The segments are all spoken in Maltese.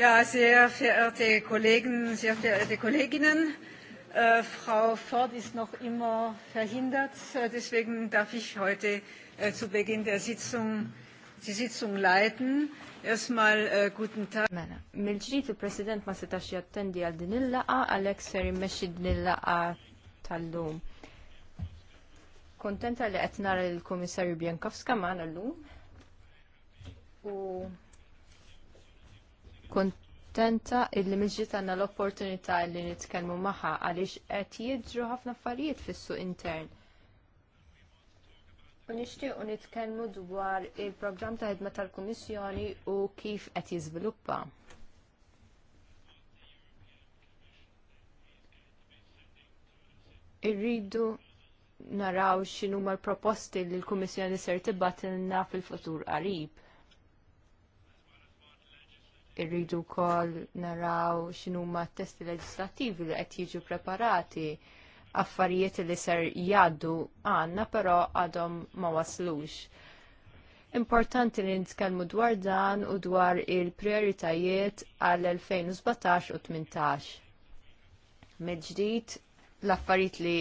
Ja, sehr verehrte Kollegen, sehr verehrte Kolleginnen, äh, Frau Ford ist noch immer verhindert, äh, deswegen darf ich heute äh, zu Beginn der Sitzung die Sitzung leiten. Erstmal äh, guten Tag. Mela, mill-ġrid il-President ma setax jattendi għal din il-laqa, Alex ser immexxi din il-laqa tal-lum. Kontenta li qed il-Komissarju kummissarju Bjankowska magħna llum. U kontenta illi miġġiet għandna l-opportunità li nitkellmu magħha għaliex qed jiġru ħafna affarijiet fis-suq intern. U nixtiequ nitkellmu dwar il-programm ta' ħidma tal-Kummissjoni u kif qed jiżviluppa. Irridu naraw x'inhuma l-proposti li l-Kummissjoni ser tibatilna fil-futur qarib irridu wkoll naraw x'inhuma t-testi leġislattivi li qed jiġu preparati affarijiet li ser jgħaddu għandna però għadhom ma waslux. Importanti li nitkellmu dwar dan u dwar il-prioritajiet għal 2017 u 18. mill ġdid l-affarijiet li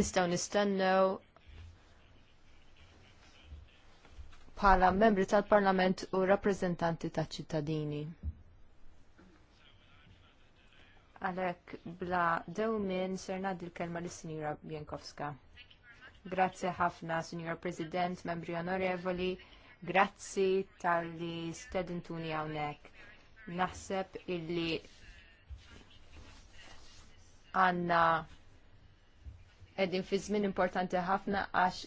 nistgħu nistennew bħala membri tal-Parlament u rappreżentanti taċ ċittadini. Għalek bla dewmin ser ngħaddi l-kelma lis sinjura Bienkowska. Grazzi ħafna, Sinjura President, membri onorevoli, grazzi tal-li stedintuni hawnhekk. Naħseb illi għanna edin fi żmien importanti ħafna għax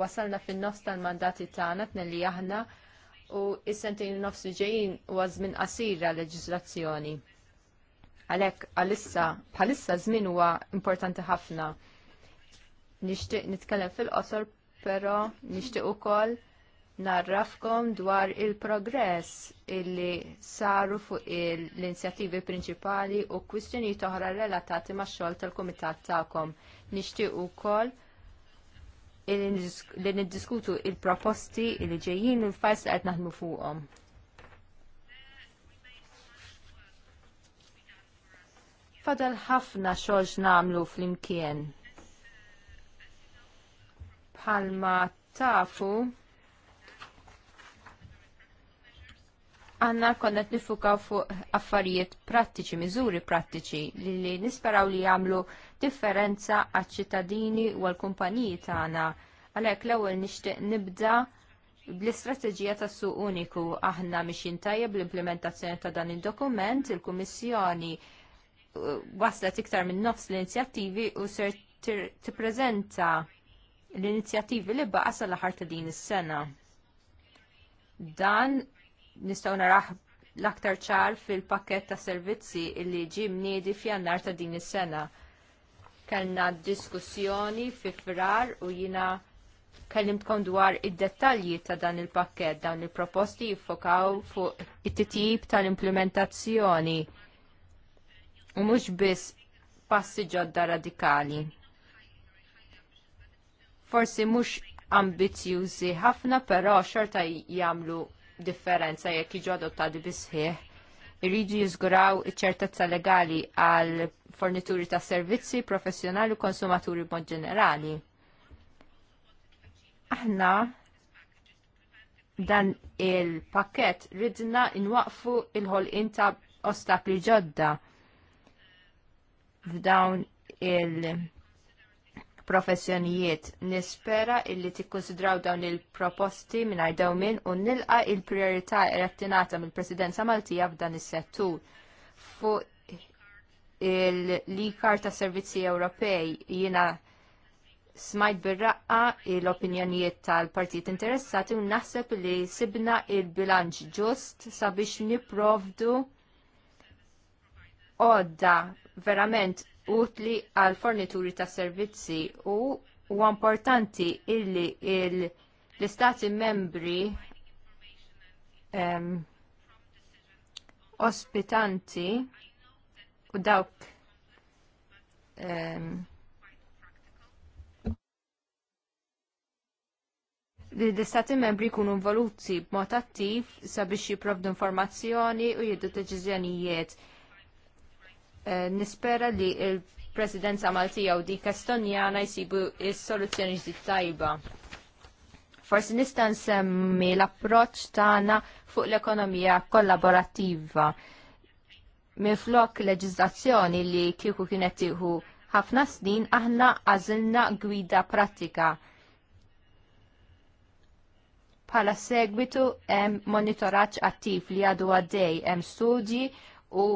wasalna fin-nofs tal-mandati tagħna li aħna u s-sentejn nofs li ġejjin huwa żmien qasira leġiżlazzjoni. Għalhekk għalissa bħalissa żmien huwa importanti ħafna. Nixtieq nitkellem fil-qosor però nixtieq ukoll narrafkom dwar il-progress illi saru fuq l-inzjattivi prinċipali u kwistjonijiet oħra relatati max-xogħol tal-kumitat tagħkom. Nixtieq ukoll li niddiskutu il-proposti li ġejjin u l-fajs li qed naħdmu fuqhom. Fadal ħafna xogħol nagħmlu fl-imkien. Palma tafu għanna konna nifukaw fuq affarijiet prattiċi, miżuri prattiċi li, li nisperaw li jagħmlu differenza għal ċittadini u għal kumpaniji tagħna. Għalhekk l-ewwel nixtieq nibda bl-istrateġija tas suq uniku aħna mixin tajjeb l-implementazzjoni ta' dan il-dokument, il-Kummissjoni uh, waslet iktar minn nofs l-inizjattivi u ser tippreżenta l-inizjattivi li baqa sal-aħar ta' din is-sena. Dan nistgħu naraħ l-aktar ċar fil-pakket ta' servizzi illi ġie mniedi f'jannar ta' din is-sena. Kellna diskussjoni fi frar u jiena kellimtkom dwar id-dettalji ta' dan il-pakket dawn il-proposti jiffokaw fuq it-titjib tal-implementazzjoni u mhux biss passi ġodda radikali. Forsi mhux ambizjużi ħafna però xorta jagħmlu differenza jekk jiġu adottati bisħieħ. Irridu jiżguraw iċ-ċertezza legali għal fornituri ta' servizzi professjonali u konsumaturi mod ġenerali. Aħna dan il-pakket ridna inwaqfu il-ħolqin ta' ostakli ġodda f'dawn il- professjonijiet. Nispera illi tikkonsidraw dawn il-proposti mingħajr dawmin u nilqa il-priorità tingħata mill-Presidenza Maltija f'dan is-settur. Fuq il-likar ta' servizzi Ewropej jiena smajt bir-raqqa l-opinjonijiet tal-partijiet interessati u naħseb li sibna il-bilanċ ġust sabiex niprovdu għodda verament utli għal fornituri ta' servizzi u huwa importanti illi l-istati membri um, ospitanti u dawk um, li l-istati membri jkunu involuti b'mod attiv sabiex jipprovdu informazzjoni u jiddu deċiżjonijiet Eh, nispera li il-presidenza Maltija u dik Estonjana jsibu il soluzzjoni ġdid tajba. Forsi nista' nsemmi l-approċċ tagħna fuq l-ekonomija kollaborattiva. Minflok leġiżlazzjoni li kieku kienet tieħu ħafna snin aħna għażilna gwida pratika. Bħala segwitu hemm monitoraġġ attiv li għadu għaddej hemm studji u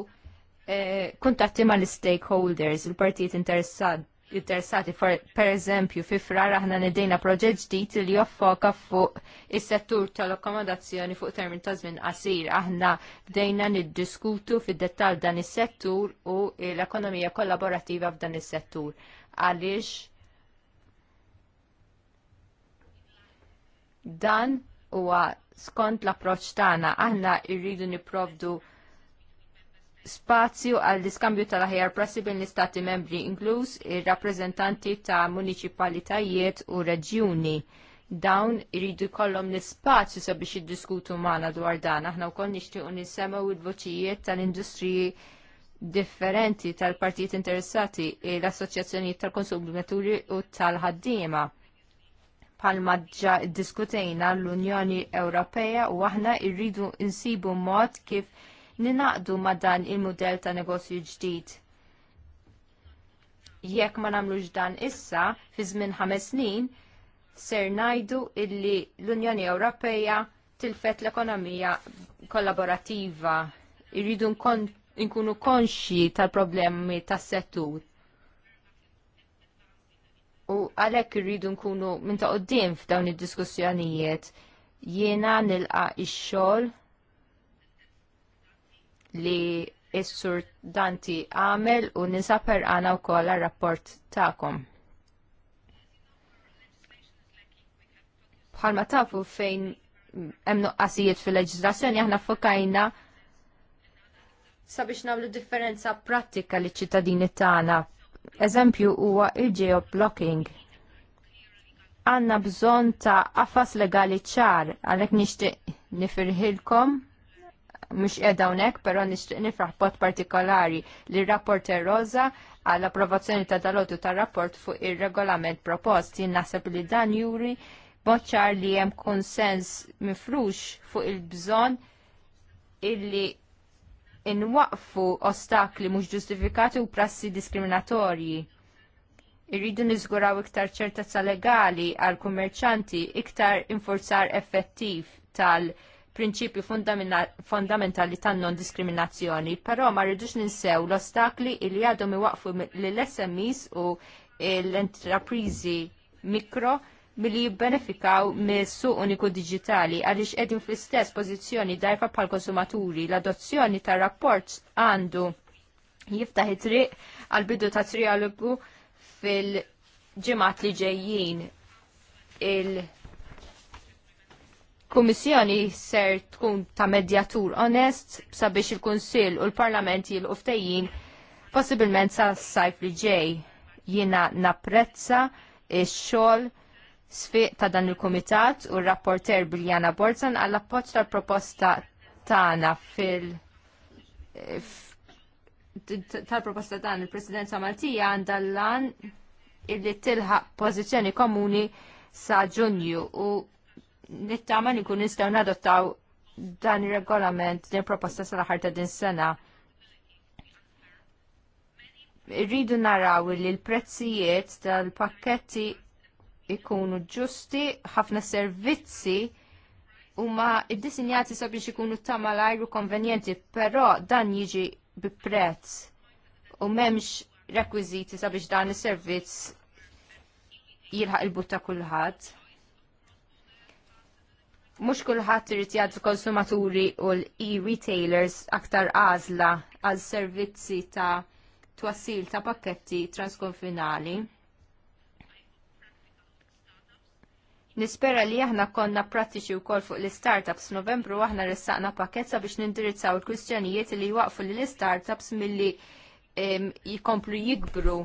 Eh, kuntatti ma l-stakeholders, il-partijiet interessati, per eżempju, fi frar aħna nedejna proġett ġdid li joffoka fuq is-settur tal-akkomodazzjoni fuq termin ta' żmien qasir. Aħna bdejna niddiskutu fid-dettall dan is-settur u l-ekonomija kollaborattiva f'dan is-settur. Għaliex dan huwa skont l-approċċ tagħna aħna rridu nipprovdu spazju għall-iskambju tal-aħjar prassi bejn l-istati membri inkluż ir-rappreżentanti ta' municipalitajiet u reġjuni. Dawn iridu jkollhom l-ispazju sabiex jiddiskutu magħna dwar dan. Aħna wkoll nixtiequ nisemgħu l-voċijiet tal-industriji differenti tal-partijiet interessati e l-assoċjazzjonijiet tal-konsumaturi u tal-ħaddiema. Palma ġa diskutejna l-Unjoni Ewropea u aħna irridu insibu mod kif ninaqdu ma' dan il model ta' negozju ġdid. Jekk ma nagħmlux dan issa, fi żmien ħames snin, ser ngħidu illi l-Unjoni Ewropea tilfet l-ekonomija kollaborattiva. Irridu nkunu konxi tal-problemi tas-settur u għalek irridu nkunu minn ta' qoddim f'dawn id-diskussjonijiet jiena nilqa' ix-xogħol li s-sur Danti għamel u nisaper għana u kolla rapport ta'kom. Bħalma tafu fejn hemm nuqqasijiet fil leġizrazzjoni aħna fokajna sabiex nagħmlu differenza prattika li ċittadini tagħna. Eżempju huwa il-geoblocking. Għanna bżon ta' affas legali ċar għalhekk nixtieq nifirħilkom mux edha unek, pero nishtiq nifraħ bot partikolari li rapport Rosa għall approvazzjoni ta' dalotu ta' rapport fuq il-regolament propost. Jien naħseb li dan juri boċċar li hemm konsens mifrux fuq il-bżon illi inwaqfu ostakli mhux ġustifikati u prassi diskriminatorji. Irridu niżguraw iktar ċertezza legali għal kummerċanti iktar infurzar effettiv tal- prinċipju fundamentali tan non-diskriminazzjoni, però ma rridux ninsew l-ostakli li għadhom iwaqfu l-SMEs u l-entreprizi mikro milli jibbenefikaw mis suq uniku digitali għaliex qegħdin fl-istess pożizzjoni dajfa pal konsumaturi l-adozzjoni tar rapport għandu jiftaħ it-triq għal bidu ta' trialogu fil-ġimgħat li ġejjin il- il-Kummissjoni ser tkun ta' medjatur onest sabiex il-Kunsill u l-Parlament jilqu ftejjin possibilment sa' sajf li ġej. Jiena napprezza il xogħol sfiq ta' dan il-Kumitat u r-rapporter Biljana Borzan għall appoġġ tal-proposta tagħna fil- tal-proposta dan il-Presidenza Maltija għandha lan illi tilħaq pożizzjoni komuni sa' Ġunju u nittama li nistaw nadottaw dan il-regolament din proposta sal-ħar ta' din sena. Rridu naraw li l-prezzijiet tal-pakketti ikunu ġusti, ħafna servizzi huma id-disinjati sabiex ikunu tama l-ajru konvenjenti, però dan jiġi bi prezz u memx rekwiziti sabiex dan is-servizz jilħaq il butta ta' kulħadd mux kullħat irrit jgħad konsumaturi u l-e-retailers aktar għazla għal servizzi ta' twassil ta' pakketti transkonfinali. Nispera li aħna konna prattiċi u kol fuq l-startups novembru aħna ressaqna pakketta biex nindirizzaw il-kwistjonijiet li waqfu l-startups mill-li jikomplu jikbru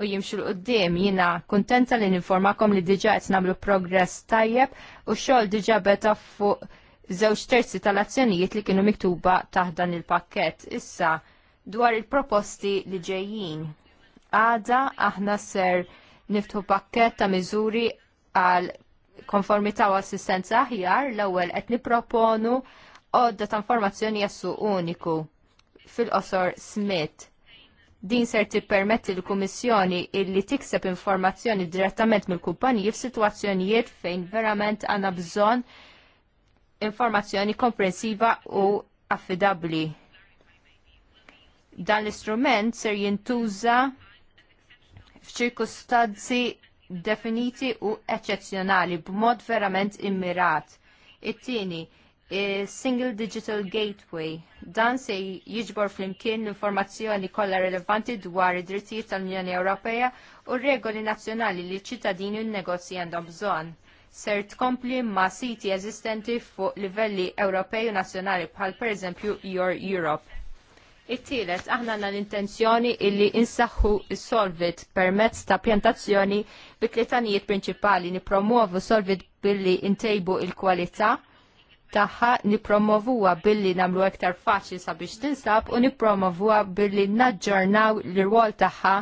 u jimxu l-qoddim jina kontenta li ninformakom li diġa qed nagħmlu progress tajjeb u xogħol diġa beta fuq żewġ terzi tal-azzjonijiet li kienu miktuba taħt dan il-pakkett. Issa dwar il-proposti li ġejjin. Għada aħna ser niftħu pakkett ta' miżuri għal konformità u assistenza aħjar l-ewwel qed niproponu għodda ta' informazzjoni jassu uniku fil-qosor Smith Din ser tippermetti l-Kummissjoni illi tikseb informazzjoni direttament mill-kumpaniji f'sitwazzjonijiet fejn verament għandna bżonn informazzjoni komprensiva u affidabbli. Dan l-istrument ser jintuża f'ċirkustanzi definiti u eċċezzjonali b'mod verament immirat. It-tieni, Single Digital Gateway. Dan se jiġbor flimkien l-informazzjoni kollha relevanti dwar id-drittijiet tal-Unjoni Ewropea u regoli nazzjonali li ċittadini u n-negozji għandhom bżonn. Ser tkompli ma' siti eżistenti fuq livelli Ewropej u nazzjonali bħal pereżempju Your Europe. It-tielet, aħna għandna l-intenzjoni illi insaħħu solvit permezz ta' pjantazzjoni bi tlietanijiet prinċipali nipromuovu solvit billi intejbu il-kwalità tagħha nipromovuha billi nagħmlu ektar faċli sabiex tinsab u nipromovuha billi naġġornaw l-rwol tagħha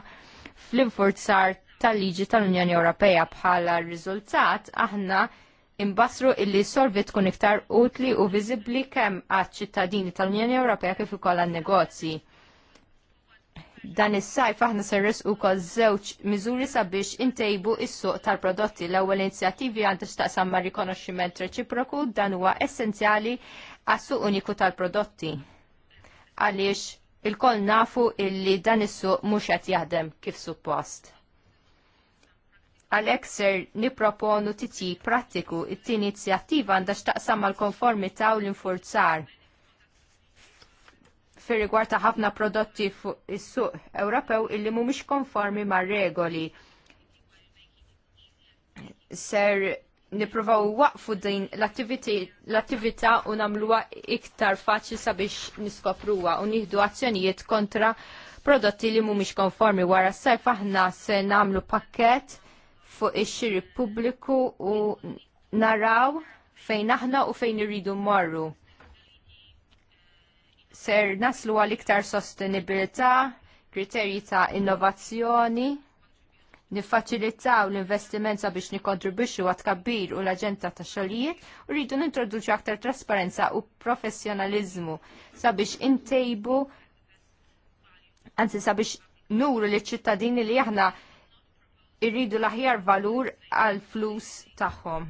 fl-infurzar tal-liġi tal-Unjoni Ewropea bħala riżultat aħna imbasru illi solvi tkun iktar utli u viżibbli kemm għat ċittadini tal-Unjoni Ewropea kif ukoll għan-negozji. Dan is-sajf aħna serres u kol żewġ miżuri sabiex intejbu is-suq tal-prodotti. L-ewwel inizjattivi għandha x'taqsam ma' rikonoxximent reċiproku dan huwa essenzjali għas-suq uniku tal-prodotti. Għaliex il-koll nafu illi dan is-suq mhux qed jaħdem kif suppost. Għalhekk ser nipproponu titji prattiku it-tieni inizjattiva għandha x'taqsam mal-konformità u l-infurzar fir rigward ta' ħafna prodotti fuq is-suq Ewropew illi mhumiex konformi mar-regoli. Ser nipruvaw waqfu din l-attività u nagħmluha iktar faċli sabiex niskopruha u nieħdu azzjonijiet kontra prodotti li mhumiex konformi wara s-sajf aħna se nagħmlu pakkett fuq ix-xiri pubbliku u naraw fejn aħna u fejn irridu mmorru ser naslu għal iktar sostenibilità, kriterji ta' innovazzjoni, niffaċilitaw l-investiment sabiex nikontribwixxu għat kabbir u l-aġenda ta' xogħlijiet u rridu nintroduċu aktar trasparenza u professjonaliżmu sabiex intejbu anzi sabiex nuru li ċittadini li aħna irridu l-aħjar valur għal flus tagħhom.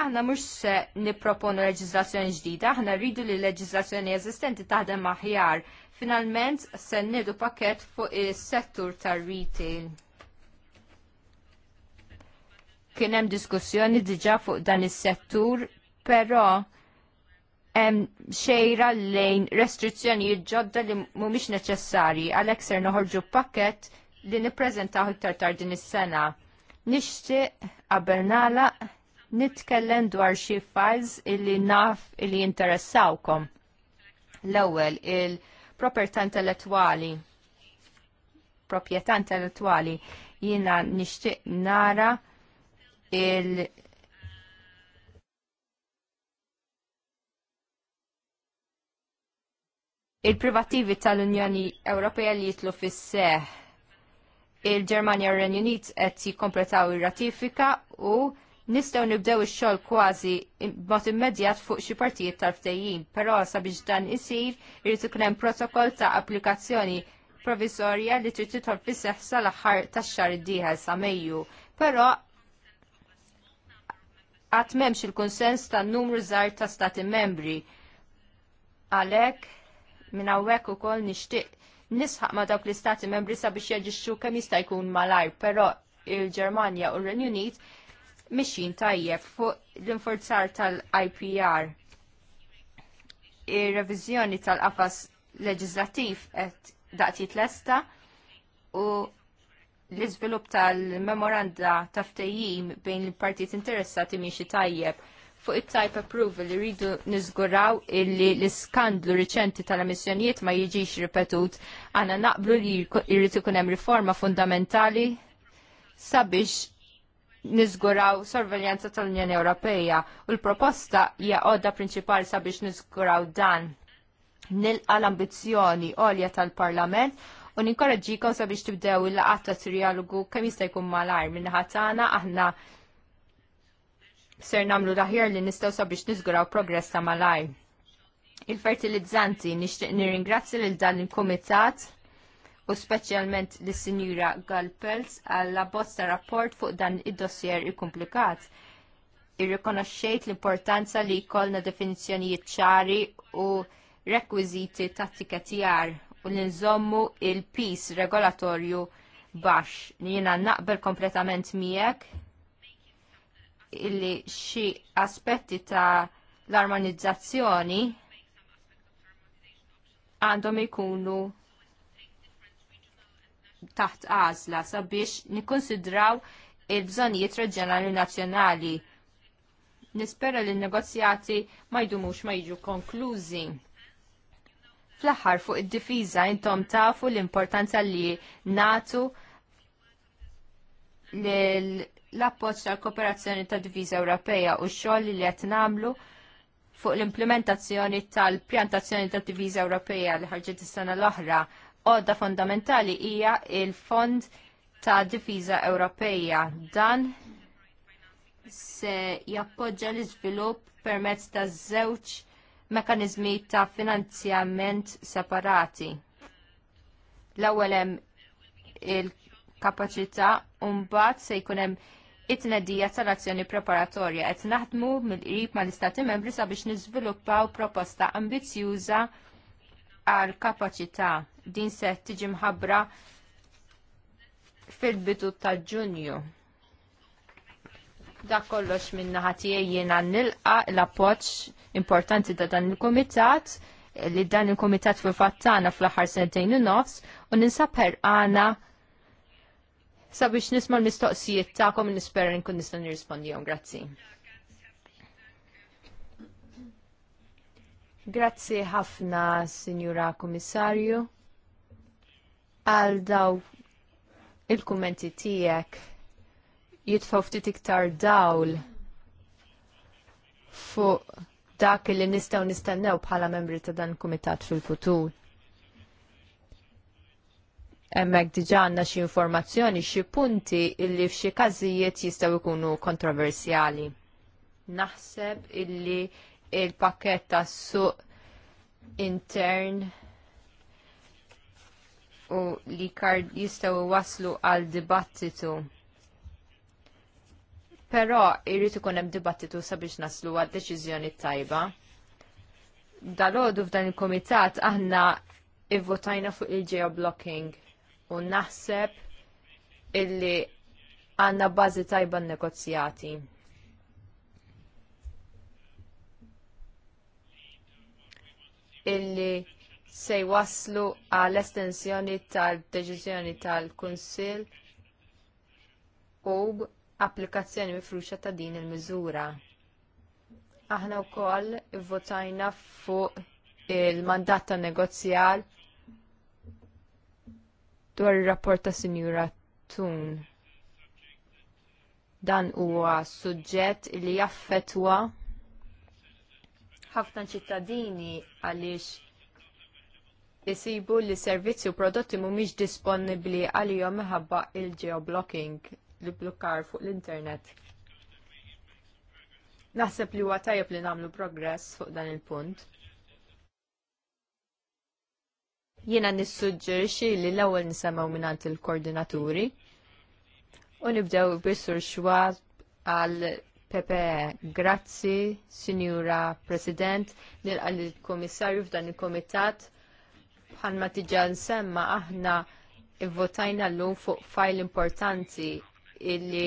Aħna mhux se nipproponu leġiżlazzjoni ġdida, aħna rridu li leġiżlazzjoni eżistenti taħdem aħjar. Finalment se nidu pakket fuq is-settur tar-retail. Kien hemm diskussjoni diġà fuq dan is-settur, però hemm xejra lejn restrizzjonijiet ġodda li mhumiex neċessarji għalhekk ser noħorġu pakket li nippreżentaw iktar tard din is-sena. Nixtieq qabel nagħlaq nitkellem dwar xi files illi naf illi interessawkom. L-ewwel il-proprjetà intellettwali. Proprjetà intellettwali jiena nixtieq nara il il-privattivi tal-Unjoni Ewropea li jitlu fis seħ il-Germania u Renju Unit qed jikkompletaw ir-ratifika u nistgħu nibdew ix-xogħol kważi b'mod immedjat fuq xi partijiet tal-ftehim, però sabiex dan isir irid ikun hemm protokoll ta' applikazzjoni provisorja li trid tidħol fis-seħħ sal-aħħar tax-xahar iddieħel sa' Mejju. Però qatt m'hemmx il-kunsens tan numru żgħar ta' stati membri. Għalhekk minn hawnhekk ukoll nixtieq nisħaq ma dawk l-istati membri sabiex jaġixxu kemm jista' jkun malajr, però il-Ġermanja u r-Renju Unit mixin tajjeb fuq l-inforzar tal-IPR. Ir-reviżjoni tal-qafas leġislattiv qed daqtit lesta u l-iżvilupp tal-memoranda ta' ftehim bejn il-partijiet interessati miexi tajjeb fuq it-type approval li rridu niżguraw illi l-iskandlu riċenti tal-emissjonijiet ma jiġix ripetut għana naqblu li jrid ikun hemm riforma fundamentali sabiex niżguraw sorveljanza tal-Unjoni Ewropea u l-proposta hija għodda prinċipali sabiex niżguraw dan nilqa l-ambizzjoni għolja tal-Parlament u ninkoraġġikom sabiex tibdew il-laqat ta' trialogu kemm jista' jkun malajr minn ħatana aħna ser namlu daħjar li nistgħu sabiex niżguraw progress ta' malajr. Il-fertilizzanti nixtieq nirringrazzi lil dan il-kumitat u speċjalment lis sinjura Galpels għall bozza rapport fuq dan id-dossier ikkumplikat. Irrikonoxxejt l-importanza li jkollna definizzjonijiet ċari u rekwiżiti tattika tiketjar u li nżommu il-pis regolatorju baxx. Jiena naqbel kompletament miegħek illi xi aspetti ta' l-armonizzazzjoni għandhom ikunu taħt għażla sabiex nikkonsidraw il-bżonijiet reġjonali nazzjonali. Nispera li n-negozjati ma jdumux ma jiġu konklużi. Fl-aħħar fuq id-difiża intom tafu l-importanza li natu l-appoġġ tal-kooperazzjoni tad diviża Ewropea u x-xogħol li qed nagħmlu fuq l-implementazzjoni tal-pjantazzjoni tad diviża Ewropea li ħarġet is-sena l-oħra għodda fondamentali hija il-Fond ta' Difiża Ewropeja. Dan se jappoġġa l-iżvilupp permezz ta' żewġ mekanizmi ta' finanzjament separati. L-ewwel hemm il-kapaċità u mbagħad se jkun hemm it-tnedija tal-azzjoni preparatorja qed naħdmu mill-qrib mal-Istati Membri sabiex niżviluppaw proposta ambizjuża għal kapaċità din se tiġi mħabbra fil-bidu ta' ġunju. Da kollox minna ħatijie jena nilqa l-appoċ importanti ta' dan il-komitat li dan il-komitat fil-fattana fl-ħar sentejn u nofs u ninsab għana sabiex nisma l-mistoqsijiet ta'kom nispera nkun nista' nirrispondihom. Grazzi. Grazzi ħafna, Signora Kummissarju għal daw il-kummenti tijek jitfawfti ftit iktar dawl fuq dak li nistaw nistennew bħala membri ta' dan kumitat fil-futur. Emmek diġanna xie informazzjoni, xie punti illi f'xi każijiet jistaw ikunu kontroversjali. Naħseb illi il-pakket ta' suq intern u li kard jistgħu waslu għal dibattitu. Però irritu ikun hemm dibattitu sabiex naslu għad deċiżjoni tajba. Dalodu f'dan il-komitat aħna ivvotajna fuq il-geoblocking u naħseb illi għanna bażi tajba n negozjati. Illi se waslu għall estensjoni tal-deċiżjoni tal-Kunsill u applikazzjoni mifruxa ta' din il-miżura. Aħna wkoll ivvotajna fuq il-mandat ta' negozjal dwar ir-rapport ta' Sinjura Tun. Dan huwa suġġett li jaffetwa ħafna ċittadini għaliex isibu li servizzi u prodotti mhumiex disponibbli għalihom minħabba il-geoblocking li blukkar fuq l-internet. Naħseb li huwa tajjeb li nagħmlu progress fuq dan il-punt. Jiena nissuġġerixi li l-ewwel nisemgħu mingħand il-koordinaturi u nibdew bisur xwa għal Pepe, grazzi, Sinjura President, nilqa l-Komissarju f'dan il-Komitat ma tiġa nsemma aħna votajna l-lum fuq fajl importanti illi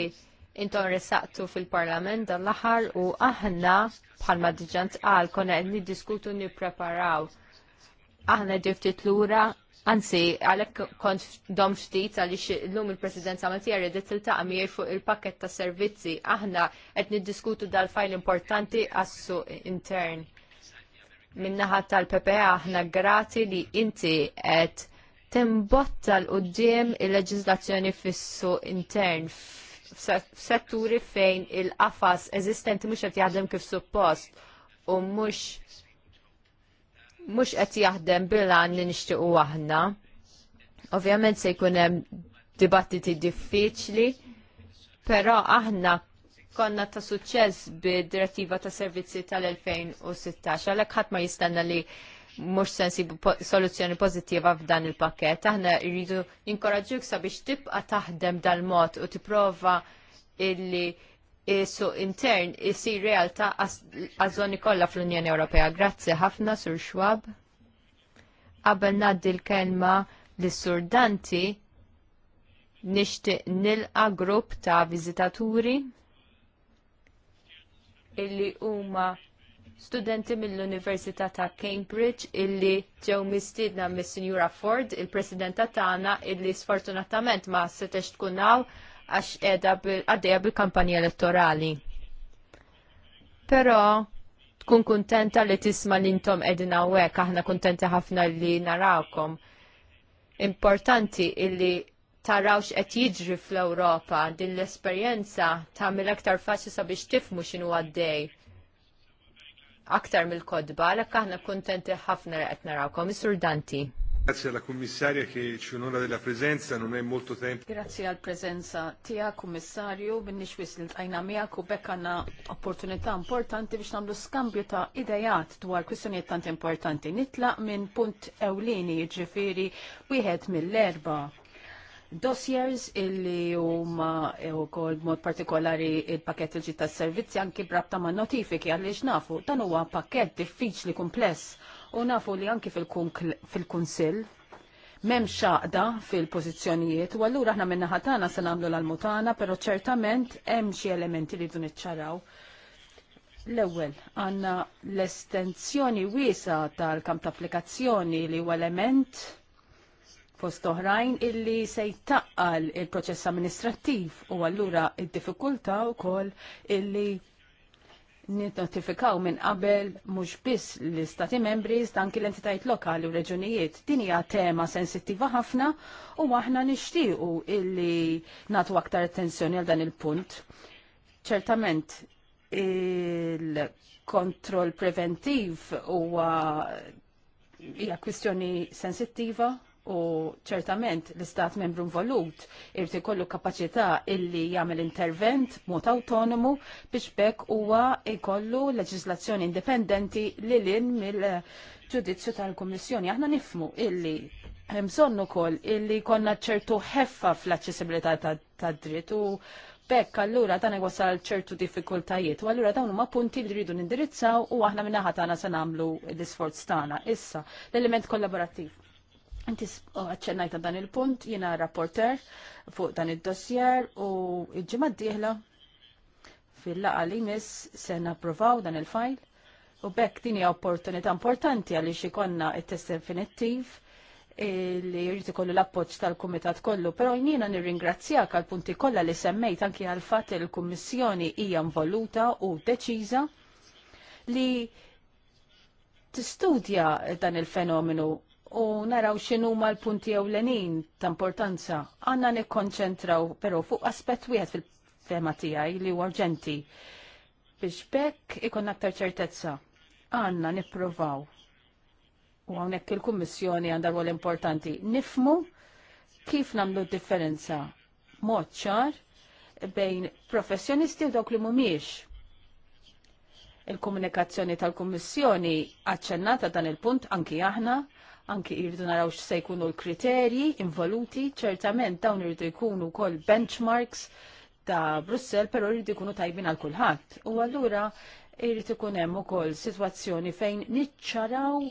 intom resaqtu fil-parlament dan l-aħħar u aħna bħalma diġan tqal konna qed niddiskutu nippreparaw. Aħna ġiftit lura, anzi għalhekk kont dom ftit għaliex llum il-President Samantija redet tiltaqa' miegħi fuq il-pakket ta' servizzi. Aħna qed niddiskutu dal-fajl importanti għassu intern. Minnaħa tal-PPA aħna grati li inti qed timbotta l-qoddim il-leġizlazzjoni fissu intern f'setturi fejn il-qafas eżistenti mhux qed jaħdem kif suppost u mux mhux qed jaħdem bilan li nixtiequ aħna. Ovvjament se jkun hemm dibattiti diffiċli, però aħna konna ta' suċċess bid-direttiva ta' servizzi tal-2016, għalhekk ħadd ma jistanna li mhux sensi soluzzjoni pożittiva f'dan il-pakket. Aħna rridu inkoraġġuk sabiex tibqa' taħdem dal-mod u tipprova illi su intern isir realtà għazzoni kolla kollha fl-Unjoni Ewropea. Grazzi ħafna Sur Schwab. Għabel ngħaddi l-kelma lis-Sur Danti nixtieq nilqa' grupp ta' viżitaturi illi huma studenti mill-Università ta' Cambridge illi ġew mistiedna mis-Sinjura Ford, il-Presidenta tagħna illi sfortunatament ma setex tkun hawn għax qiegħda għaddejja bil-kampanja elettorali. Però tkun kuntenta li tisma li intom qegħdin hawnhekk aħna kuntenti ħafna li narawkom. Importanti illi tarawx qed jiġri fl-Ewropa din l-esperjenza tagħmel aktar faċli sabiex tifmu x'inhu għaddej aktar mill-kodba, l aħna kontenti ħafna li qed narawkom. Isur Danti. Grazie alla commissaria che ci onora della presenza, non è molto tempo. Grazie alla presenza tia commissario, minnix wis tajna miegħek u bekk għandna opportunità importanti biex nagħmlu skambju ta' idejat dwar kwistjonijiet tant importanti. Nitlaq minn punt ewlieni jiġifieri wieħed mill-erba' dossiers illi huma wkoll mod partikolari il-pakett il tas servizzi anki brabta ma' notifiki għaliex nafu dan huwa pakett diffiċli kumpless u nafu li anki fil-kunsill Mem xaqda fil-pożizzjonijiet u allura aħna minna ħatana se nagħmlu l almutana però ċertament hemm xi elementi li dun iċċaraw. L-ewwel għandna l-estensjoni wiesa tal-kamp ta' applikazzjoni li huwa element fost oħrajn illi se jtaqqal il-proċess amministrattiv u allura id-diffikulta wkoll illi nit-notifikaw minn qabel mhux biss l-istati membri anki l-entitajiet lokali u reġunijiet. Din hija tema sensittiva ħafna u aħna nixtiequ illi natu aktar attenzjoni għal dan il-punt. Ċertament il-kontroll preventiv huwa hija kwistjoni sensittiva u ċertament l-istat membru involut irti kollu kapaċità illi jagħmel intervent mod autonomu biex bekk huwa jkollu leġislazzjoni indipendenti li lin mill-ġudizzju tal-Kummissjoni. Aħna nifmu illi hemm bżonn ukoll illi konna ċertu ħeffa fl-aċċessibilità tad-dritt u Bekk allura dan wasal ċertu diffikultajiet u allura dawn huma punti li rridu nindirizzaw u aħna minnaħa tagħna se nagħmlu l-isforz tagħna. Issa l-element kollaborattiv. Inti għacċennajta oh, dan il-punt, jina rapporter fuq dan il-dossier u il-ġimma d-dieħla fil-laqa li mis sena provaw dan il-fajl u bekk dini opportunità importanti għalli xikonna il-test infinittiv eh, li jirriti ikollu l-appoċ tal-Kumitat kollu, pero jnina nirringrazzjak għal punti kollha li semmejt anki għal fatt il-Kummissjoni hija involuta u deċiża li tistudja dan il-fenomenu u naraw xinu ma l-punti ewlenin ta' importanza. Għanna nikkonċentraw però fuq aspett wieħed fil tema tiegħi li huwa urġenti biex bekk ikon aktar ċertezza. Għandna nippruvaw u hawnhekk il-Kummissjoni għandha rwol importanti. Nifmu kif nagħmlu differenza mod ċar bejn professjonisti u dawk li mhumiex. Il-komunikazzjoni tal-Kummissjoni aċċennata dan il-punt anki aħna anki irridu naraw x'se jkunu l-kriterji involuti, ċertament dawn irridu jkunu kol benchmarks ta' Brussel, però irridu jkunu tajbin għal kulħadd. U allura irrid ikun hemm ukoll sitwazzjoni fejn niċċaraw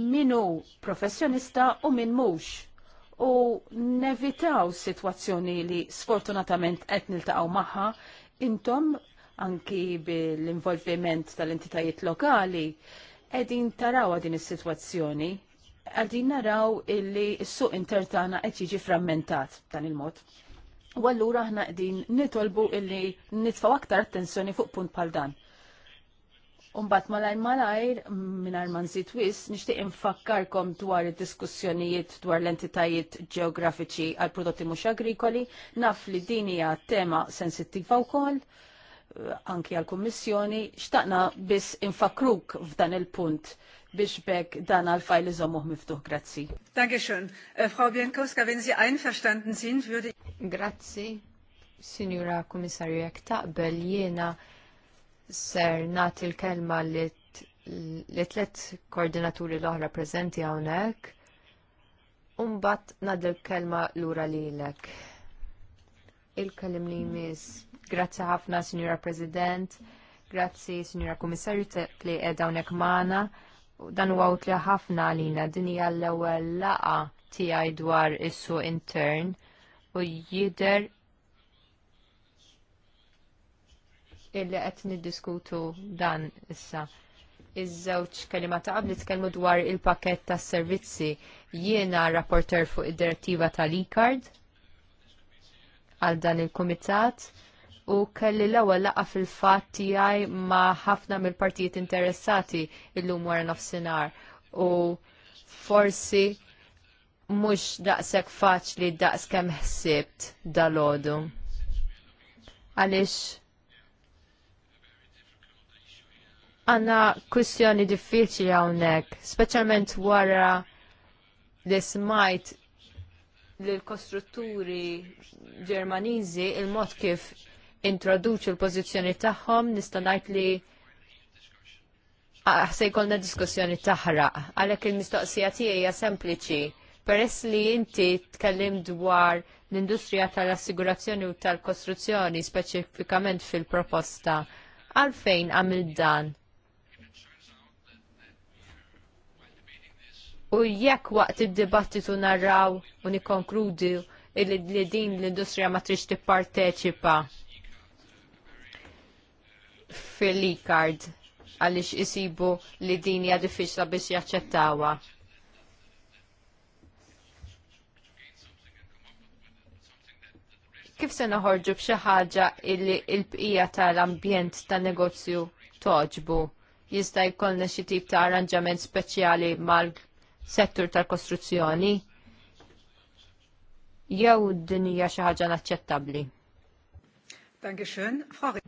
minu professjonista u min mhux u nevitaw sitwazzjoni li sfortunatament qed niltaqgħu magħha intom anki bil-involviment tal-entitajiet lokali Edin taraw din is-sitwazzjoni, għadin naraw illi s-suq intertana qed jiġi frammentat dan il-mod. U allura aħna qegħdin nitolbu illi nitfaw aktar attenzjoni fuq punt bħal dan. Umbat malajr malajr, minar man wis, nishtiq infakkarkom dwar diskussjonijiet dwar l-entitajiet ġeografiċi għal prodotti mux agrikoli, naf li din hija tema sensittiva wkoll, Eh, anki għal-Kommissjoni, xtaqna biss infakruk f'dan il-punt biex bekk dan għal-fajl iżommuh miftuħ. Grazzi. Dankeschön. Äh, Frau Bienkowska, wenn Sie einverstanden sind, würde... Grazzi, Signora Kommissarju, jek taqbel jena ser nati l-kelma li tlet koordinaturi l-oħra prezenti għawnek, umbat nad l-kelma l-ura li l-ek. Il-kelim li jmiss Grazzi ħafna, Signora President. Grazzi, Signora Komissarju, li edha unek maħna. Dan u għawt li ħafna għalina, din hija l-ewwel laqa tiegħi dwar issu intern u jider illi qed niddiskutu dan issa. Iż-żewġ kelima ta' qabli tkellmu dwar il-pakett tas servizzi jiena rapporter fuq id-direttiva tal-e-card għal dan il-kumitat u kelli l-ewwel laqa fil-fatt tiegħi ma' ħafna mill-partijiet interessati illum wara nofsinhar u forsi mhux daqshekk faċli daqs kemm ħsibt dalodu. Għaliex għanna kwistjoni diffiċli hawnhekk, speċjalment wara li smajt l-kostrutturi ġermaniżi il-mod kif introduċu l-pozizjoni tagħhom nista' ngħid li ah, se jkollna diskussjoni taħraq. Għalhekk il-mistoqsija tiegħi hija sempliċi. Peress li inti tkellim dwar l-industrija tal-assigurazzjoni u tal-kostruzzjoni speċifikament fil-proposta, għalfejn għamil dan? U jekk waqt id-dibattitu narraw u nikkonkludu li din l-industrija ma trix tipparteċipa, fil-e-card għalix isibu li din hija diffiċla biex jaċċettawa. Kif se noħorġu b'xi ħaġa illi l-bqija tal-ambjent tan-negozju toġbu? Jista' jkollna xi tip ta' arranġament speċjali mal-settur tal-kostruzzjoni? Jew din hija xi ħaġa naċċettabbli? Dankeschön. Frau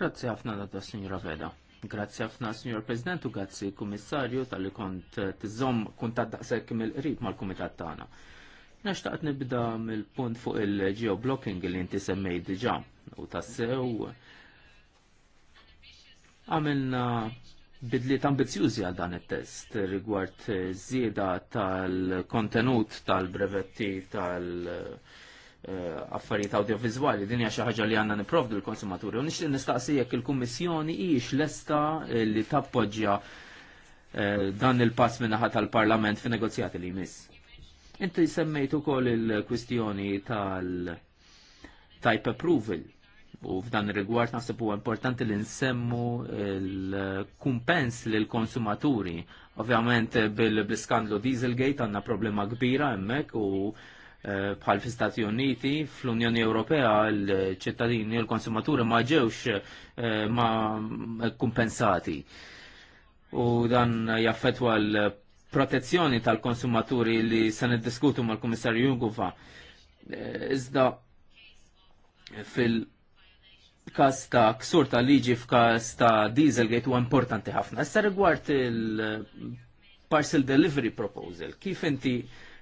Grazzi ħafna da signora Veda. Grazzi ħafna signor President u grazzi kummissarju tal-li kont eh, tizzom kunt daqshekk mill-qrib mal-kumitat tagħna. Naxtaqt nibda mill-punt fuq il-geoblocking li inti semmej diġà u tassew għamilna bidliet ambizjużi għal dan it-test rigward eh, żieda tal-kontenut tal-brevetti tal-, -kontenut, tal brevetti tal Eh, affarijiet audiovizwali, din hija xi ħaġa li għandna nipprovdu l-konsumaturi. U nixtieq nistaqsi jekk il-Kummissjoni hijiex lesta eh, li tappoġġja eh, dan il-pass min-naħa tal-Parlament fin negozjati li jmiss. Inti semmejt ukoll il-kwistjoni tal-type approval. U f'dan ir-rigward naħseb huwa importanti li nsemmu l-kumpens lil konsumaturi Ovvjament bil-skandlu Dieselgate għandna problema kbira hemmhekk u Eh, bħal fi Stati Uniti, fl-Unjoni Ewropea l-ċittadini u l-konsumaturi ma ġewx eh, ma kumpensati. U dan jaffetwa l-protezzjoni tal-konsumaturi li se niddiskutu mal-Kummissarju Jungufa. Eh, iżda fil- kas ta' ksur ta' liġi f'kas ta' Dieselgate huwa importanti ħafna. Issa rigward il-parcel delivery proposal, kif inti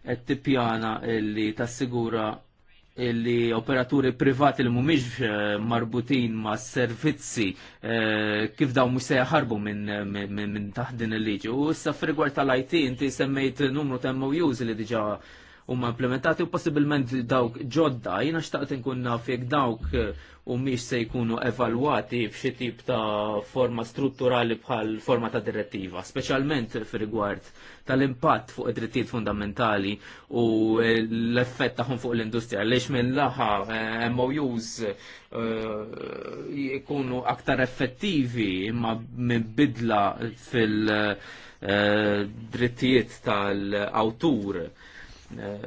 qed tippjana illi tassigura illi operaturi privati li mhumiex eh, marbutin ma' servizzi eh, kif daw mhux se minn min, min, min il-liġi. U issa f'rigward tal-IT inti semmejt numru ta' MOUs li diġa' huma implementati u possibilment dawk ġodda Jina xtaqt inkun naf dawk eh, u miex se jkunu evalwati f'xi tip ta' forma strutturali bħal forma ta' direttiva, speċjalment fir-rigward tal-impatt fuq id-drittijiet fundamentali u eh, l-effett tagħhom fuq l-industrija. Lex minn laħa eh, MOUs jkunu aktar effettivi imma minn bidla fil- drittijiet tal-awtur Eh,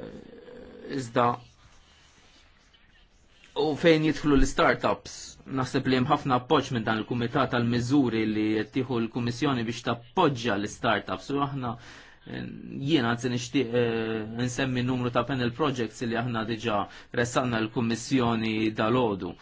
iżda u fejn jidħlu l-startups, naħseb li hemm ħafna appoġġ minn dan il-kumitat tal-miżuri li jittieħu l-Kummissjoni biex tappoġġja l-startups u aħna eh, jiena għadzi nishtiq eh, nsemmi numru ta' panel projects li aħna diġa ressaqna l-Kummissjoni dal-ħodu.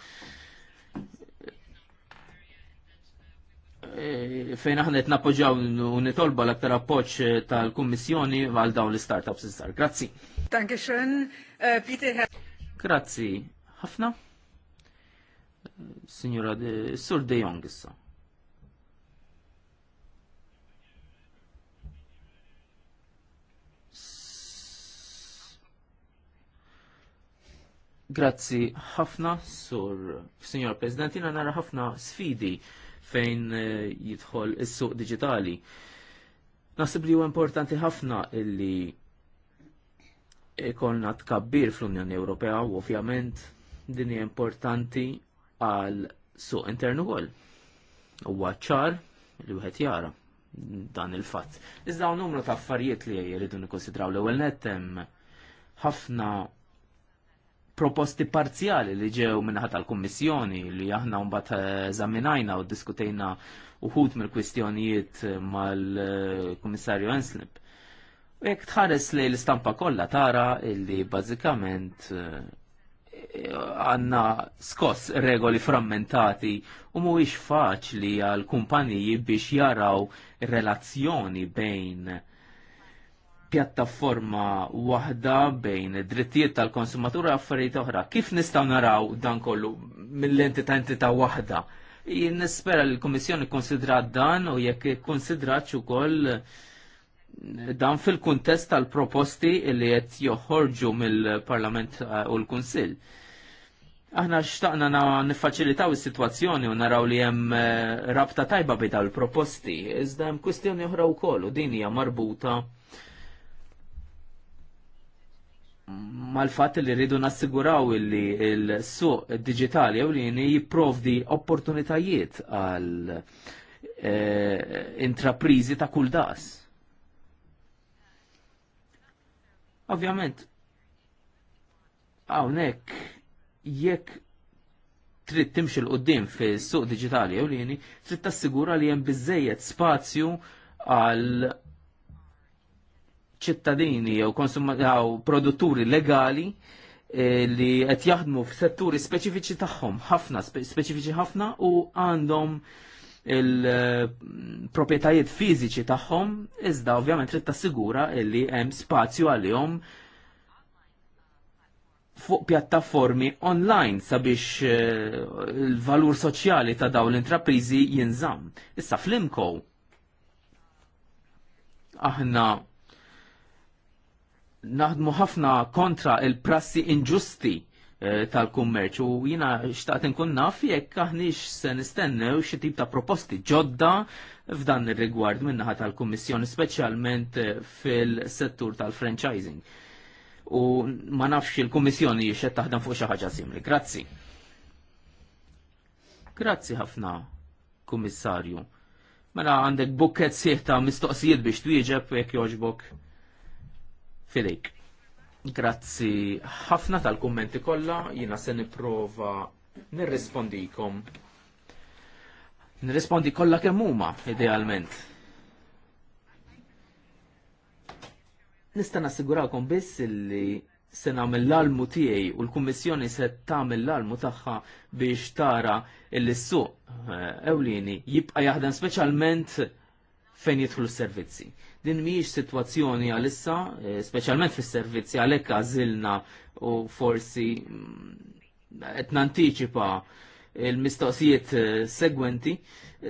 Eh, fejn aħna qed nappoġġjaw u nitolba l-aktar appoġġ eh, tal-Kummissjoni għal dawn l-startups iżgħar. Grazzi. Dankeschön, eh, Peter. Grazzi. Ħafna. Signora de Sur De Jong issa. Grazzi ħafna sur Signor Presidentina nara ħafna sfidi fejn eh, jidħol is-suq digitali. Nasib li huwa importanti ħafna illi ikolna tkabbir fl-Unjoni Ewropea u ovvjament din hija importanti għal suq internu wkoll. Huwa ċar li wieħed jara dan il-fatt. Iżda numru ta' affarijiet li jridu nikkonsidraw l-ewwel nettem ħafna proposti parzjali li ġew minnaħat tal-Kummissjoni li aħna mbagħad eh, eżaminajna u diskutejna uħud mill-kwistjonijiet eh, mal-Kummissarju Enslip. U jekk tħares li l-istampa kollha tara illi bażikament eh, għanna skoss regoli frammentati u mhuwiex faċli għal kumpaniji biex jaraw relazzjoni bejn pjattaforma waħda bejn drittijiet tal-konsumatur u affarijiet oħra. Kif nistgħu naraw dan kollu mill-entità entità waħda? Jien nispera li l-Kummissjoni konsidra dan u jekk konsidrat ukoll dan fil-kuntest tal-proposti li qed joħorġu mill-Parlament uh, u l-Kunsill. Aħna xtaqna nifaċilitaw is-sitwazzjoni u naraw li hemm uh, rabta tajba il proposti, iżda hemm kwistjoni oħra wkoll u din hija marbuta mal-fatt li rridu nassiguraw li l-suq digitali jew li jipprovdi opportunitajiet għal eh, intraprizi ta' kull das. Ovvjament, hawnhekk jekk trid timxil qoddim fis-suq digitali jew li trid tassigura li hemm biżejjed spazju għal ċittadini jew konsumaw produtturi legali eh, li qed jaħdmu f'setturi speċifiċi tagħhom, ħafna speċifiċi ħafna u għandhom il-propietajiet eh, fiżiċi tagħhom, iżda ovvjament trid tassigura li hemm spazju għalihom fuq pjattaformi online sabiex eh, il-valur soċjali ta' dawn l-intraprizi jinżamm. Issa fl-imkow aħna naħdmu ħafna kontra il-prassi inġusti eh, tal-kummerċ u jina xtaqt nkun naf jekk aħniex se nistennew xi tip ta' proposti ġodda f'dan ir-rigward minnaħa tal-Kummissjoni speċjalment eh, fil-settur tal-franchising. U ma nafx il-Kummissjoni xed taħdem fuq xi ħaġa simili. Grazzi. Grazzi ħafna, Kummissarju. Mela għandek bukket sieħ ta' mistoqsijiet biex twieġeb jekk jogħġbok. Filik. Grazzi ħafna tal-kummenti kollha, jiena se nipprova nirrispondikom. Nirrispondi kollha kemm huma idealment. Nista' nassigurakom biss illi se nagħmel l-almu tiegħi u l-Kummissjoni se tagħmel l-almu tagħha biex tara illi s-suq eh, ewlieni jibqa' jaħdem speċjalment fejn jidħlu s-servizzi. Din mhijiex sitwazzjoni għalissa, eh, speċjalment fis-servizzi għalhekk għazilna u forsi mm, qed nantiċipa il-mistoqsijiet eh, segwenti,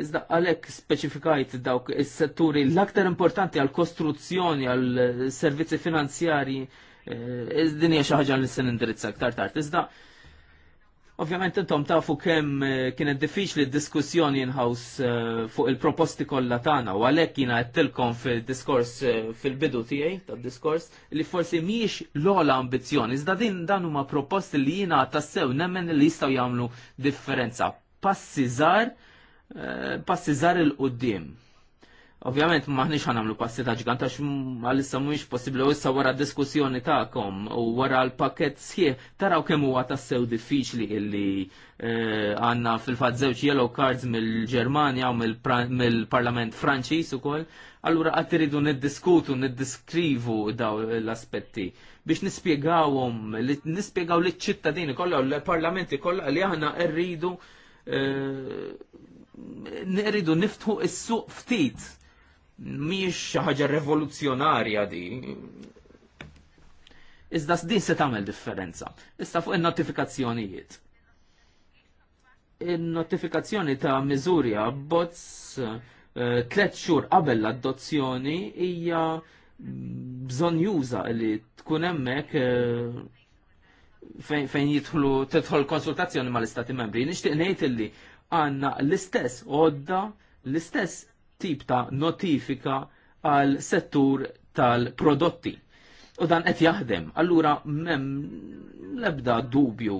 iżda għalhekk speċifikajt dawk is-setturi l-aktar importanti għal kostruzzjoni għal servizzi finanzjarji eh, din hija xi ħaġa li se nindirizza aktar tard. Iżda Ovvjament intom tafu kemm eh, kienet diffiċli d-diskussjoni in-house eh, fuq il-proposti kollha tagħna u għalhekk jiena qedtilkom fil-diskors eh, fil-bidu tiegħi tad-diskors li forsi mhijiex l-ogħla ambizzjoni, iżda din dan huma proposti li jiena tassew nemmen li jistgħu jagħmlu differenza. Passi żgħar, passi żgħar il-qudiem. Ovvjament maħniex ħanamlu passi ta' ġgant għax għalissa mhuwiex possibbli u issa wara diskussjoni tagħkom u wara l-pakett sħiħ taraw kemm huwa tassew diffiċli illi eh, għandna fil-fatt żewġ yellow cards mill-Ġermanja u mill-Parlament Franċiż ukoll, allura qatt iridu niddiskutu, niddiskrivu daw l-aspetti biex nispjegawhom, nispjegaw liċ-ċittadini kollha u l-parlamenti kollha li aħna rridu eh, rridu niftħu is-suq ftit mhijiex xi ħaġa revoluzzjonarja di. Iżda din se tagħmel differenza. Issa fuq in-notifikazzjonijiet. In-notifikazzjoni ta' miżuri abbozz eh, tlet xhur qabel l-adozzjoni hija bżonn juża li tkun hemmhekk eh, fejn jidħlu tidħol konsultazzjoni mal-Istati Membri. Nixtieq ngħid illi għandna l-istess għodda, l-istess tip ta' notifika għal settur tal-prodotti. U dan qed jaħdem. Allura mem lebda dubju,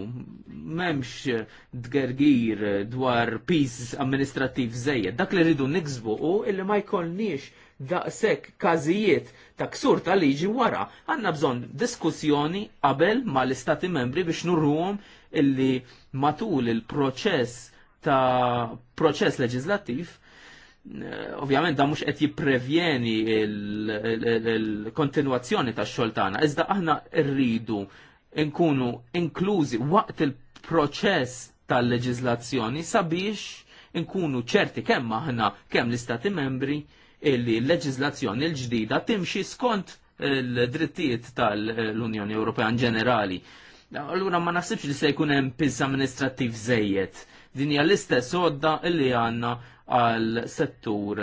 memx dgergir dwar pis amministrativ zejjed. Dak li rridu niksbu u illi ma jkollniex daqshekk każijiet ta' ksur ta' liġi wara. Għandna bżonn diskussjoni qabel mal-istati membri biex nurruhom illi matul il-proċess ta' proċess leġislattiv Eh, ovvjament da mhux qed jipprevjeni l-kontinwazzjoni tax-xogħol tagħna, iżda aħna rridu nkunu inklużi waqt il-proċess tal leġislazzjoni sabiex nkunu ċerti kemm aħna kemm l-istati membri illi l-leġiżlazzjoni l-ġdida timxi skont l-drittijiet tal-Unjoni Ewropea ġenerali. Allura ma naħsibx li se jkun hemm piż amministrattiv żejjed. Din hija l-istess għodda illi għandna għal settur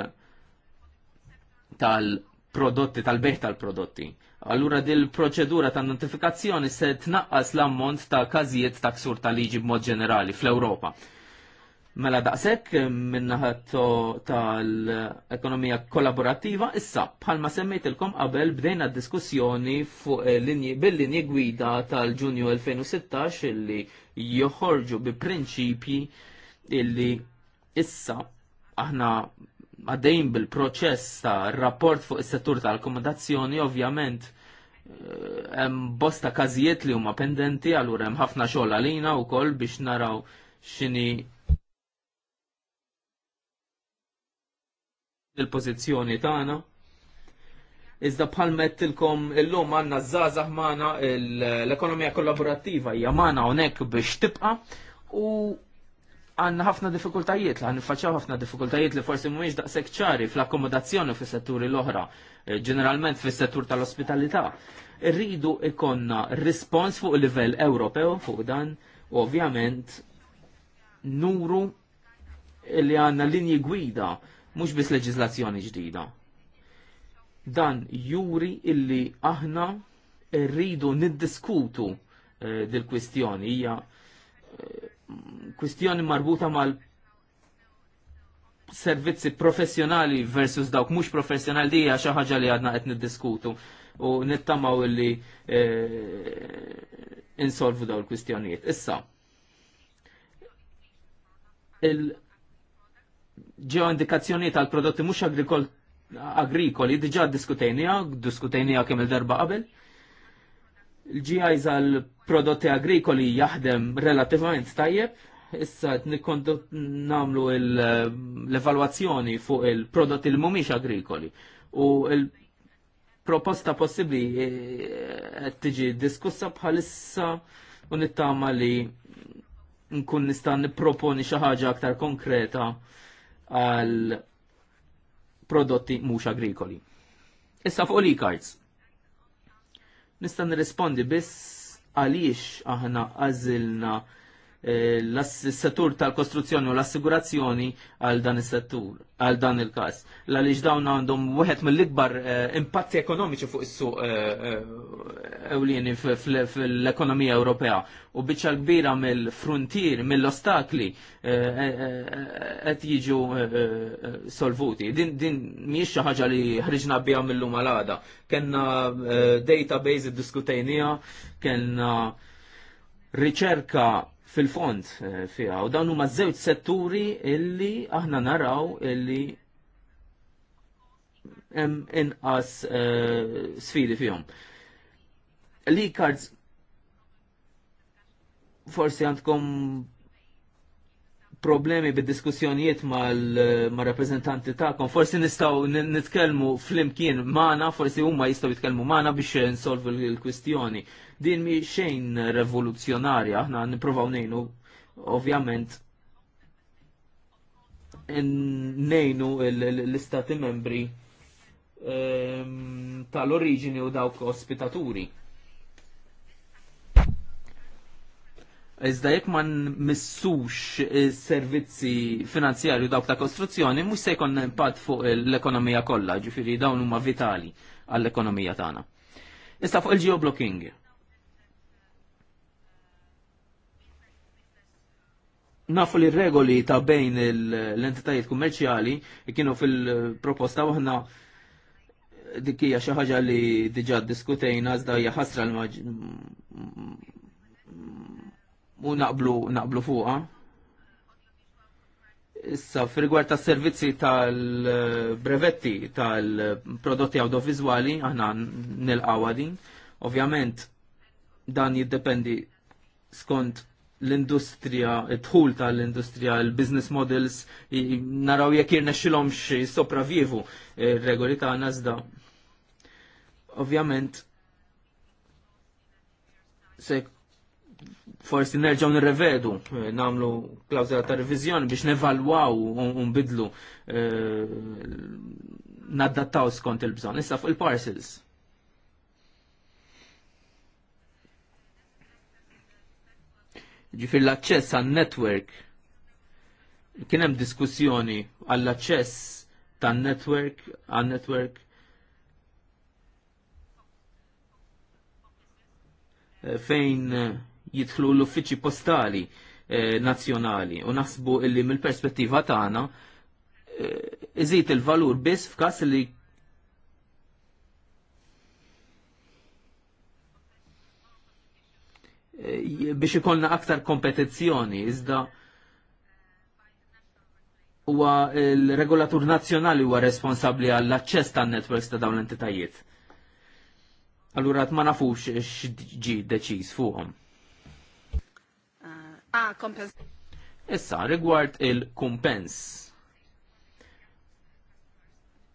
tal-prodotti, tal-beħ tal-prodotti. Allura dil proċedura ta' notifikazzjoni se tnaqqas l-ammont ta' każijiet ta' ksur ta' liġi b'mod ġenerali fl-Ewropa. Mela daqshekk min-naħat tal-ekonomija kollaborattiva issa bħalma semmejtilkom qabel bdejna diskussjoni fuq eh, bil-linji gwida tal-Ġunju 2016 illi joħorġu bi prinċipji illi issa aħna għaddejn bil-proċess ta' rapport fuq is-settur tal-akkomodazzjoni, ovvjament eh, hemm bosta każijiet li huma pendenti, allura hemm ħafna xogħol għalina wkoll biex naraw x'inhi il-pożizzjoni tagħna. Iżda bħal mettilkom illum għandna żgħażagħ magħna l-ekonomija kollaborattiva hija magħna hawnhekk biex tibqa' u għanna ħafna diffikultajiet, għanna faċċaw ħafna diffikultajiet li forsi mhuwiex daqshekk ċari fl-akkomodazzjoni fis setturi l-oħra, eh, ġeneralment fis settur tal-ospitalità. Irridu ikonna rispons fuq livell Ewropew fuq dan, u ovvjament nuru li għanna linji gwida, mhux biss leġizlazzjoni ġdida. Dan juri illi aħna rridu niddiskutu eh, dil-kwistjoni hija eh, kwistjoni marbuta mal servizzi professjonali versus dawk mhux professjonali di hija xi ħaġa li għadna qed niddiskutu u nittamaw illi e, insolvu daw l kwistjonijiet Issa, il ġew indikazzjonijiet tal prodotti mhux agrikoli diġà diskutejnija, diskutejnija kemm il-darba qabel. Il-GIs għal prodotti agrikoli jaħdem relativament tajjeb, issa nikkontu namlu eh, l-evaluazzjoni fuq il-prodotti li mumiex agrikoli. U il-proposta possibli eh, qed tiġi diskussa bħalissa u nittama li nkun nista' nipproponi xi ħaġa aktar konkreta għal prodotti mhux agrikoli. Issa fuq l-e-cards. Nista' nirrispondi biss għaliex aħna għażilna Eh, l-settur tal-kostruzzjoni u l-assigurazzjoni għal dan is-settur, għal dan il-każ. Għaliex dawn għandhom wieħed mill-ikbar eh, impatti ekonomiċi fuq is-suq eh, ewlieni fl-ekonomija Ewropea u biċċa kbira mill-frontier, mill-ostakli qed jiġu solvuti. Din mhijiex xi ħaġa li ħriġna biha mill-lum għal Kenna database iddiskutejnija, kenna riċerka fil-fond eh, fiha u dawn huma żewġ setturi illi aħna naraw illi hemm inqas eh, sfidi fihom. Li cards forsi għandkom problemi bid-diskussjonijiet mal-rappresentanti ta'kom, forsi nistaw nitkelmu fl-imkien forsi huma jistaw jitkelmu mana biex nsolvu l-kwistjoni. Din mi xejn revoluzzjonarja, aħna niprofaw nejnu, ovvjament, nejnu l-istati membri ehm, tal-oriġini u dawk ospitaturi. Iżda jekk ma nmissux servizzi finanzjarju dawk ta' kostruzzjoni, mhux se jkun impatt fuq l-ekonomija kollha, ġifieri dawn huma vitali għall-ekonomija tagħna. Issa fuq il-geoblocking. Nafu li regoli ta' bejn l-entitajiet kummerċjali kienu fil-proposta waħna dik hija xi ħaġa li diġà diskutejna iżda hija ħasra l u naqblu naqblu fuqa. Issa, fil-rigward ta' servizzi tal-brevetti tal-prodotti audiovizuali, aħna nil din, ovvjament dan jiddependi skont l-industrija, t tħul tal-industrija, l-business models, naraw jekk jirna xilom sopravvivu regoli ta' nazda. Ovvjament, se forsi nerġaw nirrevedu, eh, namlu klawzela ta' revizjoni biex nevalwaw unbidlu eh, naddattaw skont il-bżon. Issa fuq il-parcels. Ġifir l-access għal network kien hemm diskussjoni għall-access tan network għan network eh, fejn jidħlu l-uffiċi postali eh, nazzjonali u naħsbu illi mill-perspettiva tagħna eh, iżid il-valur biss f'każ li eh, biex ikollna aktar kompetizzjoni iżda huwa il-regolatur nazzjonali huwa responsabbli għall aċċess tan-networks ta' dawn l-entitajiet. Allura ma nafux x'ġi deċiż fuqhom. Ah, kompens. Issa, rigward il-kumpens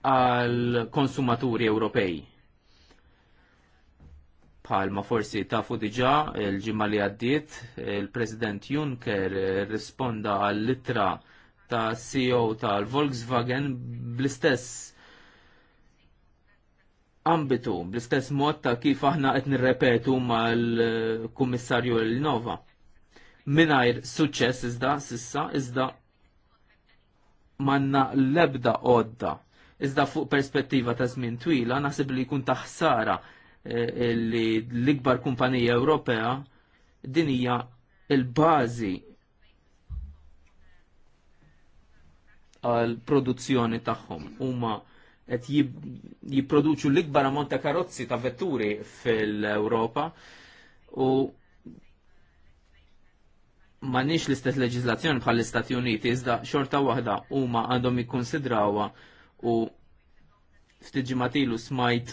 għal konsumaturi Ewropej. Palma forsi tafu diġa il-ġimma li għaddiet, il-President Juncker risponda għal litra ta' CEO tal-Volkswagen bl-istess ambitu, bl-istess mod ta' kif aħna qed nirrepetu mal-Kummissarju l-Nova minajr suċċess iżda sissa iżda manna lebda odda. Iżda fuq perspettiva ta' żmien twila naħseb li jkun taħsara eh, li l-ikbar kumpanija Ewropea din hija l-bażi għal produzzjoni tagħhom. Huma qed jipproduċu l-ikbar ammont ta' karozzi ta' vetturi fil-Ewropa u manix l-istess leġizlazzjoni bħal l-Istati Uniti, iżda xorta waħda huma għandhom jikkonsidrawha u ftiġi matilu smajt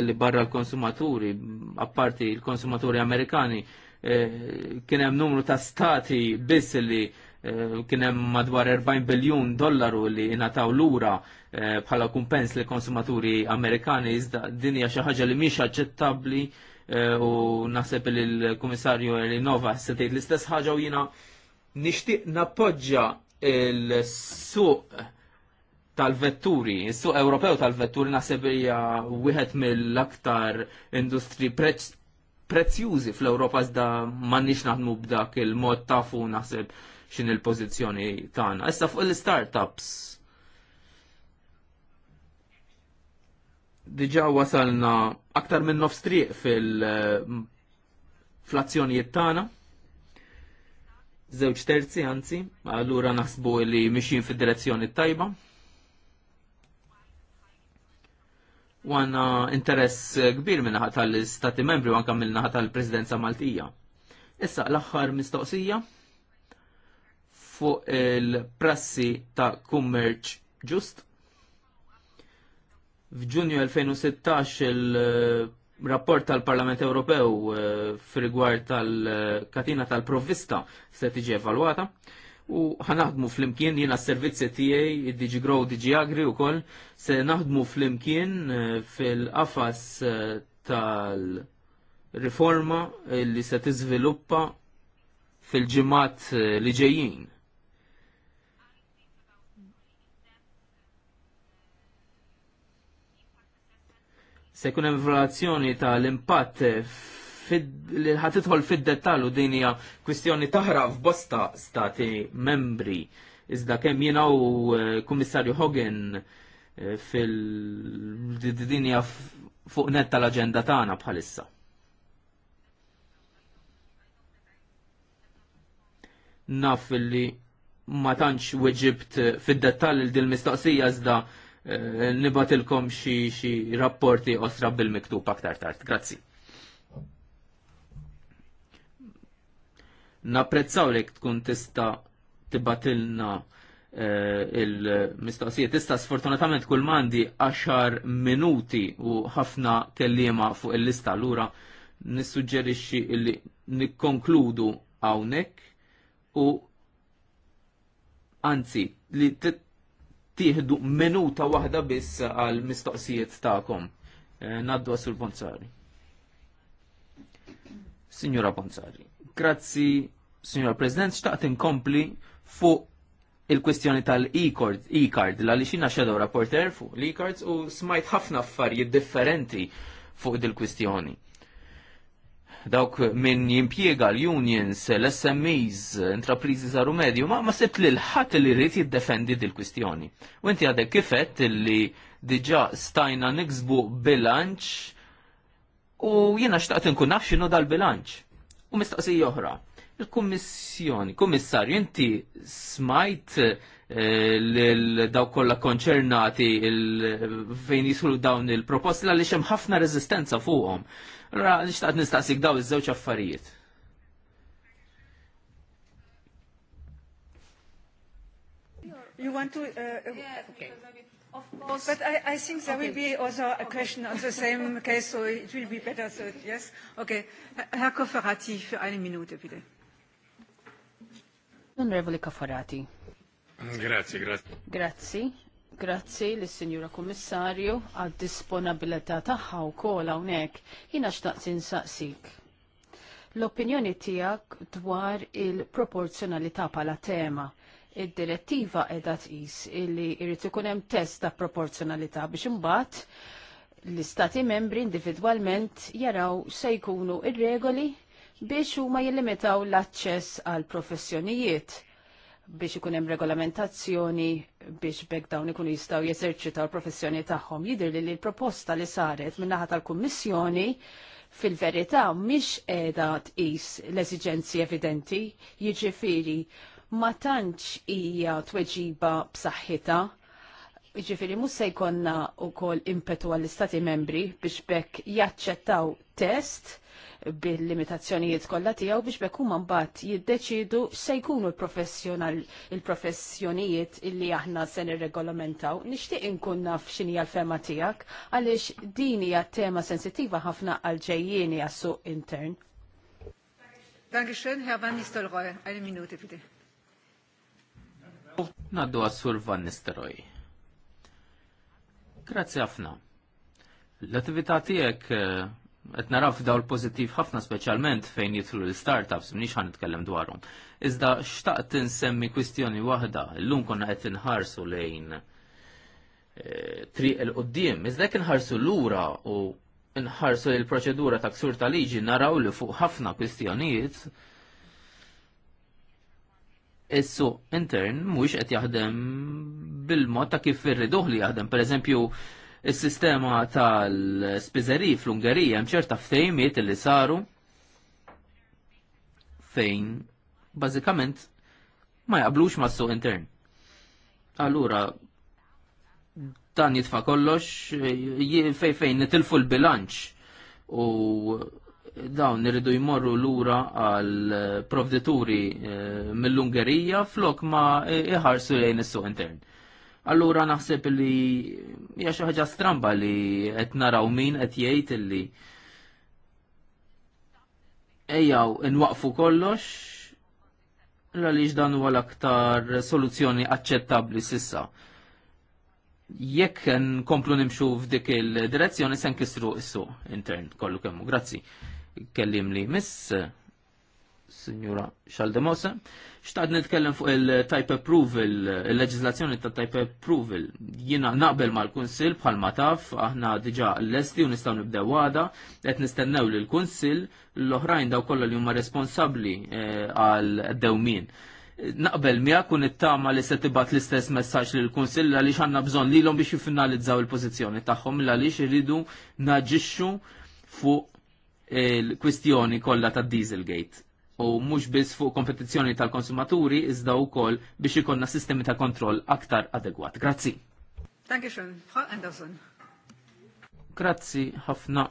illi barra l-konsumaturi, apparti l-konsumaturi Amerikani, eh, kien hemm numru ta' stati biss li eh, kien hemm madwar 40 biljun dollaru li ingħataw lura eh, bħala kumpens li konsumaturi Amerikani iżda dinja xi ħaġa li mhix aċċettabbli Eh, u naħseb li l-Kummissarju Elinova setejt l-istess ħaġa u jina nixtieq nappoġġa il-suq tal-vetturi, il-suq Ewropew tal-vetturi naħseb li wieħed mill-aktar industri prezzjużi fl-Ewropa iżda m'għandniex naħdmu b'dak il-mod tafu naħseb xin il-pożizzjoni tagħna. Issa fuq l startups diġa wasalna aktar minn nofs triq fil-flazzjonijiet tagħna. Żewġ terzi anzi, allura naħsbu li mixin fid-direzzjoni tajba. U għanna interess kbir minna tal-Stati membri u għanka minna tal-Presidenza Maltija. Issa l-axħar mistoqsija fuq il-prassi ta' kummerċ ġust F'Ġunju 2016 il-rapport tal-Parlament Ewropew eh, f'rigward tal-katina tal-provvista se tiġi evalwata u ħanaħdmu fl-imkien jiena s-servizzi tiegħi id-Digi Grow, Digi Agri wkoll se naħdmu fl-imkien eh, fil-qafas eh, tal-riforma li se tiżviluppa fil-ġimat li ġejjin. se jkun hemm evaluazzjoni tal-impatt li ħadd tidħol fid-dettall u din hija kwistjoni taħraq f'bosta stati membri. Iżda kemm jiena u eh, Kummissarju Hogan eh, fil hija fuq netta tal-aġenda tagħna bħalissa. Naf li ma tantx weġibt fid-dettall il dil mistoqsija iżda Eh, nibatilkom xi rapporti osra bil-miktub aktar tard. Grazzi. Naprezzaw li tkun tista tibatilna eh, il-mistoqsijiet. Tista sfortunatament kull mandi 10 minuti u ħafna kellima fuq il-lista l-ura nissuġġerixxi li nikkonkludu hawnhekk u anzi li tieħdu minuta waħda biss għal mistoqsijiet tagħkom. Eh, naddu għasur Bonzari. Signora Bonzari, grazzi, Signora President, xtaqt inkompli fuq il-kwestjoni tal-e-card, e-card, la li xina xedaw rapporter fuq l-e-cards u smajt ħafna affarijiet differenti fuq dil-kwestjoni dawk minn jimpiega l-unions, l-SMEs, intraprizi zaru medju, ma, ma sebt l-ħat li rrit jiddefendi dil-kwistjoni. U inti għadek kifet li diġa stajna niksbu bilanċ u jiena xtaqt nkun naf x'inhu dal-bilanċ. U mistaqsi oħra. Il-Kummissjoni, Kummissarju, inti smajt eh, l-daw kolla konċernati fejn jisru dawn il-proposti għaliex hemm ħafna rezistenza fuqhom. Ra, nishtaqt nistaqsik daw iż-żewġ affarijiet. You want to... Uh, uh yeah, okay. Of course. But I, I think there okay. will be also a question on the same case, so it will be better. So, yes? Okay. Herr Kofferati, für eine Minute, bitte. Honorable Kofferati. Grazie, grazie. Grazie. Grazzi lis sinjura Kummissarju għad disponabilità tagħha wkoll hawnhekk. Jiena xtaqt saqsik. L-opinjoni tiegħek dwar il-proporzjonalità bħala tema id-direttiva qiegħda tqis illi jrid ikun hemm test ta' proporzjonalità biex imbagħad l-istati membri individwalment jaraw se jkunu ir-regoli biex huma jillimitaw l-aċċess għal professjonijiet biex ikun hemm regolamentazzjoni biex bekk dawn ikunu jistgħu jeżerċitaw il-professjoni tagħhom. Jidher li l-proposta li saret min-naħa tal-Kummissjoni fil-verità mhix qiegħda tqis l-eżiġenzi evidenti, jiġifieri ma tantx hija tweġiba b'saħħitha. Jiġifieri mhux se jkollna wkoll impetu għall-Istati membri biex bekk jaċċettaw test bil-limitazzjonijiet kollha tiegħu biex bekkum man mbagħad jiddeċidu se jkunu l professjonal il professjonijiet illi aħna se nirregolamentaw. Nixtieq inkun naf x'inhi l-fema tiegħek għaliex din hija tema sensittiva ħafna għal ġejjieni għas-suq intern. Dankeschön, Herr Van Nistelrooy. Eine Minute bitte. Naddu għas-sur Van Nistelrooy. Grazzi ħafna. L-attività tiegħek eh, qed naraw f'dawl pożittiv ħafna speċjalment fejn jitlu l-startups mniex ħan itkellem dwarhom. Iżda xtaqt insemmi kwistjoni waħda, llum konna qed inħarsu lejn eh, triq il-qoddim, iżda jekk inħarsu lura u nħarsu l proċedura ta' ksur ta' liġi naraw li fuq ħafna kwistjonijiet Issu intern mhux qed jaħdem bil-mod ta' kif irriduh li jaħdem. Pereżempju, Is-sistema tal spizzeri fl-Ungerija hemm ċerta ftejmiet li saru fejn bażikament ma jaqblux ma' suq intern. Allura dan jitfa kollox fej fejn nitilfu l-bilanċ u dawn irridu jmorru lura għal provdituri eh, mill-Ungerija flok ma iħarsu lejn is-suq intern. Allura naħseb li hija xi ħaġa stramba li qed naraw min qed jgħid illi ejjaw inwaqfu kollox għaliex dan huwa l-aktar soluzzjoni aċċettabbli sissa. Jekk nkomplu nimxu f'dik il-direzzjoni se nkissru s-suq intern kollu kemmu. Grazzi. Kellim li miss, Signora Xaldemose. Xtaqt nitkellem fuq il-type approval, il-leġizlazzjoni ta' type approval. Jina naqbel mal-Kunsil bħalma taf, aħna diġa l-esti u nistaw nibdew għada, qed nistennew l kunsil l-oħrajn daw kollha li huma responsabbli eh, għal dewmin. Naqbel kun it nittama li se tibgħat l-istess messaġġ lil kunsil għaliex għandna bżonn lilhom biex jiffinalizzaw il-pożizzjoni tagħhom għaliex iridu naġixxu fuq il-kwistjoni kollha tad-Dieselgate u mhux biss fuq kompetizzjoni tal-konsumaturi iżda wkoll biex ikollna sistemi ta' kontroll aktar adegwat. Grazzi. Dankeschön, Frau Anderson. Grazzi ħafna.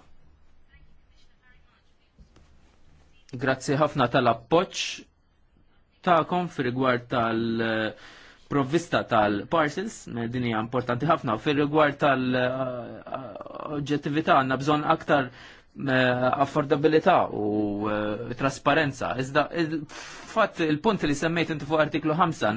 Grazzi ħafna tal-appoġġ ta'kom fir-rigward tal-, provvista tal-parcels, din hija importanti ħafna, fil rigward tal-oġġettività eh, eh, għandna bżonn aktar Eh, affordabilità u eh, trasparenza. Iżda, fatt il-punt li semmejt inti fuq artiklu 5,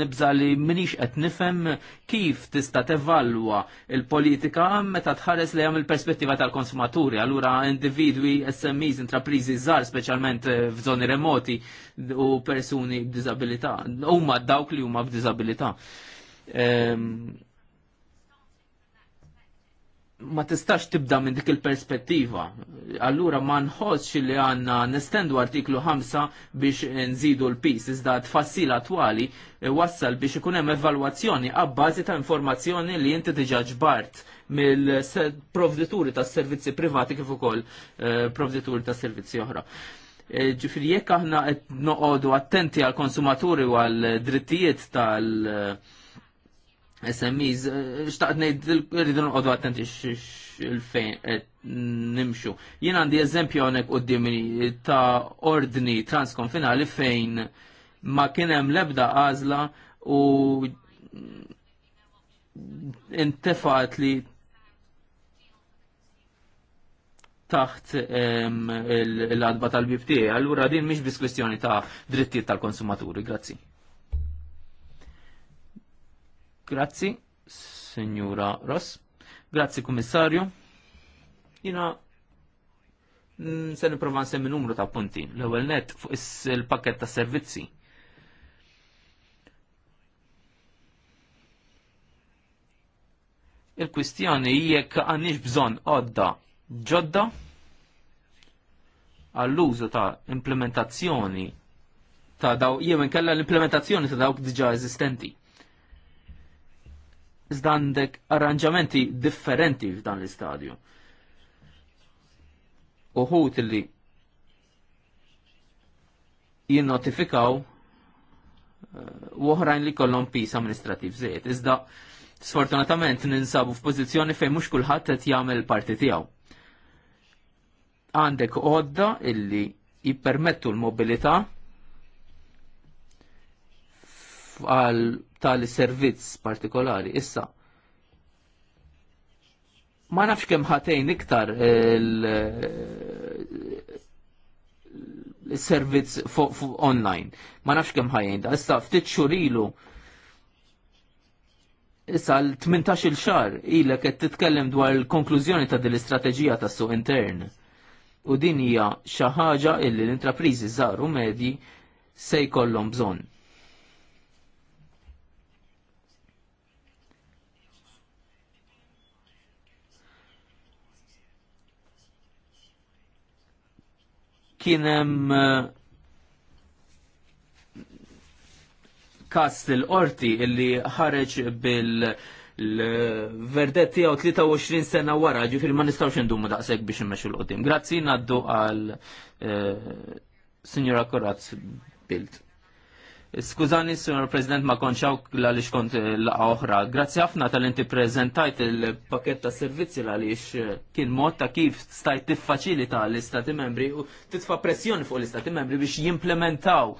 nibza li minix qed nifhem kif tista' tevalwa il-politika meta tħares li hemm il-perspettiva tal-konsumaturi. Allura individwi, SMEs, intrapriżi żgħar speċjalment eh, f'żoni remoti u persuni b'diżabilità. Huma dawk li huma b'diżabilità. Um, ehm, ma tistax tibda minn dik il-perspettiva. Allura ma nħossx li għanna nestendu artiklu 5 biex nżidu l-pis, iżda tfassil attwali wassal biex ikun hemm evalwazzjoni għabbażi ta' informazzjoni li inti diġa' ġbart mill-provdituri ta' servizzi privati kif ukoll eh, provdituri ta' servizzi oħra. Eh, Ġifri jekk aħna qed noqogħdu attenti għal konsumaturi u għal drittijiet tal- SMEs, eh, xtaqt nejt rridu nqodu attenti il-fejn nimxu. Jien għandi eżempju għonek u ta' ordni transkonfinali fejn ma kienem lebda għazla u intefat li taħt l-adba tal-bibtie. Allura din mhix bis kwestjoni ta' drittijiet tal-konsumaturi. Grazzi. Grazzi, Signora Ross. Grazzi, Kummissarju. Jina mm, se niprofa nsemmi numru ta' punti. L-ewwel net fuq il-pakket ta' servizzi. il-kwistjoni jiek għandix bżonn għodda ġodda għall-użu ta' implementazzjoni ta' daw jiemen inkella l-implementazzjoni ta' dawk diġà eżistenti iżda għandek arranġamenti differenti f'dan l-istadju. Uħut li jinnotifikaw eh, uħrajn oħrajn li kollhom pis amministrativ żejt. Iżda sfortunatament ninsabu f'pożizzjoni fejn mhux kulħadd qed jagħmel parti tiegħu. Għandek għodda illi jippermettu l-mobilità għal tali servizz partikolari. Issa, ma nafx kemm ħatejn iktar il-servizz online. Ma nafx kemm ħajjin da. Issa ftit xurilu Issa l-18 il xar ilek qed titkellem dwar il-konklużjoni ta' din l-istrateġija tas suq intern. U din hija xi ħaġa illi l-intrapriżi żgħar u medji se jkollhom bżonn. kienem kas eh, il Orti illi ħareġ bil l-verdet tiegħu 23 sena wara, ġifieri ma nistgħux indumu daqshekk biex immexxu l qoddim Grazzi naddu għal eh, Signora Korazz Bild. Skużani, Sr. President, ma konċaw għalix kont laqa oħra. Grazzi ħafna tal-inti prezentajt il-pakket ta' servizzi għalix kien mod ta' kif stajt tiffaċilita l-Istati membri u titfa pressjoni fuq l-Istati membri biex jimplementaw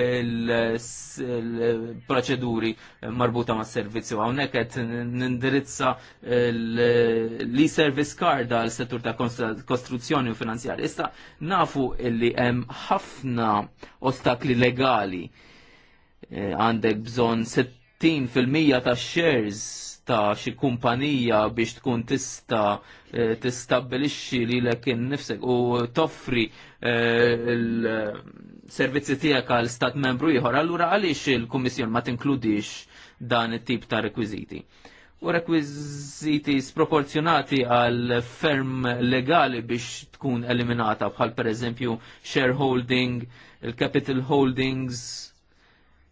il-proċeduri marbuta ma' servizzi u għawnek għet nindirizza l-e-service card għal-settur ta' kostruzzjoni u finanzjari. Issa nafu illi hemm ħafna ostakli legali Eh, għandek bżon 60% ta' shares ta' xi kumpanija biex tkun tista eh, tistabbilixxi lilek innifsek u toffri eh, l-servizzi tiegħek għal stat membru ieħor, allura għaliex il-Kummissjon ma tinkludix dan it-tip ta' rekwiżiti u rekwiżiti sproporzjonati għal ferm legali biex tkun eliminata bħal pereżempju shareholding, il-capital holdings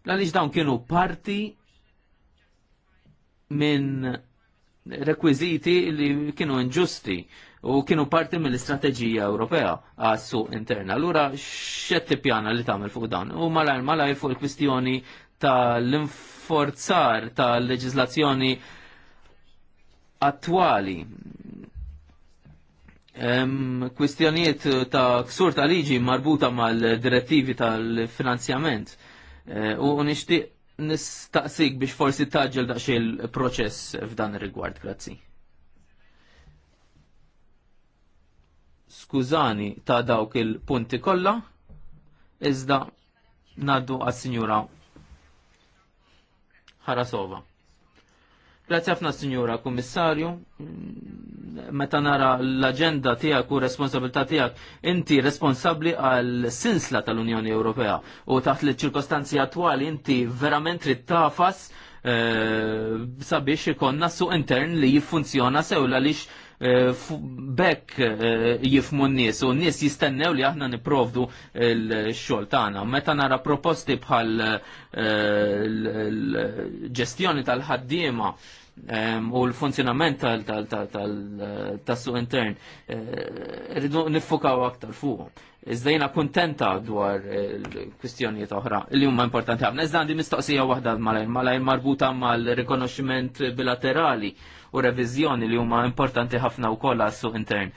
Għaliex dawn kienu parti minn rekwiziti li kienu inġusti u kienu parti mill-istrateġija Ewropea għas interna. Allura xed tippjana li tagħmel fuq dan. U malajr malajr fuq il-kwistjoni tal-inforzar tal-leġislazzjoni attwali. Kwistjonijiet ta' ksur ta' liġi marbuta mal-direttivi tal-finanzjament Eh, u nixtieq nistaqsik biex forsi taġġel daqsxejn il-proċess f'dan ir-rigward, grazzi. Skużani ta' dawk il-punti kollha, iżda naddu għas-Sinjura Harasova. Grazie ħafna Signora Kommissarju. Meta nara l agenda tiegħek u responsabilità tiegħek, inti responsabbli għal sinsla tal-Unjoni Ewropea u taħt li ċirkostanzi attwali inti verament trid tafas eh, sabiex ikonna su intern li jiffunzjona sew lix. Eh, bekk eh, jifmu n-nies u n-nies jistennew li aħna niprovdu l-xogħol tagħna. Meta nara proposti bħal eh, l-ġestjoni tal-ħaddiema u l-funzjonament tal-suq intern rridu nifukaw aktar fuq. Iżda jiena kuntenta dwar kwistjonijiet oħra li huma importanti ħafna. Iżda għandi mistoqsija waħda mal malajr marbuta mal-rikonoxximent bilaterali u reviżjoni li huma importanti ħafna u kolla suq intern.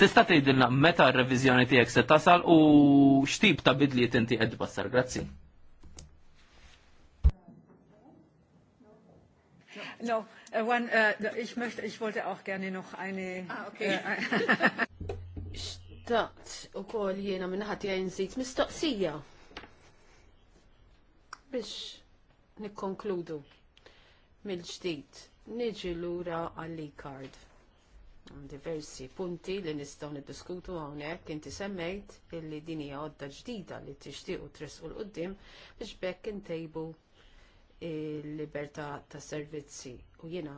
Tista' tgħidilna meta r-reviżjoni tiegħek se tasal u x'tip ta' bidliet inti qed tbassar. Grazzi. No, uh, one, uh, ich möchte, ich wollte auch gerne noch eine... Ah, äh, okay. Xtaqt u kol jena minnaħat jajn zid mistoqsija. Biex nikkonkludu mill-ġdijt niġi lura għall-e-card. Diversi punti li nistgħu niddiskutu hawnhekk inti semmejt illi din hija għodda ġdida li tixtiequ tresqu l qoddim biex bekk intejbu il-libertà tas servizzi u jiena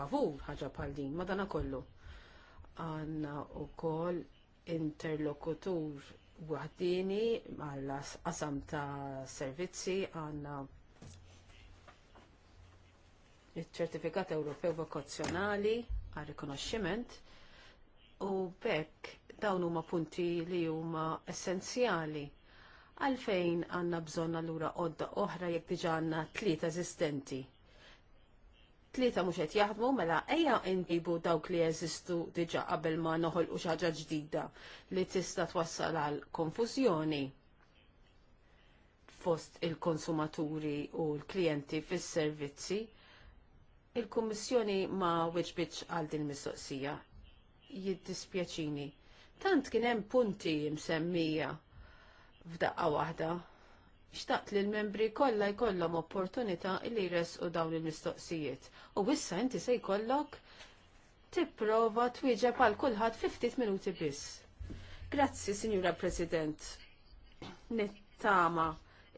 favur ħaġa bħal din madana kollu. Għanna koll interlokutur waħdini għall qasam ta' servizzi għandna il-ċertifikat Ewropew vokazzjonali għal rikonoxximent u bekk dawn huma punti li huma essenzjali għalfejn għanna bżonn allura għodda oħra jekk diġà għandna tlieta eżistenti. Tlieta mhux qed jaħdmu mela ejja nqibu dawk li jeżistu diġà qabel ma noħolqu xi ħaġa ġdida li tista' twassal għal konfużjoni fost il-konsumaturi u l-klijenti fis-servizzi Il-Kummissjoni ma weġbitx għal din mistoqsija. Jiddispjaċini. Tant kien hemm punti msemmija f'daqqa waħda. Xtaqt li l-membri kollha jkollhom opportunità li jresqu dawn il-mistoqsijiet. U issa inti se jkollok tipprova twieġeb għal kulħadd 50 minuti biss. Grazzi, Sinjura President. Nittama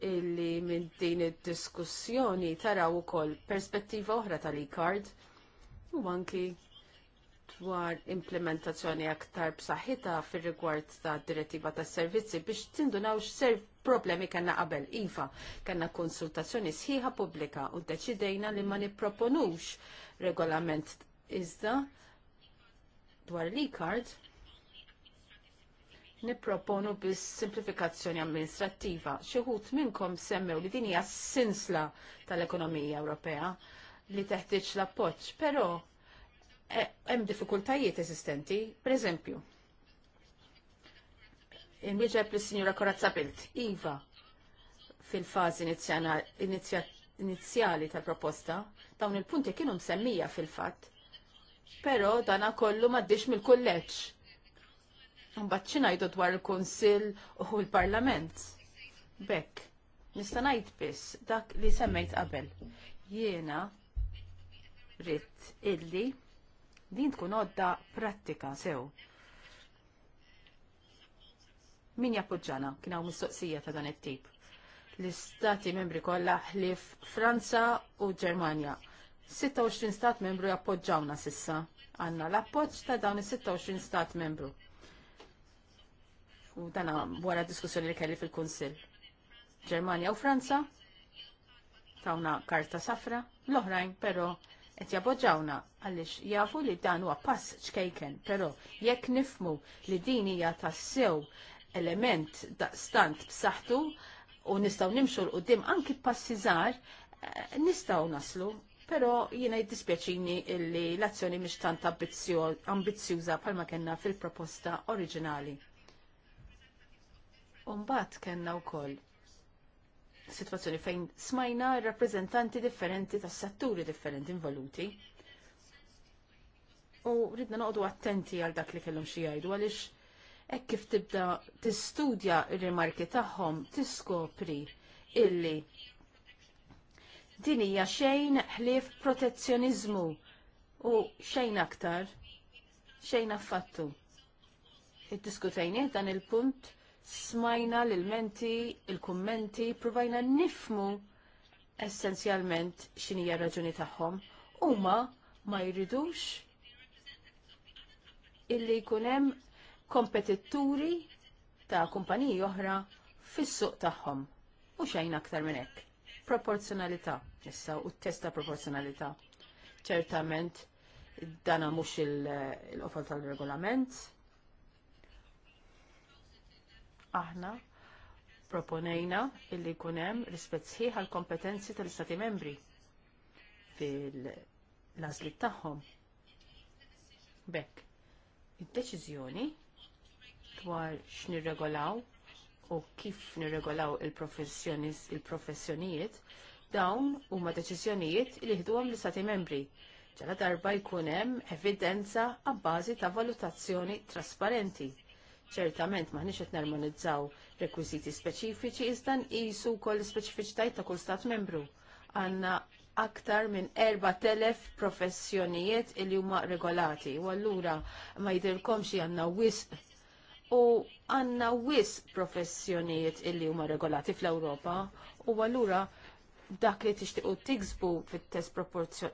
illi minn din id-diskussjoni taraw ukoll perspettiva oħra tal-e-card u anki dwar implementazzjoni aktar b'saħħitha fir-rigward ta' direttiva tas servizzi biex tindunaw x'serv problemi kellna qabel. Iva, kellna konsultazzjoni sħiħa pubblika u deċidejna li ma nipproponux regolament iżda dwar l-e-card nipproponu biss simplifikazzjoni amministrattiva. Xi wħud minnkom semmew li din hija sinsla tal-ekonomija Ewropea li teħtieġ l-appoġġ, però eh, hemm diffikultajiet eżistenti, pereżempju. Inwieġeb lis-Sinjura Korazza Bilt, Iva, fil-fażi inizjali tal-proposta, dawn il-punti kienu msemmija fil-fatt, però dana kollu maddix mill-kulleġġ Mbagħad ngħidu dwar il-Kunsill u l-Parlament. Bekk, nista' ngħid biss dak li semmejt qabel. Jiena rrid illi din tkun għodda prattika sew. Min jappoġġana kien hawn mistoqsija ta' dan it-tip. L-istati membri kollha ħlief Franza u Ġermanja. 26 stat membru jappoġġawna sissa. Għanna l-appoġġ ta' dawn is-26 stat membru. U dana wara diskussjoni li kelli fil-Kunsill. Ġermanja u Franza tawna karta safra, l-oħrajn pero qed jabodġawna għaliex jafu li dan huwa pass ċkejken, pero jekk nifmu li din hija tassew element stant b'saħħtu u nistgħu nimxu l-qudiem anki passi żgħar eh, nistgħu naslu pero jiena jiddispjaċini li l-azzjoni mhix tant ambizzjuża bħalma kellna fil-proposta oriġinali. Umbat kenna u koll situazzjoni fejn smajna rappresentanti differenti ta' setturi differenti involuti. U ridna noqdu attenti għal dak li kellhom xi jgħidu għaliex hekk kif tibda tistudja r-rimarki tagħhom tiskopri illi din hija xejn ħlief protezzjoniżmu u xejn aktar xejn affattu. Iddiskutejnieh dan il-punt smajna l-menti, il-kummenti, provajna nifmu essenzjalment xinija raġuni tagħhom. Huma ma jridux illi jkunem kompetitturi ta' kumpaniji oħra fis-suq tagħhom. U xejn aktar minn hekk. Proporzjonalità issa u t-testa proporzjonalità. Ċertament dana mhux il-qofol tal-regolament, aħna proponejna illi jkun hemm rispett sħiħ għall kompetenzi tal-Istati membri fil-lażlit tagħhom. Bekk, id-deċiżjoni dwar x'nirregolaw u kif nirregolaw il-professjonijiet il dawn huma deċiżjonijiet li ħduhom l-Istati membri. Ġala darba jkun hemm evidenza għabbażi ta' valutazzjoni trasparenti ċertament maħniex qed narmonizzaw rekwiżiti speċifiċi iżda nqisu wkoll speċifiċitajiet ta' kull stat membru. Għandna aktar minn 4,000 professjonijiet li huma regolati u allura ma jidhirkomx li għandna wisq u għandna wisq professjonijiet li huma regolati fl-Ewropa u allura dak li u tiksbu fit-test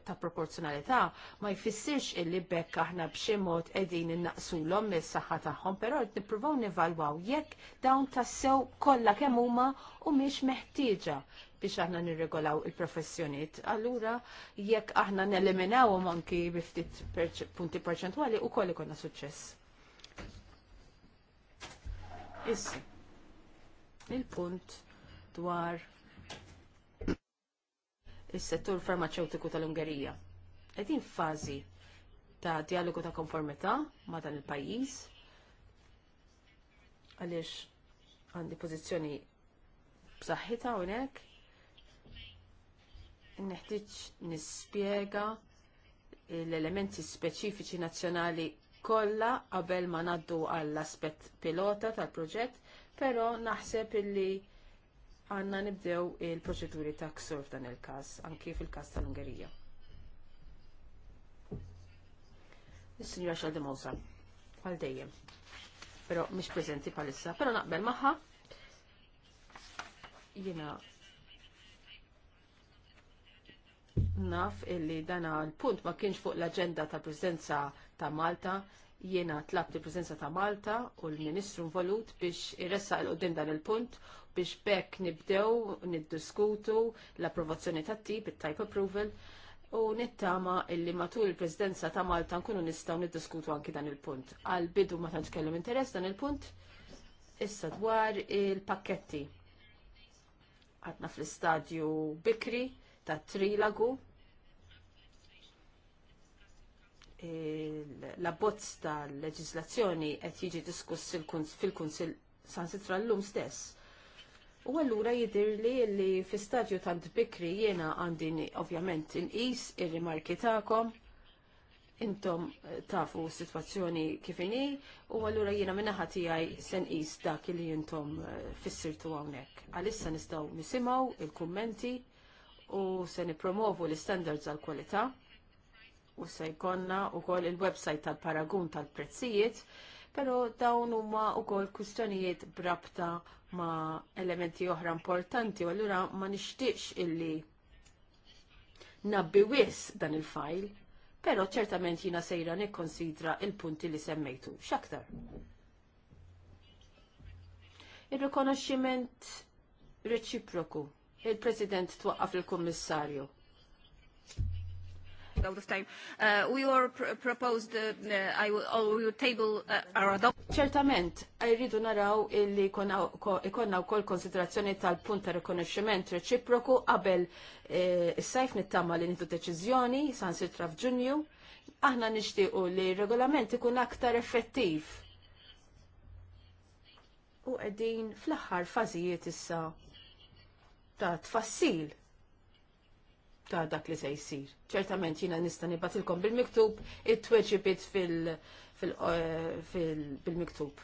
ta' proporzjonalità ma jfissirx illi bekk aħna b'xi mod qegħdin innaqsulhom mis-saħħa tagħhom, però qed nippruvaw nivalwaw jekk dawn tassew kollha kemm huma u mhix meħtieġa biex aħna nirregolaw il-professjoniet. Allura jekk aħna neliminawhom anki bi ftit punti perċentwali wkoll ikolna suċċess. Issi, il-punt dwar is-settur farmaceutiku tal-Ungerija. Qegħdin fażi ta' dialogu ta' konformità ma' dan il-pajjiż għaliex għandi pożizzjoni b'saħħitha hawnhekk. Neħtieġ nispjega l-elementi speċifiċi nazzjonali kollha qabel ma ngħaddu għall aspett pilota tal-proġett, però naħseb illi għanna nibdew il-proċeduri ta' ksur f'dan il-kas, anki fil-kas tal-Ungerija. Is-Sinjora Xaldi Mosa, għal dejjem, pero mhix preżenti bħalissa, pero naqbel magħha. Jiena naf illi dana l-punt ma kienx fuq l-aġenda tal prezenza ta' Malta, jiena tlabt il-prezenza ta' Malta u l-Ministru involut biex irressa l qoddim dan il-punt biex bekk nibdew niddiskutu l-approvazzjoni tat tip, il-type approval, u nittama illi matul il-Presidenza ta' Malta nkunu nistgħu niddiskutu anki dan il-punt. Għal bidu ma tantx interess dan il-punt, issa dwar il-pakketti. Għatna fl-istadju bikri ta' trilagu l bozz tal-leġislazzjoni qed jiġi diskuss fil-Kunsill San Sitra llum stess. U allura jidir li li fi stadju tant bikri jena għandi ovvjament inqis ir-rimarki tagħkom, intom eh, tafu situazzjoni kifini, u għallura jena minnaħa tijaj sen qis dak li jintom eh, fissirtu għawnek. Għalissa nistaw nisimaw il-kommenti u sen promovu l-standards għal kwalita u se jkollna wkoll il-website tal-paragun tal-prezzijiet, però dawn huma wkoll kwistjonijiet brabta ma' elementi oħra importanti u allura ma nixtieqx illi nabbi wis dan il-fajl, però ċertament jina sejra nikkonsidra il-punti li semmejtu x'aktar. Ir-rikonoxximent reċiproku. Il-President twaqqaf il-Kummissarju out of time. Uh, we were pr proposed, uh, uh, I will, oh, we will table uh, our adoption. Ċertament, rridu naraw illi ikonna wkoll konsiderazzjoni tal-punt ta' rikonoxximent reċiproku qabel eh, is-sajf nittama li nitu deċiżjoni san sitra f'Ġunju. Aħna nixtiequ li r-regolament ikun aktar effettiv. U qegħdin fl-aħħar fażijiet issa ta' tfassil ta' dak li se jsir. ċertament jina nista' nibatilkom bil-miktub it-tweġibit fil-miktub.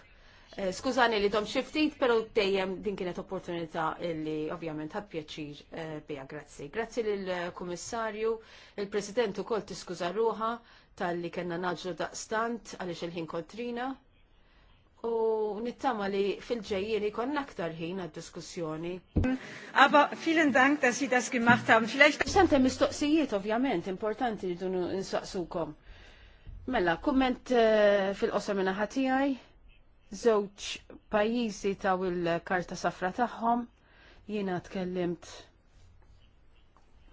Eh, skużani li dom xiftit, pero dejjem din kienet opportunità li ovvjament ħad pjaċir eh, bija grazzi. Grazzi lill-Kummissarju, eh, il-President ukoll tiskuża ruħa tal-li kena naġlu daqstant għaliex il-ħin kontrina u nittama li fil-ġejjien ikon aktar ħin għad-diskussjoni. Aba vielen Dank, ta' si das gemacht haben. Vielleicht mistoqsijiet ovvjament importanti li dunu insaqsukom. Mela, komment eh, fil qosam minna ħatijaj, zewċ pajizi ta' il-karta safra tagħhom, jiena tkellimt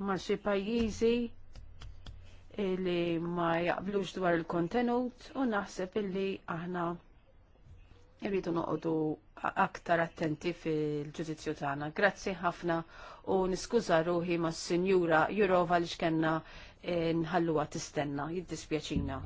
mar xi pajjiżi li ma jaqblux dwar il-kontenut u naħseb illi aħna irridu noqogħdu aktar attenti fil-ġudizzju tagħna. Grazzi ħafna u niskuża ruħi mas-Sinjura Jurova li x'kenna nħalluha tistenna, jiddispjaċina.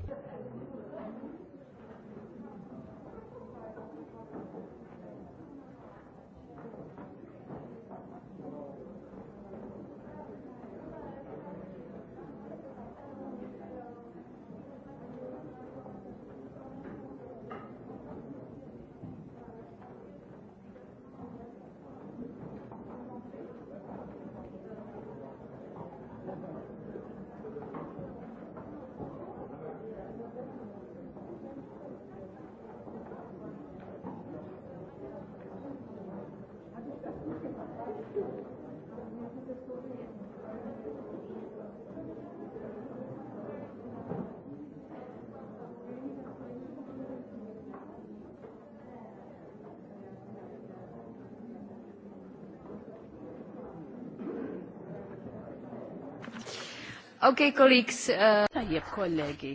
Okay, colleagues. Uh, Tajjeb, kollegi.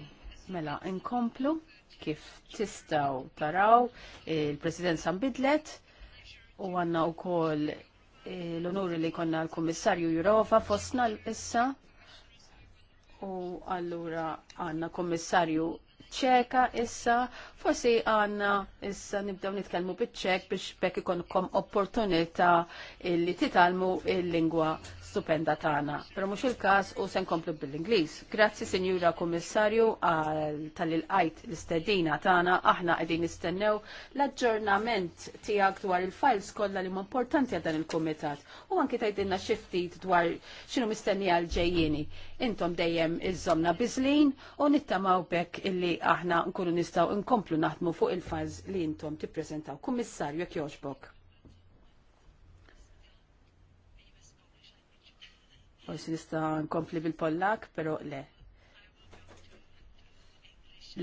Mela, inkomplu kif tistaw taraw il-President Sambidlet u għanna u koll eh, l-onuri li konna l-Kommissarju Jurova fosna l-issa u allura għanna Kommissarju ċeka issa, forsi għanna issa nibdew nitkellmu bit-ċek biex bekk ikonkom opportunità li titalmu il-lingwa stupenda tagħna. Però mhux il-każ u se nkomplu bil-Ingliż. Grazzi Sinjura Kummissarju tal-ilqajt l-istedina tagħna aħna qegħdin nistennew l-aġġornament tiegħek dwar il-files kollha li huma importanti għal dan il-kumitat u anke tgħidilna xi ftit dwar x'inhu mistennija għal ġejjini Intom dejjem iżomna biżlin u nittamaw bekk illi aħna nkunu nistgħu nkomplu naħdmu fuq il-files li intom tippreżentaw. Kummissarju jek joġbok. Forsi nista' nkompli bil-Pollak, però le.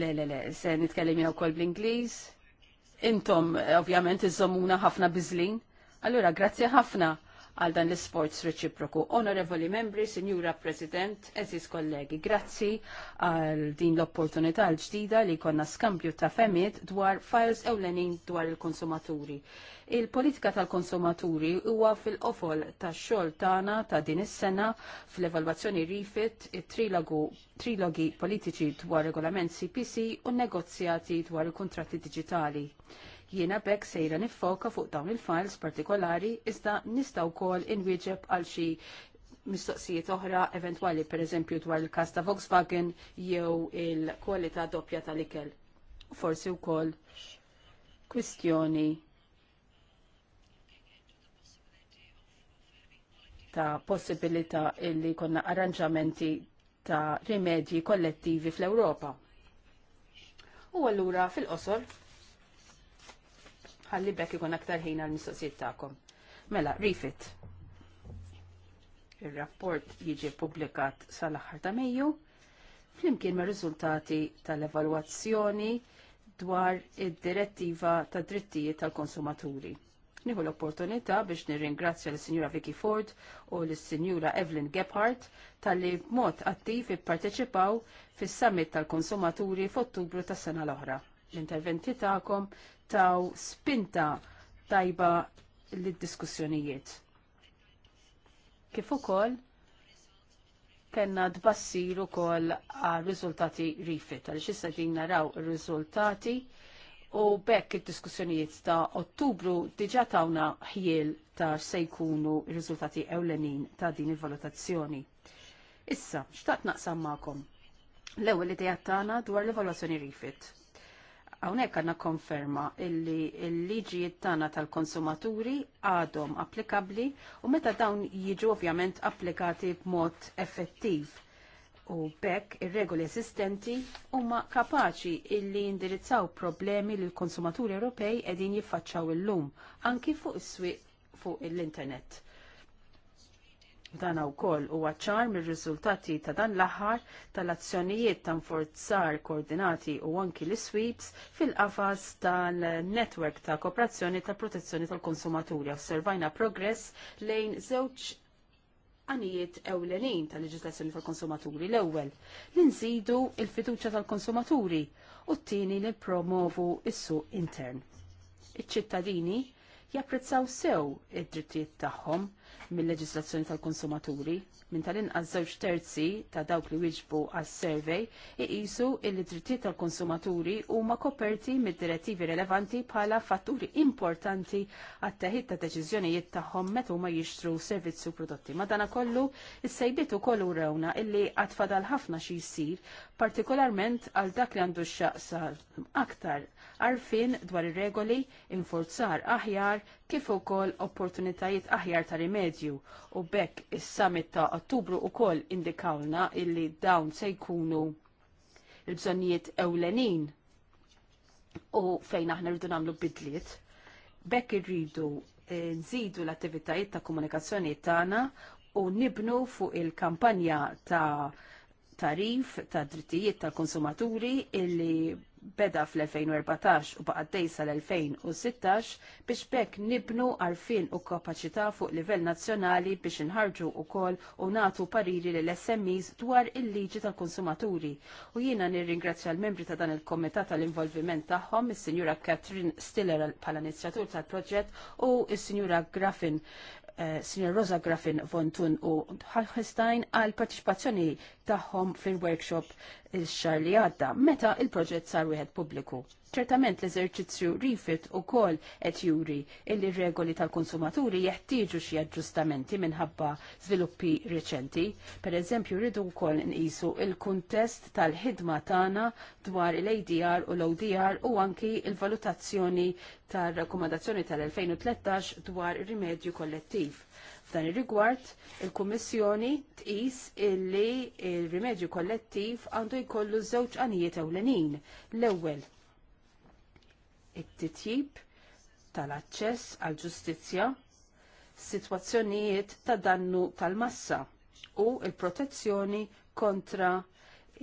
Le, le, le, se nitkellem jew kol bl-Ingliż. Intom eh, ovvjament iżommuna ħafna biżlin. allora grazzi ħafna għal dan l-sforz reċiproku. Onorevoli membri, Signora President, eżis kollegi, grazzi għal din l-opportunità l-ġdida li konna skambju ta' femmit dwar files ewlenin dwar il-konsumaturi. Il-politika tal-konsumaturi huwa fil-qofol ta' xogħol tagħna ta' din is-sena fl-evalwazzjoni rifit trilogu trilogi politiċi dwar regolament CPC u negozjati dwar il-kontratti digitali. Jiena bekk sejra niffoka fuq dawn il-files partikolari iżda nista' wkoll inwieġeb għal xi mistoqsijiet oħra eventwali, pereżempju dwar il-kas ta' Volkswagen jew il-kwalità doppja tal-ikel. Forsi wkoll kwistjoni ta' possibilità illi konna arranġamenti ta' rimedji kollettivi fl-Ewropa. U allura fil-qosor ħalli bekk ikun aktar ħin għal mistoqsijiet tagħkom. Mela, rifit. Ir-rapport jiġi pubblikat sal-aħħar ta' Mejju flimkien ma' riżultati tal-evalwazzjoni dwar id-direttiva tad drittijiet tal-konsumaturi. Nieħu l-opportunità biex nirringrazzja l-Sinjura Vicky Ford u l-Sinjura Evelyn Gebhardt tal-li mod attiv ipparteċipaw fis-summit tal-konsumaturi f'Ottubru tas-sena l-oħra. L-interventi tagħkom taw spinta tajba lid-diskussjonijiet. Kif ukoll kellna tbassir ukoll għal riżultati rifit, għaliex issa din naraw ir-riżultati u bekk id-diskussjonijiet ta' Ottubru diġà tawna ħiel ta' se jkunu r-riżultati ewlenin ta' din il-valutazzjoni. Issa, xtaqt naqsam ma'kom. L-ewwel li tagħna dwar l evaluazzjoni rifit Hawnhekk għandna konferma illi l-liġijiet tagħna tal-konsumaturi għadhom applikabbli u meta dawn jiġu ovvjament applikati b'mod effettiv. U bekk ir-regoli esistenti huma kapaċi illi indirizzaw problemi li l-konsumaturi Ewropej qegħdin jiffaċċaw illum anki fuq is-swieq fuq l-internet. Dan wkoll huwa ċar mir-riżultati ta' dan l-aħħar tal-azzjonijiet ta' nforzar koordinati u anki l-sweeps fil-qafas tal-netwerk ta' kooperazzjoni ta' protezzjoni tal-konsumaturi. Osservajna progress lejn żewġ għanijiet ewlenin tal-leġislazzjoni tal-konsumaturi. L-ewwel li nżidu il-fiduċja tal-konsumaturi u t-tieni li promovu s suq intern. Iċ-ċittadini japprezzaw sew id-drittijiet tagħhom mill-leġislazzjoni tal-konsumaturi. Minn tal-inqas żewġ terzi ta' dawk li wieġbu għas-survey iqisu il drittijiet tal-konsumaturi huma koperti mid-direttivi rilevanti bħala fatturi importanti għat-teħid ta' deċiżjonijiet tagħhom meta huma jixtru servizzi u prodotti. Madana kollu, is-sejbiet ukoll urawna illi fadal ħafna xi jsir partikolarment għal dak li għandu x xaqsar aktar għarfien dwar ir-regoli infurzar aħjar kif ukoll opportunitajiet aħjar ta' rimedju u bekk is-summit ta' Ottubru ukoll indikawlna illi dawn se jkunu il-bżonnijiet ewlenin u fejn aħna rridu nagħmlu bidliet. Bekk irridu eh, nżidu l-attivitajiet ta' komunikazzjoni tagħna u nibnu fuq il-kampanja ta' tarif ta' drittijiet tal-konsumaturi illi beda fl-2014 u baqaddej sal-2016 biex bekk nibnu għarfien u kapacità fuq livell nazzjonali biex nħarġu u kol u natu pariri l smis dwar il-liġi tal-konsumaturi. U jiena nirringrazzja l-membri ta' dan il-komitat tal-involviment tagħhom is-Sinjura Katrin Stiller pala inizjatur tal-proġett u is-Sinjura Graffin Eh, Sr. Rosa Graffin von Thun u Halchestein għal partiċipazzjoni tagħhom fil-workshop il-xar li għadda meta il-proġett sar wieħed pubbliku. Ċertament l-eżerċizzju rifit u kol et juri illi regoli tal-konsumaturi jeħtieġu xi aġġustamenti minħabba sviluppi reċenti. Per eżempju, rridu wkoll nqisu il-kuntest tal-ħidma tagħna dwar l adr u l-ODR u anki il-valutazzjoni tar-rakkomandazzjoni tal-2013 dwar rimedju kollettiv F'dan ir-rigward, il-Kummissjoni tqis illi il-rimedju kollettiv għandu jkollu żewġ għanijiet ewlenin. L-ewwel, it-titjib tal-aċċess għall ġustizzja, sitwazzjonijiet ta' dannu tal-massa u l protezzjoni kontra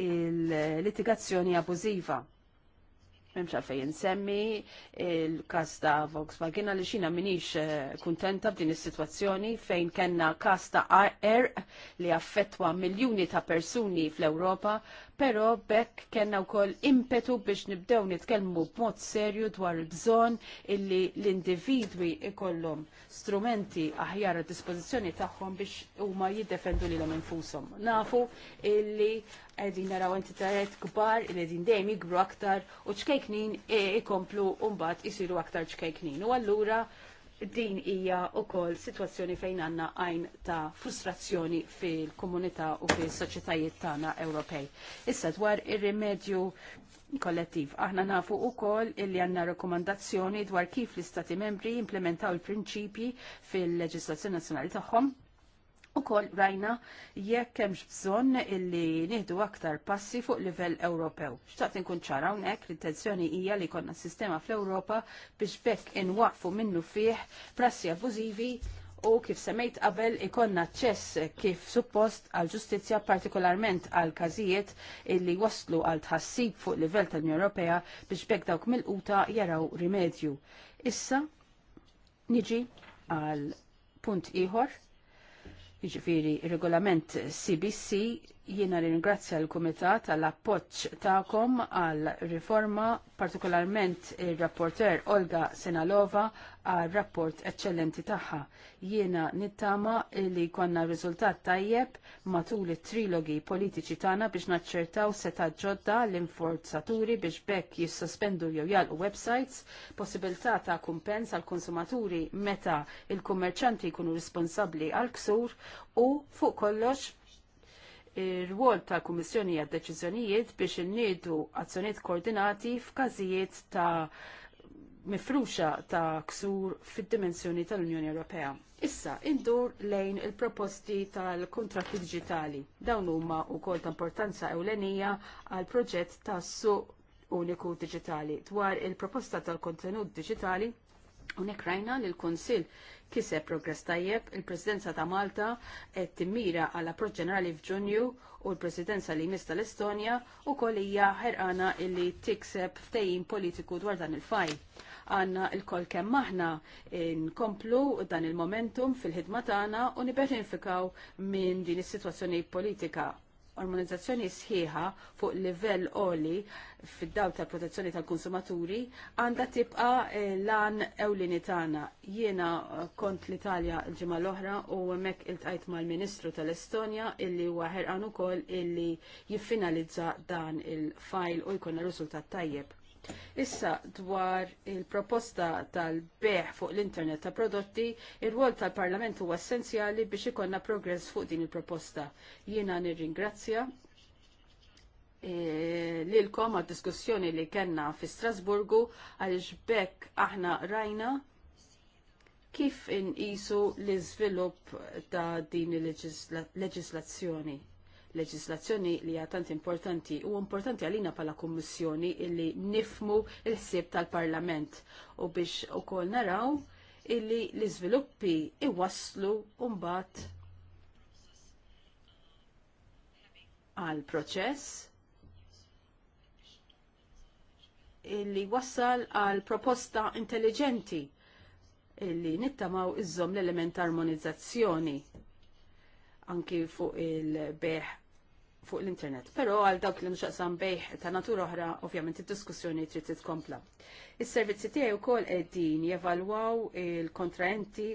il-litigazzjoni abużiva memx għalfej nsemmi il kasta ta' Volkswagen għalli xina minix eh, kontenta b'din is-sitwazzjoni fejn kenna kasta ta' li affettwa miljoni ta' persuni fl-Ewropa pero bekk kena u koll impetu biex nibdew nitkelmu b'mod serju dwar il-bżon illi l-individwi ikollhom strumenti aħjar a dispożizzjoni tagħhom biex huma jiddefendu lilhom infushom. Nafu illi qegħdin naraw entitajiet kbar illi qegħdin dejjem jikbru aktar u ċkejknin e ikomplu mbagħad isiru aktar ċkejknin. U allura din hija wkoll sitwazzjoni fejn għandna għajn ta' frustrazzjoni fil-komunità u fis-soċjetajiet tagħna Ewropej. Issa dwar ir-rimedju kollettiv. Aħna nafu wkoll illi għandna rekomandazzjoni dwar kif l-Istati membri implementaw il-prinċipji fil-leġislazzjoni nazzjonali tagħhom U kol rajna jekk hemmx bżonn illi nieħdu aktar passi fuq livell Ewropew. Xtaqt nkun ċara hawnhekk l-intenzjoni hija li konna sistema fl-Ewropa biex bekk inwaqfu minnu fih prassi abuzivi u kif semmejt qabel ikonna ċess kif suppost għal ġustizzja partikolarment għal każijiet illi waslu għal tħassib fuq livell tal-Unjoni Ewropea biex bekk dawk mill-quta jaraw rimedju. Issa niġi għal punt ieħor Jiġifieri regolament CBC jiena ringrazzja l-Kumitat għall appoġġ tagħkom għal riforma, partikolarment ir-rapporter Olga Senalova għal rapport eċċellenti tagħha. Jiena nittama li konna riżultat tajjeb matul it-trilogi politiċi tagħna biex naċċertaw seta' ġodda l-inforzaturi biex bekk jissospendu jew jalqu websites, possibilità ta' kumpens għal konsumaturi meta il-kummerċanti jkunu responsabbli għal ksur u fuq kollox ir-rwol tal-Kummissjoni għad deċiżjonijiet biex inniedu azzjonijiet koordinati f'każijiet ta' mifruxa ta' ksur fid-dimensjoni tal-Unjoni Ewropea. Issa, indur lejn il-proposti tal-kontratti digitali. Dawn huma wkoll ta' importanza ewlenija għal proġett ta' suq uniku digitali dwar il-proposta tal-kontenut digitali Unek rajna li l-Konsil kiseb progress tajjeb, il-Presidenza ta' Malta qed timmira għal approċ ġenerali f'Ġunju u l-Presidenza li jmiss tal-Estonja u hija ħerqana illi tikseb ftejjin politiku dwar dan il-fajl. Għanna il-kol kemm aħna nkomplu dan il-momentum fil-ħidma tagħna u nibenefikaw minn din is-sitwazzjoni politika ormonizzazzjoni sħiħa fuq livell oli fid-daw tal protezzjoni tal-konsumaturi għandha tibqa lan ewlini tagħna. Jiena kont l-Italja l-ġimgħa l-oħra u hemmhekk iltqajt mal-Ministru tal-Estonja illi huwa ħerqan ukoll illi jiffinalizza dan il-fajl u jkollna riżultat tajjeb. Issa dwar il-proposta tal-beħ fuq l-internet ta' prodotti, il-wol tal-Parlament huwa essenzjali biex ikonna progress fuq din il-proposta. Jiena nirringrazzja eh, lilkom għad diskussjoni li kenna fi Strasburgu għaliex bekk aħna rajna kif inqisu l-iżvilupp ta' din il-leġislazzjoni leġislazzjoni li hija tant importanti u importanti għalina bħala Kummissjoni illi nifmu il-ħsieb tal-Parlament u biex ukoll naraw illi l-iżviluppi iwasslu mbagħad għal proċess illi wassal għal proposta intelligenti illi nittamaw iżom l-element armonizzazzjoni anki fuq il-beħ fuq l-internet. Pero għal dawk li nxaqsam bejħ ta' natura oħra, ovvjament, id-diskussjoni trid titkompla. Is-servizzi tiegħi wkoll qegħdin jevalwaw il-kontraenti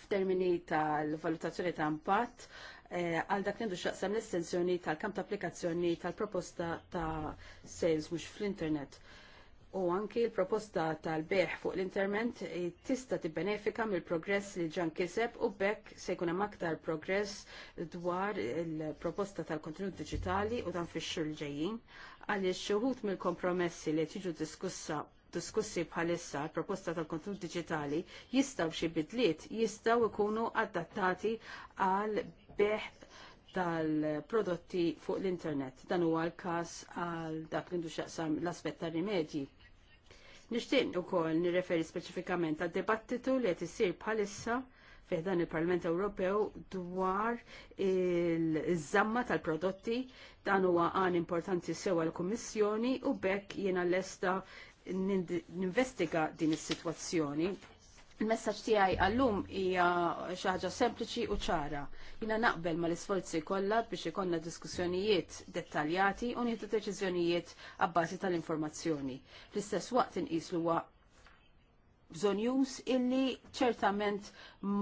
f'termini tal-valutazzjoni ta' impatt eh, għal dak nindu xaqsam l-estensjoni tal-kamp ta' applikazzjoni tal-proposta ta' sales mhux fl-internet u anki l-proposta tal-beħ fuq l-interment eh, tista tibbenefika mill-progress li ġan kiseb u bekk se jkun hemm aktar progress dwar il-proposta tal-kontenut diġitali u dan fix-xhur li ġejjin għaliex xuħut mill-kompromessi li tiġu diskussa diskussi bħalissa proposta tal-kontenut diġitali jistaw xi bidliet jistaw ikunu adattati għal beħ tal-prodotti fuq l-internet. Dan huwa l-każ għal dak li ndu l-aspett tar-rimedji Nixtieq ukoll nirreferi speċifikament għad dibattitu li qed isir bħalissa fih dan il-Parlament Ewropew dwar il-żamma tal-prodotti dan huwa għan importanti sewa l-Kummissjoni u bekk jiena lesta ninvestiga din is-sitwazzjoni Il-messaġġ tiegħi għallum hija xi ħaġa sempliċi u ċara. Jiena naqbel mal-isforzi kollha biex ikollna diskussjonijiet dettaljati u nieħdu deċiżjonijiet abbażi tal-informazzjoni. Fl-istess waqt inqis huwa bżonn jus illi ċertament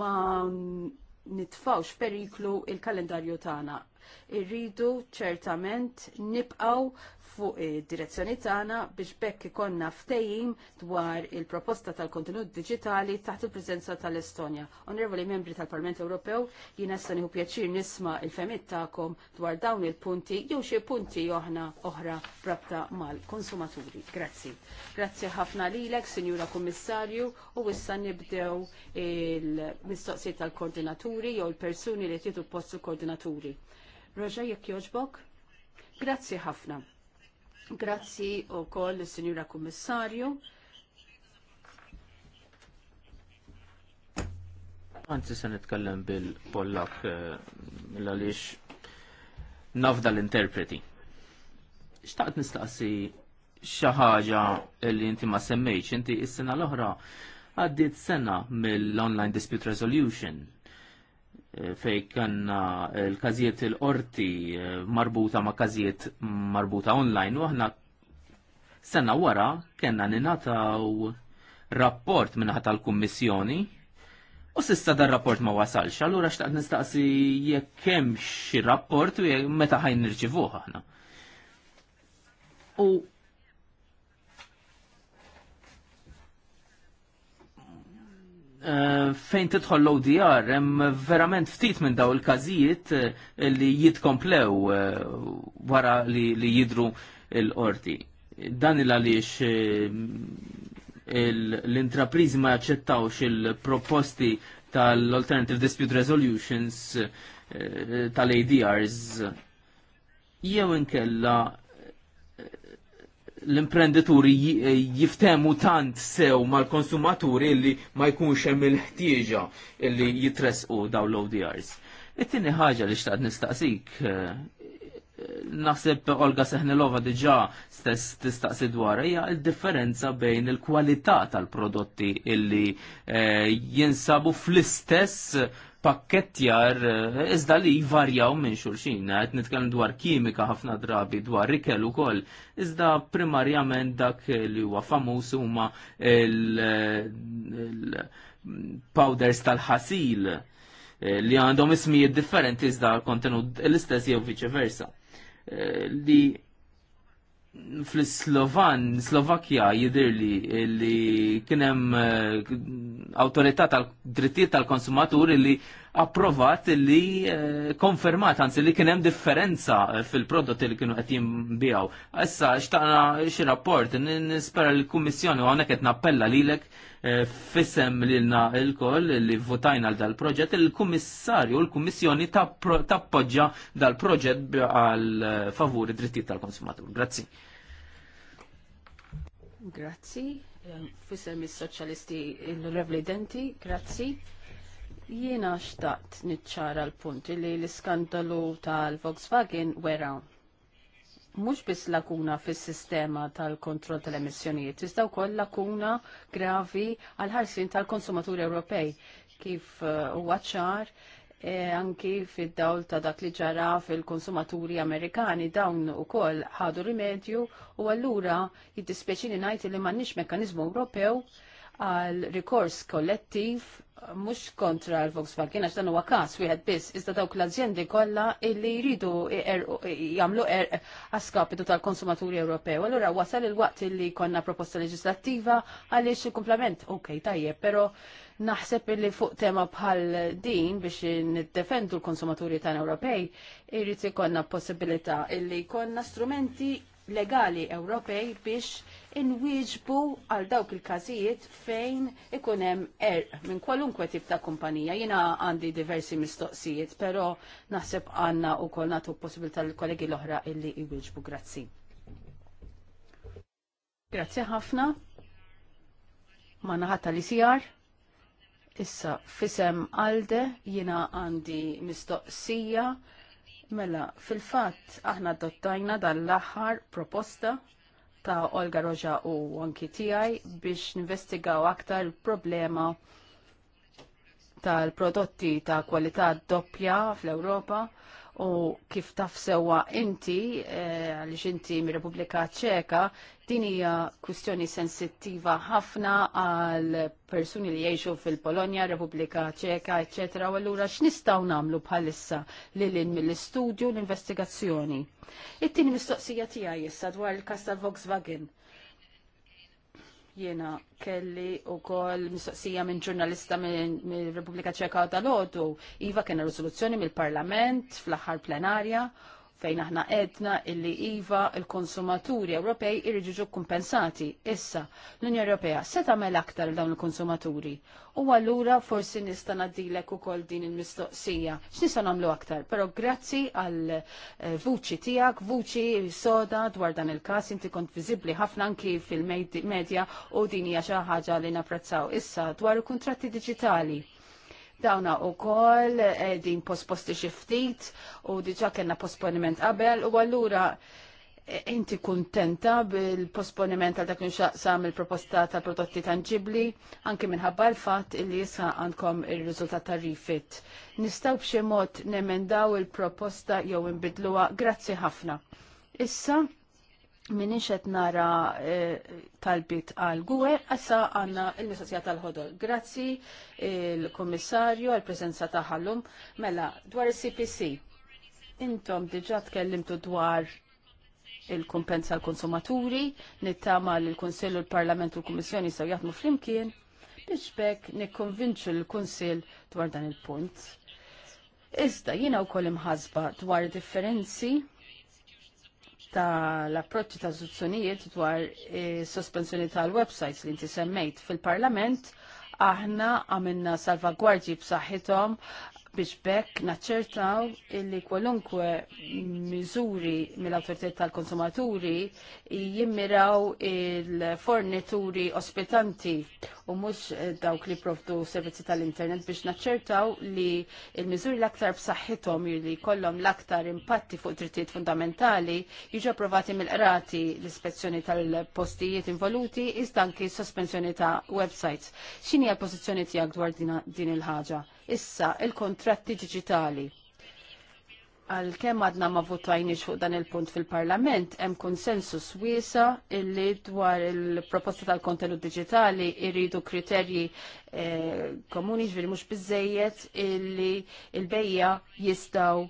ma nitfawx periklu il-kalendarju tagħna. Irridu ċertament nibqgħu fuq id-direzzjoni tagħna biex bekk ikonna ftehim dwar il-proposta tal-kontenut diġitali taħt il-preżenza tal-Estonja. Onorevoli membri tal-Parlament Ewropew, jiena issa nieħu pjaċir nisma' il-femiet tagħkom dwar dawn il-punti jew xi punti oħna oħra rabta mal-konsumaturi. Grazzi. Grazzi ħafna lilek, Sinjura Kummissarju, u issa nibdew il-mistoqsijiet tal-koordinaturi jew il-persuni li tieħdu post il-koordinaturi. Roġa jekk jogħġbok? Grazzi ħafna. Grazzi u koll il-Sinjura Kummissarju. Anzi se nitkellem bil-Pollak eh, l-għalix nafda l-interpreti. Xtaqt nistaqsi xaħġa ħaġa li inti ma semmejx, inti is-sena l-oħra għaddit sena mill-Online Dispute Resolution fej kanna eh, l-kazijiet il-qorti eh, marbuta ma' kazijiet marbuta online u aħna sena wara kena ninataw rapport minnaħat tal-kummissjoni u sissa dar rapport ma wasalx, allura xtaqt nistaqsi jekk hemm xi rapport u meta ħajn nirċivuh aħna. U Eh, fejn tidħol l-ODR, hemm verament ftit minn daw il-każijiet eh, li jitkomplew eh, wara li jidru l-qorti. Dan il għaliex l-intrapriżi ma jaċċettawx il-proposti tal-Alternative Dispute Resolutions tal-ADRs jew inkella l-imprenditori eh, jiftemu tant sew mal-konsumaturi li ma jkunx hemm il-ħtieġa li jitresqu daw l-ODRs. It-tieni ħaġa li xtaqt nistaqsik eh, naħseb Olga Seħnilova diġa stess tistaqsi dwar hija l-differenza bejn il-kwalità tal-prodotti illi eh, jinsabu fl-istess pakkettjar eh, iżda li jvarjaw minn xulxin, eh, għed nitkellem dwar kimika ħafna drabi dwar rikel u koll, iżda primarjament dak li huwa famuż huma il-powders tal-ħasil eh, li għandhom ismijiet differenti iżda kontenut l-istess jew viċi versa. Li fl-Slovan, Slovakkja jidirli li kienem uh, autorità tal-drittijiet tal-konsumaturi li approvat li eh, konfermat, anzi li kienem differenza eh, fil-prodotti li kienu qed jimbijaw. Issa xtaqna xi rapport, nispera li l-Kummissjoni u hawnhekk qed nappella lilek eh, fissem l-na il-koll li votajna għal dal-proġett, il-Kummissarju u l-Kummissjoni tappoġġa dal-proġett għal favur id-drittijiet tal-konsumatur. Grazzi. Grazzi. Fissem is-Soċjalisti l-Revli Denti, grazzi. Jiena xtaqt niċċara l-punti li l-iskandalu tal-Volkswagen wera. Mhux biss lakuna fis-sistema tal-kontroll tal-emissjonijiet, iżda wkoll lakuna gravi għal ħarsien tal-konsumaturi Ewropej kif eh, huwa uh, e, anki fid-dawl ta' dak li ġara fil-konsumaturi Amerikani dawn ukoll ħadu rimedju u allura jiddispeċini ngħid li m'għandniex mekkaniżmu Ewropew għal rikors kollettiv mhux kontra l-Volkswagen għax dan huwa każ wieħed biss, iżda dawk l azjendi kollha illi jridu er-, jagħmlu erq għaskapitu tal-konsumaturi Ewropew. Allura wasal il-waqt illi konna proposta leġislattiva għaliex il-kumplament. Ok, tajje, pero naħseb illi fuq tema bħal din biex niddefendu l-konsumaturi tan Ewropej, irrid ikonna possibilità illi konna strumenti legali Ewropej biex inwieġbu għal dawk il-każijiet fejn ikun hemm minn kwalunkwe tip ta' kumpanija. Jiena għandi diversi mistoqsijiet, però naħseb għandna kol nagħtu possibilità lill kollegi l-oħra illi jwieġbu. Grazzi. Grazzi ħafna. Ma naħatta li sijar. Issa, fisem għalde jina għandi mistoqsija. Mela, fil-fatt aħna dottajna dal-aħħar proposta ta' Olga Roja u anki tiegħi biex investigaw aktar problema tal-prodotti ta' kwalità doppja fl-Ewropa u kif taf sewa inti, għaliex eh, inti mir repubblika ċeka, din hija kwistjoni sensittiva ħafna għal persuni li jgħixu fil-Polonja, Repubblika Ċeka, ecc. U allura x'nistgħu nagħmlu bħalissa lil in mill-istudju l-investigazzjoni. It-tieni mistoqsija tiegħi issa dwar il-kas tal-Volkswagen. Jena kelli u koll mistoqsija minn ġurnalista mill-Repubblika Ċeka tal-Odu. Iva kena risoluzzjoni mill-Parlament fl-aħħar plenarja fejn aħna edna illi iva il-konsumaturi Ewropej irriġu kompensati. Issa, l-Unjoni Ewropea se tagħmel aktar dawn il-konsumaturi. U allura forsi nista' ngħaddilek ukoll din il-mistoqsija. X'nista' nagħmlu aktar, però grazzi għal eh, vuċi tiegħek, vuċi soda dwar dan il-każ inti kont viżibbli ħafna anki fil-medja u din hija xi ħaġa li napprezzaw. Issa dwar il-kuntratti diġitali Dawna u koll eh, din posposti xiftit u diġa kena posponiment qabel u għallura eh, inti kontenta bil-posponiment għal dak xaqsam il-proposta tal-prodotti tangibli anki minħabba l-fat li jisa għandkom il-rizultat tarifit. Nistaw b'xi mod nemendaw il-proposta jew imbidluha grazzi ħafna. Issa, minni xet nara e, talbit għal gwe, għassa għanna il-mistoqsija tal-ħodol. Grazzi il-komissarju għal-prezenza taħallum. Mela, dwar il-CPC, intom diġat tkellimtu dwar il-kumpensa għal-konsumaturi, nittama l-Konsil u l-Parlament u l komissjoni saw jatmu flimkien, biex bekk nikkonvinċu l-Konsil dwar dan il-punt. Iżda jina u kolim ħazba dwar differenzi tal-approċċi ta' zuzzjonijiet dwar eh, sospensjoni tal-websites li inti semmejt fil-Parlament aħna għamilna salvagwardji b'saħħithom biex bekk naċċertaw illi kwalunkwe miżuri mill-autoritet tal-konsumaturi jimmiraw il-fornituri ospitanti u mux eh, dawk li provdu servizzi tal-internet biex naċċertaw li il-miżuri l-aktar b'saħħithom li kollhom l-aktar impatti fuq drittijiet fundamentali jiġu approvati mill-qrati l-ispezzjoni tal-postijiet involuti iżda anki sospensjoni ta' websites. X'inhi l-pożizzjoni tiegħek dwar din il-ħaġa? issa il-kontratti digitali. Għal kem għadna ma votajniex fuq dan il-punt fil-Parlament, hemm konsensus wiesa illi dwar il-proposta tal-kontenut digitali irridu kriterji eh, komuni ġviri mhux bizzejiet illi il-bejja jistgħu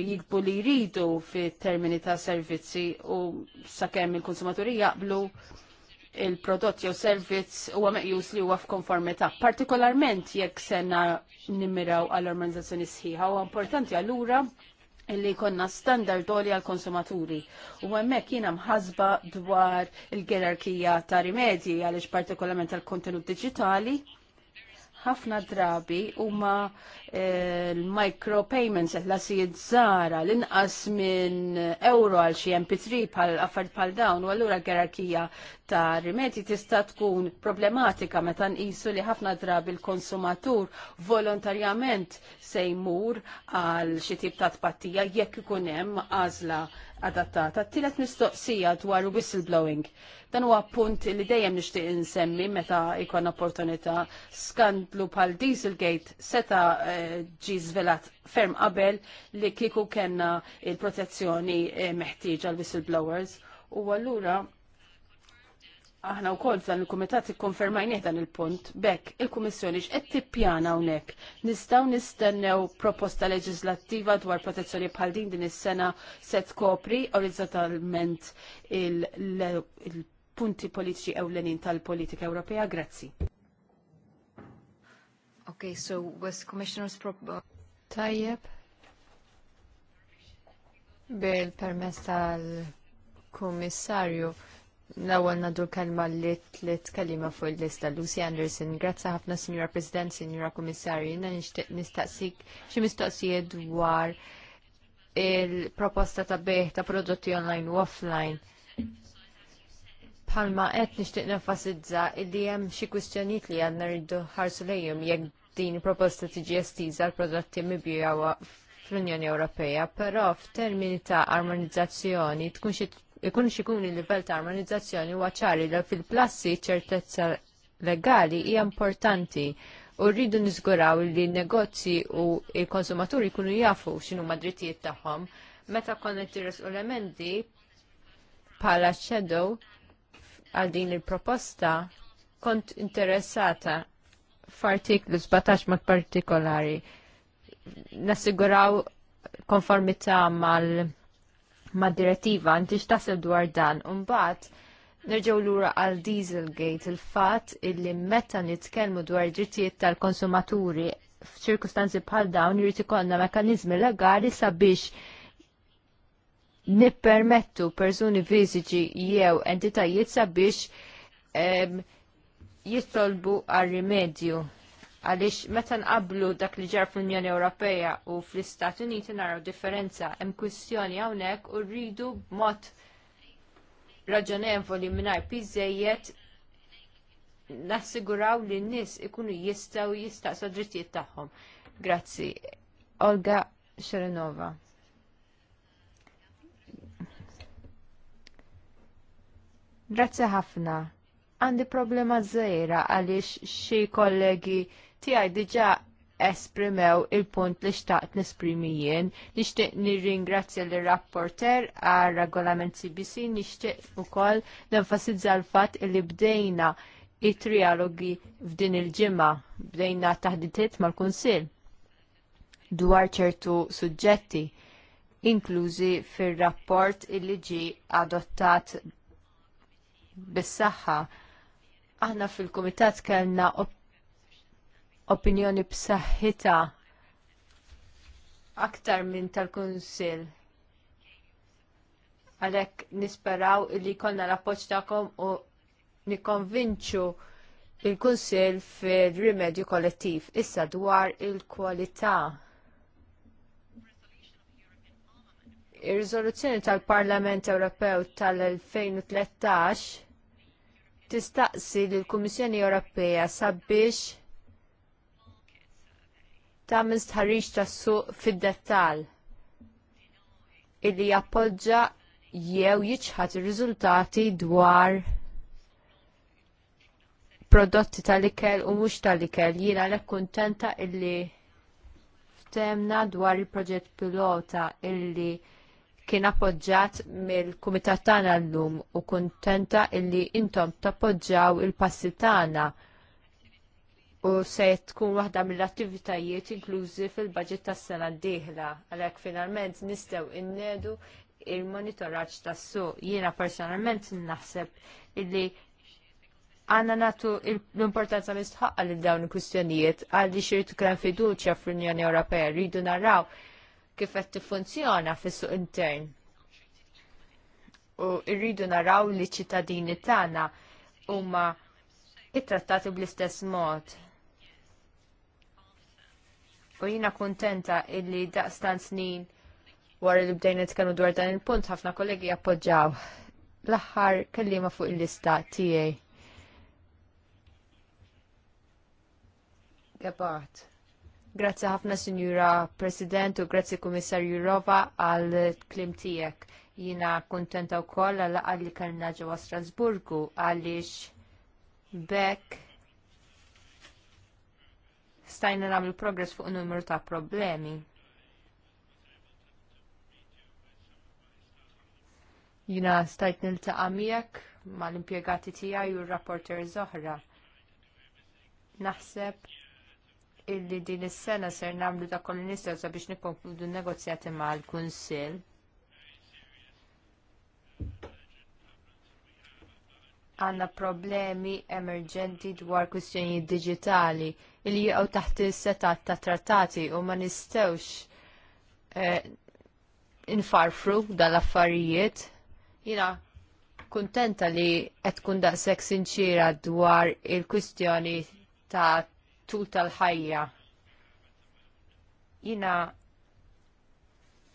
jikbu li jridu fit termini ta' servizzi u sakemm il-konsumaturi jaqblu il-prodott jew servizz huwa meqjus li huwa f'konformità, partikolarment jekk sena nimmiraw għall-organizzazzjoni sħiħa huwa importanti allura li konna standard għoli għal-konsumaturi. U għemmek jina mħazba dwar il-gerarkija ta' rimedji għalix partikolarment għal-kontenut digitali ħafna drabi huma l micropayments eh, la lasijiet żara l-inqas minn euro għal xi MP3 bħal affarijiet bħal dawn u allura l-gerarkija ta' rimedji tista' tkun problematika meta nqisu li ħafna drabi l-konsumatur volontarjament se jmur għal xi tip ta' tpattija jekk ikun hemm għażla adattata. Tielet mistoqsija dwar whistleblowing. Dan huwa punt li dejjem nixtieq insemmi meta ikon opportunità skandlu bħal Dieselgate seta eh, ġi żvelat ferm qabel li kieku kenna il-protezzjoni eh, meħtieġa l whistleblowers u allura aħna u koll dan il kumitat ikkonfermajnieh dan il-punt, bekk il-Kummissjoni x'qed tippjana hawnhekk. Nistgħu nistennew proposta leġislattiva dwar protezzjoni bħal din din is-sena se tkopri orizzontalment il punti politiċi ewlenin tal-politika Ewropea. Grazzi. Ok, so was Commissioner's Tajjeb. Bil-permess tal-Kummissarju, l-ewwel nagħdu l-kelma li tliet kelima fuq il-lista Lucy Anderson. Grazzi ħafna Sinjura President, Sinjura Kummissarju, jiena nixtieq nistaqsik xi mistoqsijiet dwar il-proposta ta' beħ ta' prodotti online u offline bħalma qed nixtieq nenfasizza li hemm xi kwistjonijiet li għandna rridu ħarsu lejhom jekk din proposta tiġi estiża l-prodotti mibjuja fl-Unjoni Ewropea, però f'termini ta' armonizzazzjoni tkun ikun xikun il-livell ta' armonizzazzjoni huwa ċari li fil-plassi ċertezza legali hija importanti u rridu niżguraw li negozji u il-konsumaturi jkunu jafu x'inhu drittijiet tagħhom meta konnet u l-emendi bħala shadow għal din il-proposta kont interessata f'artiklu 17 mod partikolari nassiguraw konformità mal ma' direttiva għandix tasib dwar dan unbat Nerġaw lura għal Dieselgate il-fat illi meta nitkellmu dwar drittijiet tal-konsumaturi f'ċirkustanzi bħal dawn jrid ikollna mekkaniżmi legali sabiex nippermettu persuni fiziċi jew entitajiet sabiex um, jitolbu għal rimedju għaliex meta nqablu dak li ġar fl-Unjoni Ewropea u fl-Istati Uniti naraw differenza hemm kwistjoni hawnhekk u rridu b'mod raġonevoli mingħajr piżejjed nassiguraw li n-nies ikunu jistgħu jistaqsu drittijiet tagħhom. Grazzi. Olga Sherenova. Grazzi ħafna. Għandi problema żgħira għaliex xi kollegi tiegħi diġà esprimew il-punt li xtaqt nesprimi jien, nixtieq nirringrazzja l rapporter għal regolament CBC, nixtieq ukoll nenfasizza l-fatt li bdejna it-trialogi f'din il-ġimgħa, bdejna t-taħditiet mal-Kunsill dwar ċertu suġġetti inklużi fir-rapport illi ġie adottat bis-saħħa. Aħna fil-kumitat kellna op opinjoni b'saħħita aktar minn tal kunsil Għalhekk nisperaw li jkollna l-appoġġ tagħkom u nikkonvinċu il-Kunsill fil-rimedju kollettiv issa dwar il-kwalità. Ir-riżoluzzjoni tal-Parlament Ewropew tal-2013 tistaqsi lill-Kummissjoni Ewropea sabiex tagħmel stħarriġ tas-suq fid-dettall illi jappoġġa jew jiċħat ir-riżultati dwar prodotti tal-ikel u mhux tal-ikel. Jiena lek kuntenta illi ftemna dwar il-proġett pilota illi kien appoġġjat mill-kumitat tagħna llum u kuntenta illi intom tappoġġjaw il-passi tagħna u se tkun waħda mill-attivitajiet inklużi fil-baġit tas-sena d-dieħla għalhekk finalment nistgħu innedu il-monitoraġġ tas-suq. Jiena personalment naħseb illi għanna natu l-importanza mistħaqqa li dawn il-kustjonijiet għalli xirtu kran fiduċja fl-Unjoni Ewropea rridu naraw kif qed tiffunzjona fis-suq intern. U rridu naraw li ċittadini tagħna huma ittrattati bl-istess mod. U jina kontenta illi daqstan snin wara li bdejna nitkellmu dwar dan il-punt ħafna kollegi appoġġaw. L-aħħar kellima fuq il-lista tiegħi. Gabat. Grazzi ħafna Sinjura President u grazie Kummissarju Rova għal klim tiegħek. Jiena kuntenta wkoll għal għalli kellna ġewwa Strasburgu għaliex bekk stajna nagħmlu progress fuq numru ta' problemi. Jina stajt niltaqa miegħek mal-impjegati tijaj u r-rapporter Zohra. Naħseb illi din is-sena ser nagħmlu ta' kollu nistgħu sabiex nikkonkludu negozjati mal-Kunsill. Għandna problemi emerġenti dwar kwistjoni diġitali illi jgħu taħt is-setat ta' trattati u ma nistgħux eh, infarfru dal-affarijiet. Jina kuntenta li qed tkun daqshekk sinċira dwar il-kwistjoni ta' tul tal-ħajja. Jina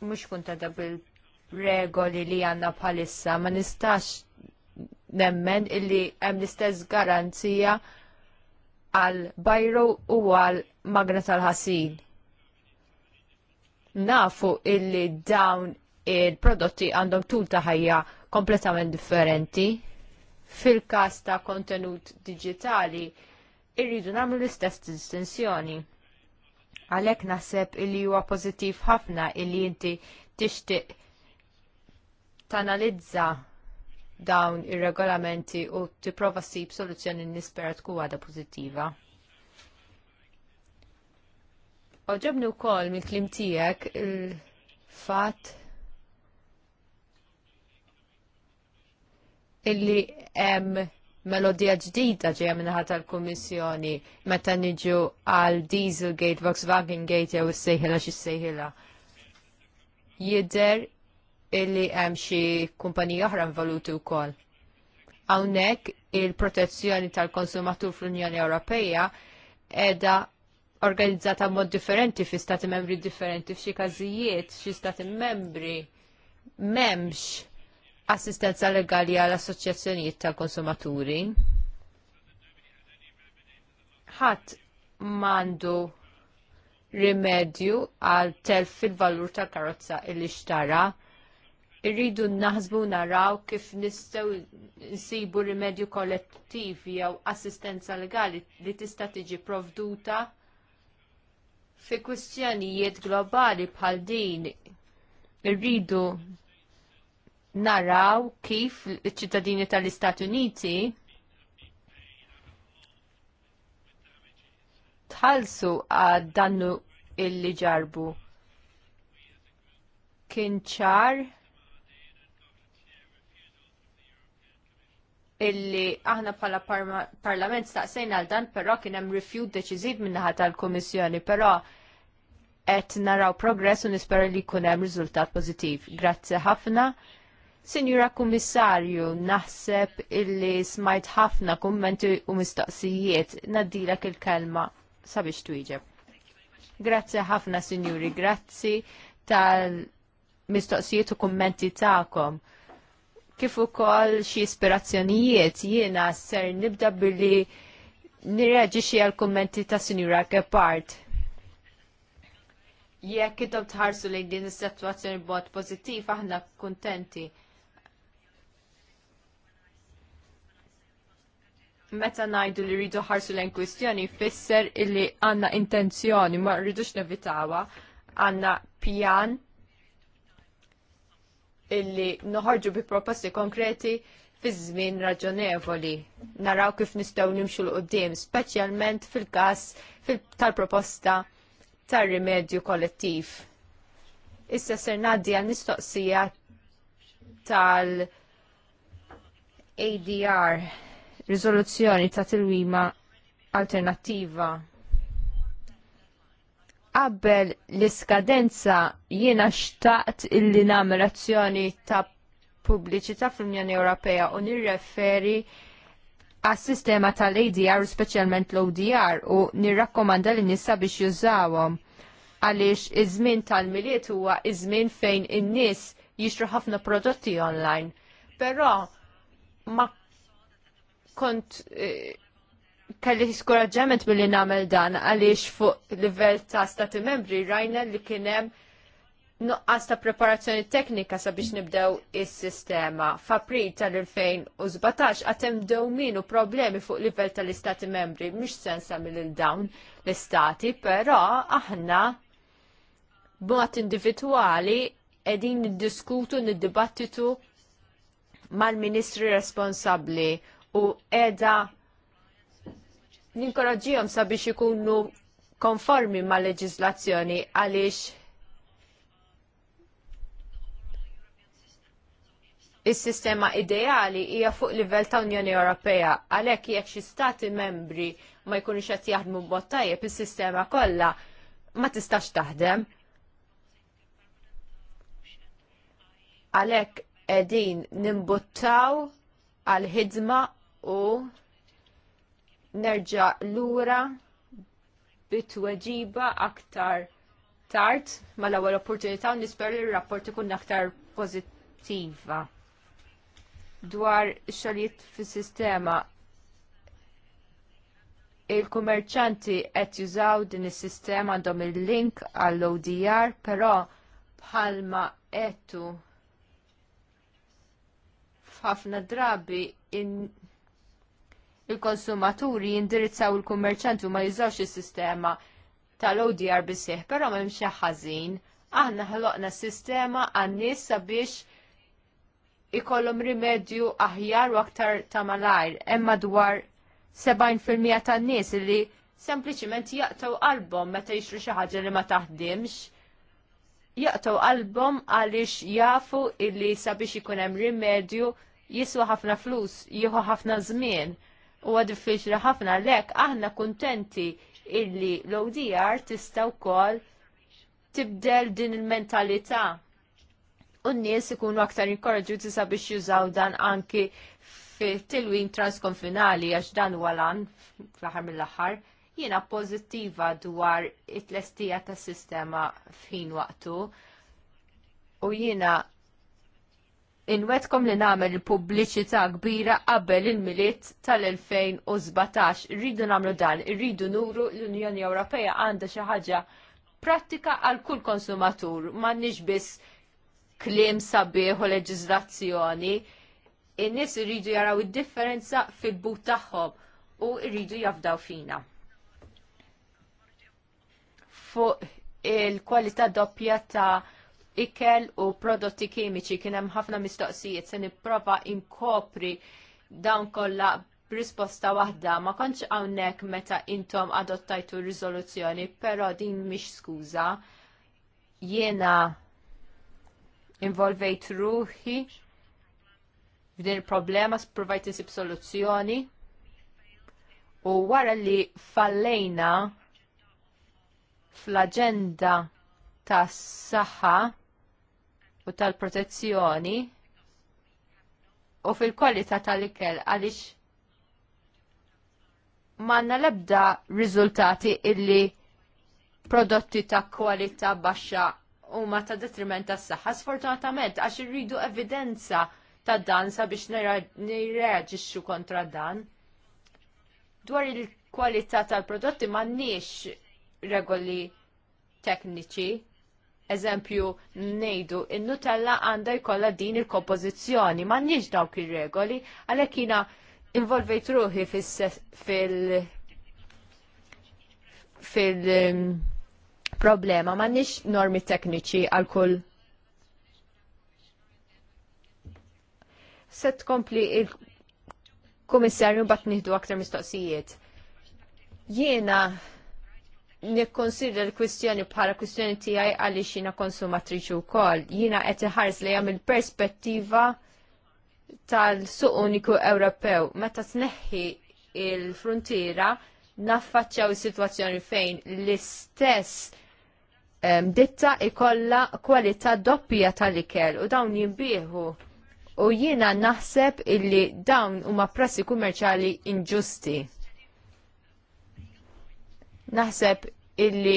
mux tada bil-regoli li għanna bħalissa, ma nistax nemmen illi hemm l-istess garanzija għal bajru u għal magna tal-ħasin. Nafu illi dawn il-prodotti għandhom tul ta' ħajja kompletament differenti. Fil-kas ta' kontenut digitali, irridu nagħmlu l-istess distinzjoni. Għalhekk naħseb illi huwa pożittiv ħafna illi inti tixtieq tanalizza dawn ir-regolamenti u tipprova ssib soluzzjoni nispera tkun għadha pożittiva. Oġobni wkoll mill-klim tiegħek il-fatt illi hemm melodija ġdida ġeja minnaħat tal-Kummissjoni meta niġu għal Dieselgate, Volkswagen Gate jew is-sejħila xi sejħila. Jidher illi hemm xi kumpanija oħra involuti wkoll. Hawnhekk il-protezzjoni tal-konsumatur fl-Unjoni Ewropea qiegħda organizzata mod differenti fi stati membri differenti f'xi każijiet, xi stati membri m'hemmx assistenza legali għal assoċjazzjonijiet tal konsumaturi. Ħadd mandu rimedju għal telf fil-valur tal-karozza illi xtara. Irridu naħsbu naraw kif nistgħu nsibu rimedju kollettivi jew assistenza legali li tista' tiġi provduta fi kwistjonijiet globali bħal din irridu naraw kif iċ-ċittadini tal-Istati Uniti tħallsu għad dannu illi ġarbu. Kien ċar illi aħna bħala parlament staqsejna għal dan, però kien hemm rifjut deċiżiv min-naħa tal-Kummissjoni, però qed naraw progress u nispera li jkun hemm riżultat pożittiv. Grazzi ħafna. Sinjura Kummissarju, naħseb illi smajt ħafna kummenti u mistoqsijiet naddilak il-kelma sabiex twieġeb. Grazzi ħafna, Sinjuri, grazzi tal-mistoqsijiet u kummenti ta'kom. Kif ukoll xi ispirazzjonijiet jiena ser nibda billi nirreġixxi għal kummenti ta' Sinjura Gepard jekk kitob tħarsu lejn din is-sitwazzjoni b'mod pożittiv aħna kuntenti. meta najdu li rridu ħarsu lejn kwistjoni fisser illi għanna intenzjoni ma rridux nevitawa għanna pjan illi noħorġu bi proposti konkreti fi żmien raġonevoli. Naraw kif nistgħu nimxu l-qudiem, speċjalment fil-każ tal-proposta tar-rimedju kollettiv. Issa ser ngħaddi għal mistoqsija tal-ADR riżoluzzjoni ta' tilwima alternattiva. Qabel l-iskadenza jiena xtaqt illi nagħmel azzjoni ta' pubbliċità fl-Unjoni Ewropea u nirreferi għas sistema tal-ADR u speċjalment l-ODR u nirrakkomanda li nisa biex jużawhom għaliex iż-żmien tal-miliet huwa iż-żmien fejn in-nies jixtru ħafna prodotti online. Però ma kont eh, kelli skoraġġament milli nagħmel dan għaliex fuq livell ta' stati membri rajna li kien hemm nuqqas ta' preparazzjoni teknika sabiex nibdew is-sistema. F'April tal-2017 qatt hemm dewmin u problemi fuq livell tal-istati membri mhix sensa mill dawn l-istati, però aħna b'mod individwali qegħdin niddiskutu niddibattitu mal-ministri responsabbli u edha ninkoraġijom sabiex ikunu konformi ma' leġislazzjoni għaliex Is-sistema ideali hija fuq livell ta' Unjoni Ewropea għalhekk jekk xi stati membri ma jkunux qed jaħdmu b'mod tajjeb is-sistema kollha ma tistax taħdem. Għalhekk qegħdin nimbuttaw għal ħidma u nerġa lura bitweġiba aktar tard mal-ewwel opportunità u nisper li r-rapport ikun aktar pożittiva dwar xogħlijiet fis-sistema il-kummerċanti qed jużaw din is-sistema għandhom il-link għall-ODR, però bħalma qedtu f'ħafna drabi il-konsumaturi jindirizzaw il-kummerċanti u ma jużawx is-sistema tal-ODR bisih, però ma xi ħażin. Aħna ħloqna sistema għan-nies sabiex ikollhom rimedju aħjar u aktar ta' malajr, emma dwar 70% tan-nies li sempliċement jaqtaw qalbhom meta jixru xi ħaġa li ma taħdimx jaqtaw qalbhom għaliex jafu illi sabiex ikun hemm rimedju jiswa ħafna flus, jieħu ħafna żmien u għad diffiċli ħafna lek aħna kuntenti illi l-ODR tista' wkoll tibdel din il-mentalità u n-nies ikunu aktar tisa sabiex jużaw dan anki fit-tilwin transkonfinali għax dan u għalan fl-aħħar mill-aħħar jiena pożittiva dwar it-tlestija tas sistema f'ħin waqtu u jiena inwetkom li namel pubbliċità kbira qabel il-miliet tal-2017. Rridu namlu dan, rridu nuru l-Unjoni Ewropea għandha xi ħaġa prattika għal kull konsumatur, m'għandniex biss kliem sabiħ u leġiżlazzjoni. In-nies irridu jaraw id-differenza fil-but tagħhom u rridu jafdaw fina. Fuq il-kwalità doppja ta' ikel u prodotti kimiċi kien hemm ħafna mistoqsijiet se nipprova inkopri dawn kollha risposta waħda ma kontx hawnhekk meta intom adottajtu r riżoluzzjoni, però din mhix skuża. Jiena involvejt ruħi f'din il-problema sprovajt insib soluzzjoni u wara li fallejna fl-aġenda tas saħħa tal tal-protezzjoni u fil-kwalità tal-ikel għaliex manna lebda riżultati illi prodotti ta' kwalità baxxa huma ta' detriment tas saħħa sfortunatament għax irridu evidenza ta' dan sabiex nirreġixxu kontra dan. Dwar il-kwalità tal-prodotti m'għandniex regoli tekniċi eżempju nejdu, in-nutella għandha jkollha din il-kompożizzjoni, ma nix dawk ir-regoli, għalhekk jiena involvejt ruħi fil- fil-problema, um, ma nix normi tekniċi għal kull se tkompli il-komissarju bat nieħdu aktar mistoqsijiet. Jiena nikkonsidra l-kwistjoni bħala kwistjoni tiegħi għaliex jiena konsumatriċi wkoll. Jiena qed iħares lejha il perspettiva tal-suq uniku Ewropew. Meta tneħħi il fruntiera naffaċċaw is-sitwazzjoni fejn l-istess ehm, ditta ikolla kwalità doppja tal-ikel u dawn jinbieħu u jiena naħseb illi dawn huma prassi kummerċali inġusti. Naħseb illi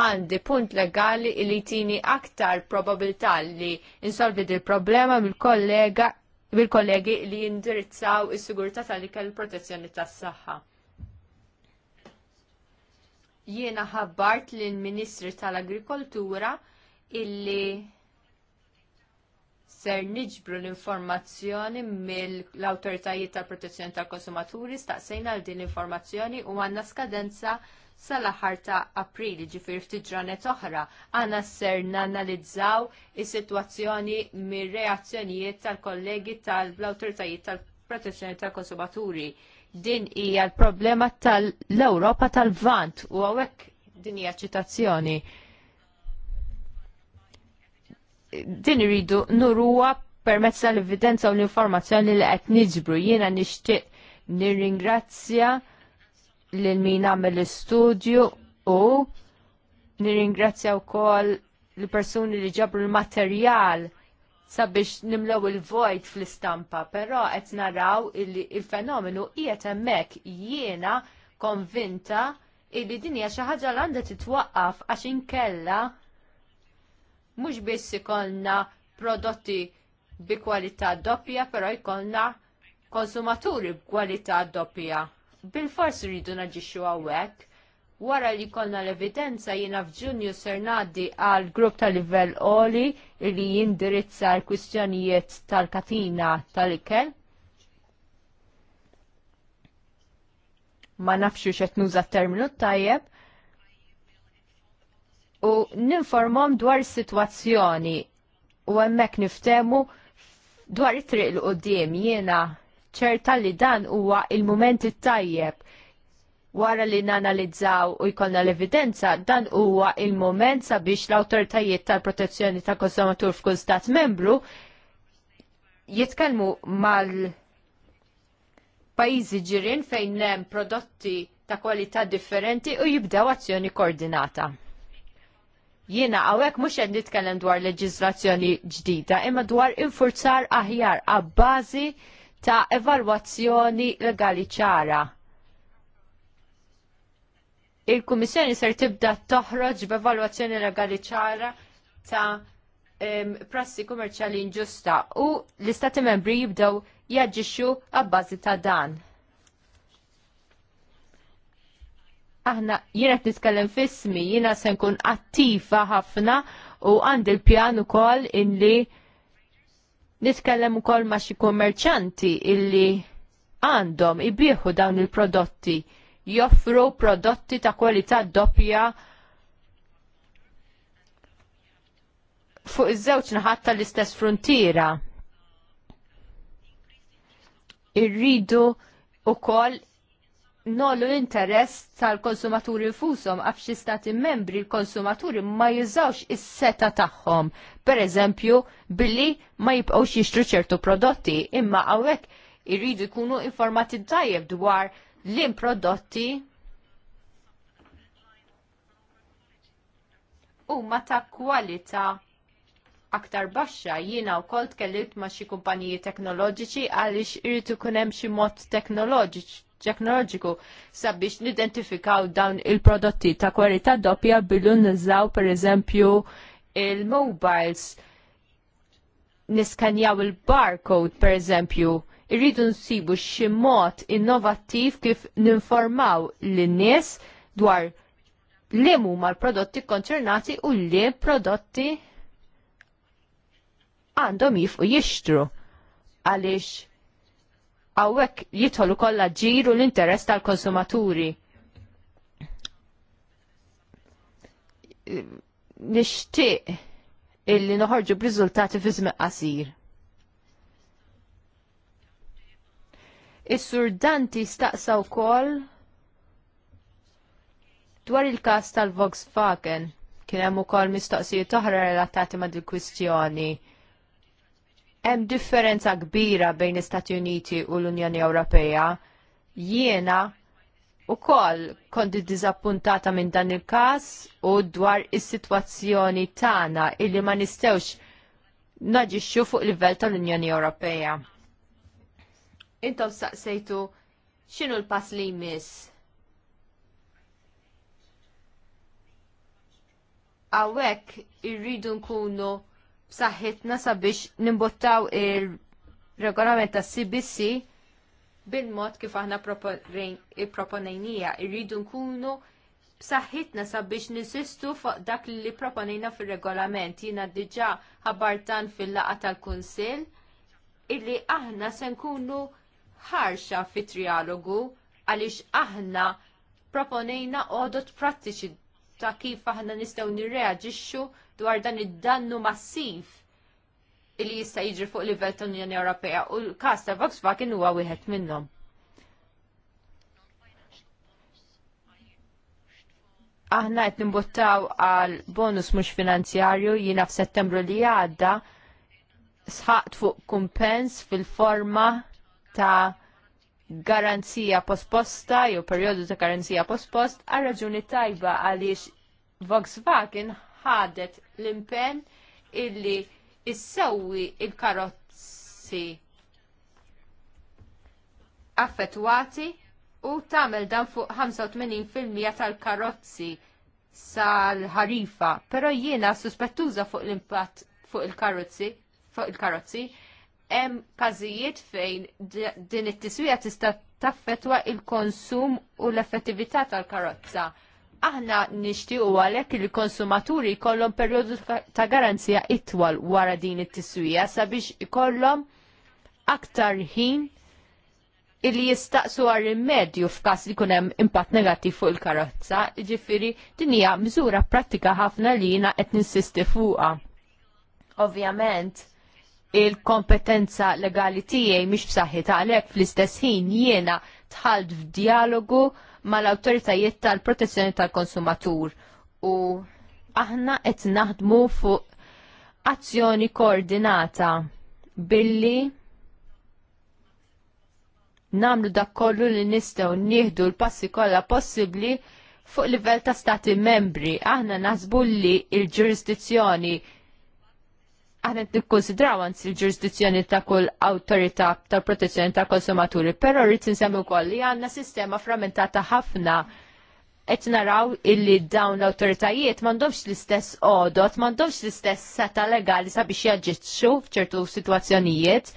għandi punt legali illi tini aktar probabilità li insolvi il problema mill-kollega bil-kollegi li jindirizzaw is-sigurtà tal-ikel protezzjoni tas-saħħa. Jiena ħabbart lill ministri tal-Agrikoltura illi ser niġbru l-informazzjoni mill-autoritajiet tal-protezzjoni tal-konsumaturi staqsejna għal din l-informazzjoni u għanna skadenza sal-aħħar ta' April, ġifir ftit ġranet oħra, għana ser nanalizzaw is-sitwazzjoni mir reazzjonijiet tal-kollegi tal-autoritajiet tal-protezzjoni tal-konsumaturi. Din hija l-problema tal-Ewropa tal-Vant u għawek din hija ċitazzjoni din iridu nuruwa permezz tal-evidenza u l-informazzjoni li qed niġbru. Jiena nixtieq nirringrazzja lil min għamel l-istudju u nirringrazzja wkoll l-persuni li ġabru l-materjal sabiex nimlew il-vojt fl-istampa, però qed naraw il-fenomenu qiegħed hemmhekk jiena konvinta illi din hija xi ħaġa l għandha titwaqqaf għax inkella mhux biss ikollna prodotti bi kwalità doppja, però jkollna konsumaturi b'kwalità doppja. Bil-fors rridu naġixxu hawnhekk. Wara li jkollna l-evidenza jiena f'Ġunju Sernadi għal grupp tal livell oli li jindirizza l-kwistjonijiet tal-katina tal-ikel ma nafxu xet terminu tajjeb, u ninformom dwar is-sitwazzjoni u hemmhekk niftemu dwar it-triq l qudiem jiena ċerta li dan huwa il-mument it-tajjeb wara li nanalizzaw u jkollna l-evidenza, dan huwa il-moment sabiex l-autoritajiet tal-protezzjoni tal konsumatur f'kull stat membru jitkellmu mal pajjiżi ġirien fejn hemm prodotti ta' kwalità differenti u jibdew azzjoni koordinata. Jiena għawek mux għed nitkellem dwar leġizlazzjoni ġdida, imma dwar infurzar aħjar għabbażi ta' evalwazzjoni legali ċara. Il-Kummissjoni ser tibda toħroġ b'evalwazzjoni legali ċara ta' prassi kummerċali inġusta u l-Istati membri jibdew jaġġixxu għabbażi ta' dan. aħna jiena qed nitkellem fismi, jiena se nkun attiva ħafna u għandi l-pjan ukoll illi nitkellem ukoll ma' xi kummerċanti illi għandhom ibieħu dawn il-prodotti, joffru prodotti ta' kwalità doppja fuq iż-żewġ naħat tal-istess frontiera. Irridu ukoll nollu interess tal-konsumaturi infushom għax xi stati membri l-konsumaturi ma jużawx is-seta tagħhom. Pereżempju, billi ma jibqgħux jixtru ċertu prodotti, imma hawnhekk irridu jkunu informati tajjeb dwar lin prodotti huma ta' kwalità aktar baxxa jiena wkoll tkellimt ma' xi kumpaniji teknoloġiċi għaliex irid ikun hemm xi mod teknoloġiċi teknoloġiku sabiex nidentifikaw dawn il-prodotti ta' kwalità doppja billu nizzaw per eżempju il-mobiles niskanjaw il-barcode per eżempju irridu nsibu xi mod innovattiv kif ninformaw lin-nies dwar li huma l-prodotti konċernati u li prodotti għandhom jifqu jixtru għaliex għawek jitħolu kolla ġiru l-interess tal-konsumaturi. Nishtiq illi noħorġu b'riżultati fi żmien qasir. Is-sur Danti staqsa wkoll dwar il-każ tal-Volkswagen kien hemm ukoll mistoqsijiet oħra relatati ma' dil-kwistjoni Hemm differenza kbira bejn l-Istati Uniti u l-Unjoni Ewropea. Jiena u koll kondi dizappuntata minn dan il-kas u dwar is-sitwazzjoni tagħna illi ma nistewx naġixxu fuq livell tal-Unjoni Ewropea. Intom saqsejtu x'inhu l-pass li jmiss? Awek irridu nkunu b'saħħitna sabiex nimbottaw il-regolament tas CBC bil-mod kif aħna proponejnija. Irridu nkunu b'saħħitna sabiex nisistu fuq dak li proponejna fil-regolament. Jina diġa ħabartan fil-laqa tal-Kunsil illi aħna se nkunu ħarxa fit trialogu għaliex aħna proponejna għodot prattiċi ta' kif aħna nistgħu nirreaġixxu dwar dan id-dannu massiv li jista' jiġri fuq livell tal-Unjoni Ewropea u l-każ ta' Volkswagen huwa wieħed minnhom. Aħna qed nimbuttaw għal bonus mhux finanzjarju jiena f'Settembru li għadda sħaqt fuq kumpens fil-forma ta' garanzija posposta jew perjodu ta' garanzija postpost għal raġuni tajba għaliex Volkswagen ħadet l-impen illi issewwi il-karozzi affettwati u tagħmel dan fuq 85% tal-karozzi sal-ħarifa, pero jiena suspettuża fuq l-impatt fuq il-karozzi, fuq il-karozzi, hemm każijiet fejn din it-tiswija tista' taffetwa il-konsum u l-effettività tal-karozza aħna nixtiequ għalhekk li konsumaturi jkollhom perjodu ta' garanzija itwal wara din it-tiswija sabiex ikollhom aktar ħin illi jistaqsu għar rimedju f'kas li kunem impatt negattiv fuq il-karozza, ġifiri din hija miżura pratika ħafna li jina qed ninsisti fuqha. Ovvjament, il-kompetenza legali tiegħi mhix b'saħħitha għalhekk fl-istess ħin jiena tħalt f'dialogu mal-awtoritajiet tal-protezzjoni tal-konsumatur u aħna qed naħdmu fuq azzjoni koordinata billi namlu dak kollu li nistgħu nieħdu l-passi kollha possibbli fuq livell ta' stati membri. Aħna naħsbu li l ġurisdizzjoni aħna nikkonsidraw anzi l-ġurisdizzjoni ta' kull autorita ta' protezzjoni ta' konsumaturi, però rrid insemmi wkoll li għandna sistema frammentata ħafna qed naraw illi dawn l-awtoritajiet m'għandhomx l-istess odot, m'għandhomx l-istess seta' legali sabiex jaġġiċċu f'ċertu sitwazzjonijiet.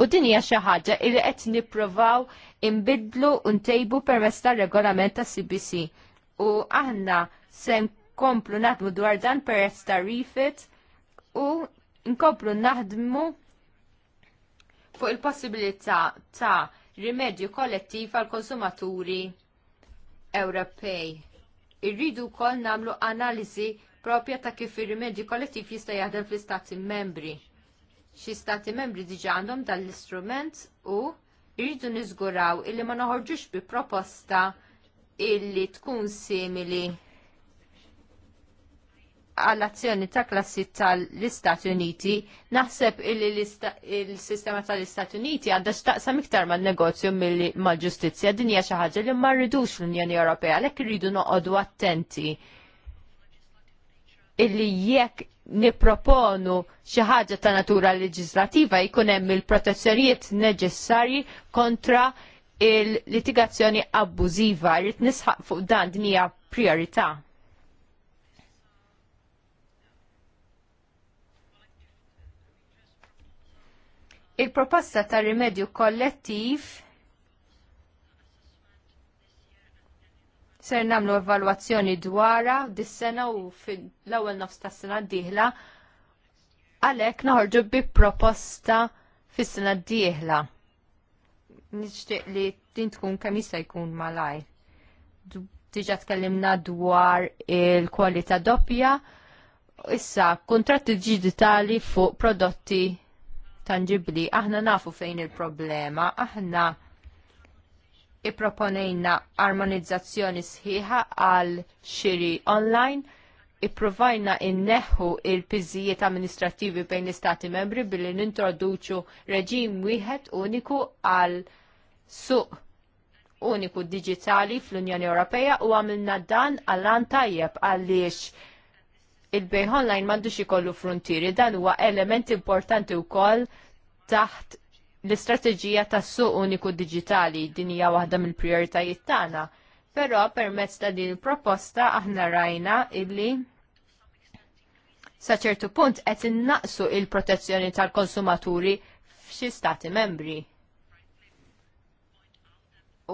U din hija xi ħaġa li qed nippruvaw inbidlu u ntejbu permezz tar-regolament ta' CBC. U aħna se nkomplu nagħmlu dwar dan per ta' rifit u Inkoplu naħdmu fuq il-possibilità ta' rimedju kollettiv għal konsumaturi Ewropej. Irridu wkoll nagħmlu analiżi propja ta' kif ir-rimedju kollettiv jista' jaħdem fl-istati membri. Xi stati membri diġà għandhom dan l-istrument u irridu niżguraw illi ma noħorġux bi proposta illi tkun simili għall-azzjoni ta' klassi tal-Istati Uniti, naħseb il-sistema tal-Istati Uniti għadda xtaqsam iktar ma' negozju mal-ġustizja din hija xi ħaġa li ma rridux l-Unjoni Ewropea għalhekk irridu noqogħdu attenti illi jekk niproponu xi ħaġa ta' natura leġislativa jkun hemm il-protezzjonijiet neċessarji kontra il-litigazzjoni abbużiva, rrit nisħaq fuq dan din hija priorità. Il-proposta ta' rimedju kollettiv ser namlu evalwazzjoni dwara dis-sena u fil-ewwel nofs tas-sena d-dieħla għalhekk naħorġu bi proposta fis-sena d-dieħla. Nixtieq li din tkun kemm jista' jkun malaj. Diġà tkellimna dwar il-kwalità doppja, issa kontratti digitali fuq prodotti tangibli, aħna nafu fejn il-problema, aħna ipproponejna armonizzazzjoni sħiħa għal xiri online, ipprovajna inneħħu il-piżijiet amministrativi bejn l-istati membri billi nintroduċu reġim wieħed uniku għal suq uniku digitali fl-Unjoni Ewropea u għamilna dan għal-an tajjeb għaliex il-bejħ online m'għandux ikollu frontieri, dan huwa element importanti wkoll taħt l-istrateġija tas-suq uniku digitali din hija waħda mill prioritajiet tagħna. Però permezz ta' din il-proposta aħna rajna illi sa ċertu punt qed innaqsu il-protezzjoni tal-konsumaturi f'xi stati membri.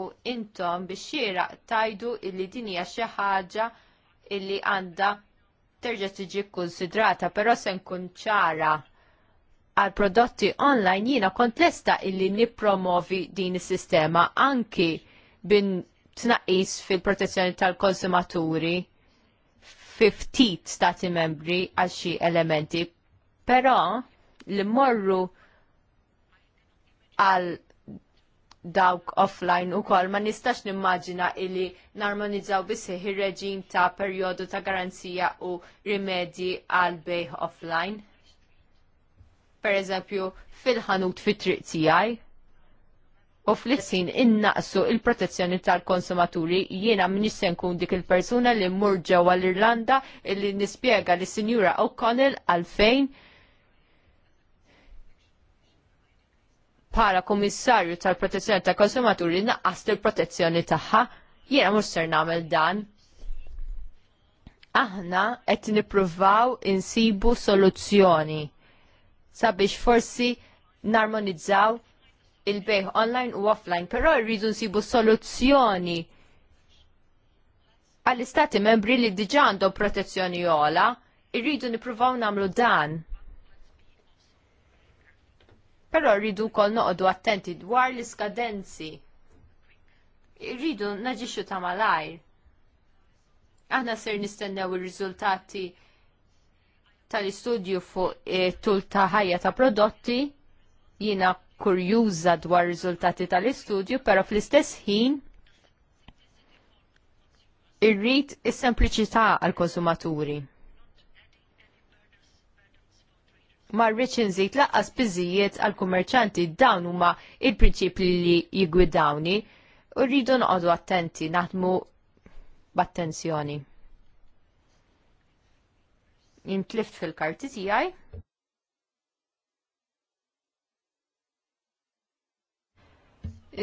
U intom biex xieraq tajdu illi din hija xi ħaġa illi għandha terġa' tiġi konsidrata, però se nkun ċara għal prodotti online jiena kontlesta illi nippromovi din is-sistema anki bin tnaqis fil-protezzjoni tal-konsumaturi ftit stati membri għal xi elementi. Però li morru għal dawk offline u kol ma nistax nimmaġina illi narmonizzaw bisih ir reġim ta' periodu ta' garanzija u rimedji għal bejħ offline. Per eżempju, fil-ħanut fit-triq tijaj u fl sin innaqsu il-protezzjoni tal-konsumaturi jiena minix se nkun dik il-persuna li mmur ġewwa l-Irlanda illi nispjega li Sinjura O'Connell għalfejn para komissarju tal-protezzjoni tal-konsumaturi naqqast il-protezzjoni tagħha, jiena mhux ser nagħmel dan. Aħna qed nippruvaw insibu soluzzjoni sabiex forsi narmonizzaw il-bejħ online u offline, però rridu nsibu soluzzjoni għall-istati membri li diġa għandhom protezzjoni ola, irridu nippruvaw nagħmlu dan. Però rridu wkoll noqogħdu attenti dwar l-iskadenzi. Rridu naġixxu ta' malajr. Aħna ser nistennew ir-riżultati tal-istudju fuq e, tul ta' ħajja ta' prodotti jiena kurjuża dwar riżultati tal-istudju, però fl-istess ħin irrid is-sempliċità għall konsumaturi marriċ inżid laqqas biżijiet għal kummerċanti dawn huma il-prinċipli li jigwidawni u rridu noqogħdu attenti naħdmu b'attenzjoni. Intlift fil-karti tiegħi.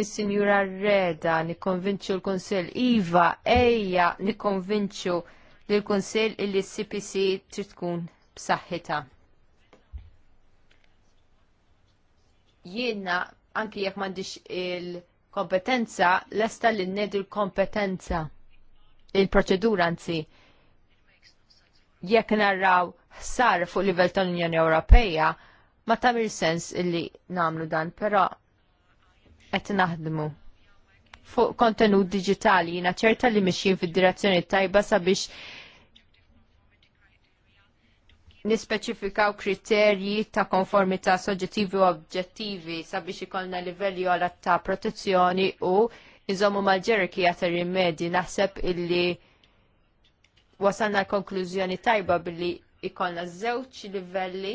Is-Sinjura Reda nikkonvinċu l-Kunsill Iva ejja nikkonvinċu lill-Kunsill illi cpc trid tkun b'saħħitha. jiena anki jekk m'għandix il-kompetenza lesta li nedu l-kompetenza il-proċedura anzi jekk narraw sar fuq livell tal-Unjoni Ewropea ma tamil sens illi namlu dan, però qed naħdmu fuq kontenut digitali jina ċerta li mixjin fid-direzzjoni tajba sabiex nispeċifikaw kriterji ta' konformità soġġettivi u obġettivi sabiex ikollna livelli għala ta' protezzjoni u iżommu mal-ġerkija ta' rimedi naħseb illi wasalna l-konklużjoni tajba billi ikollna żewġ livelli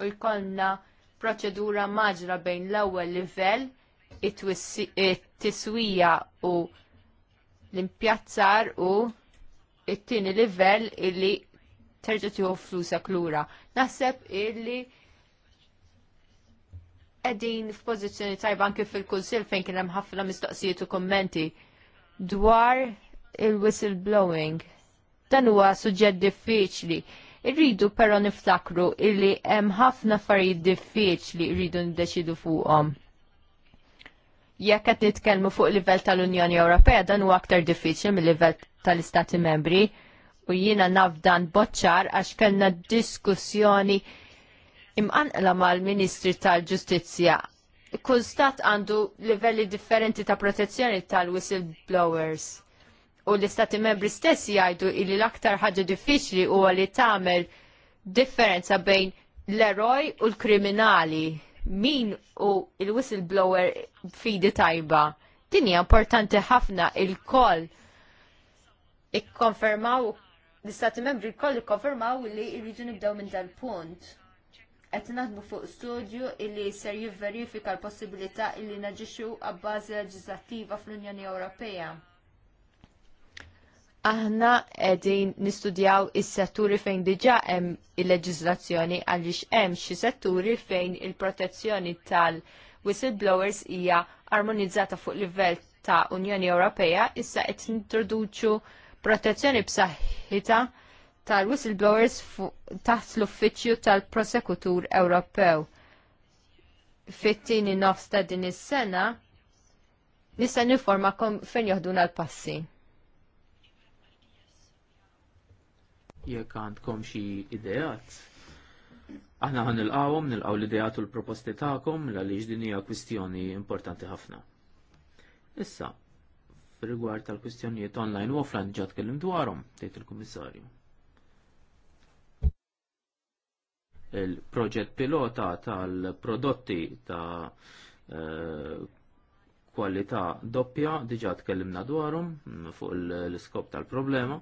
u jkollna proċedura maġra bejn l-ewwel livell it-tiswija u l-impjazzar u it-tieni livell illi terġa' tieħu flusek lura. Naħseb illi qegħdin f'pożizzjoni tajba anke fil-kunsill fejn kien hemm ħafna mistoqsijiet u kommenti dwar il-whistleblowing. Dan huwa suġġett diffiċli. Irridu però niftakru illi hemm ħafna affarijiet diffiċli rridu niddeċidu fuqhom. Jekk qed nitkellmu fuq livell tal-Unjoni Ewropea dan huwa aktar diffiċli mill-livell tal-Istati membri u jiena naf dan boċċar għax kellna diskussjoni imqanqla mal-Ministri tal-Ġustizzja kull stat għandu livelli differenti ta' protezzjoni tal-whistleblowers. U l-istati membri stess jgħidu illi l-aktar ħaġa diffiċli u li tagħmel differenza bejn l-eroj u l-kriminali. Min u l whistleblower fidi tajba. Din hija importanti ħafna il-koll ikkonfermaw l-istati membri koll ikkonfermaw li jridu nibdew minn dal-punt. Qed naħdmu fuq studju illi ser jivverifika l-possibilità illi naġixxu għabbażi leġislattiva fl-Unjoni Ewropea. Aħna qegħdin nistudjaw is-setturi fejn diġà hemm il-leġiżlazzjoni għaliex hemm xi setturi fejn il-protezzjoni tal-whistleblowers hija armonizzata fuq livell ta' Unjoni Ewropea issa qed nintroduċu protezzjoni b'saħħitha tal-whistleblowers taħt l-uffiċċju tal-prosekutur Ewropew. Fit-tieni nofs ta' din is-sena nista' niforma fejn joħduna l-passi. Jekk għandkom xi ideat, aħna ħan nilqawhom nilqaw l-ideat u l-proposti tagħkom l għaliex din hija kwistjoni importanti ħafna. Issa, fil-rigward tal-kwistjonijiet online u offline ġat kellim dwarhom, tgħid il-Kummissarju. Il-proġett pilota tal-prodotti ta' eh, kwalità doppja diġà tkellimna dwarhom fuq l-iskop tal-problema,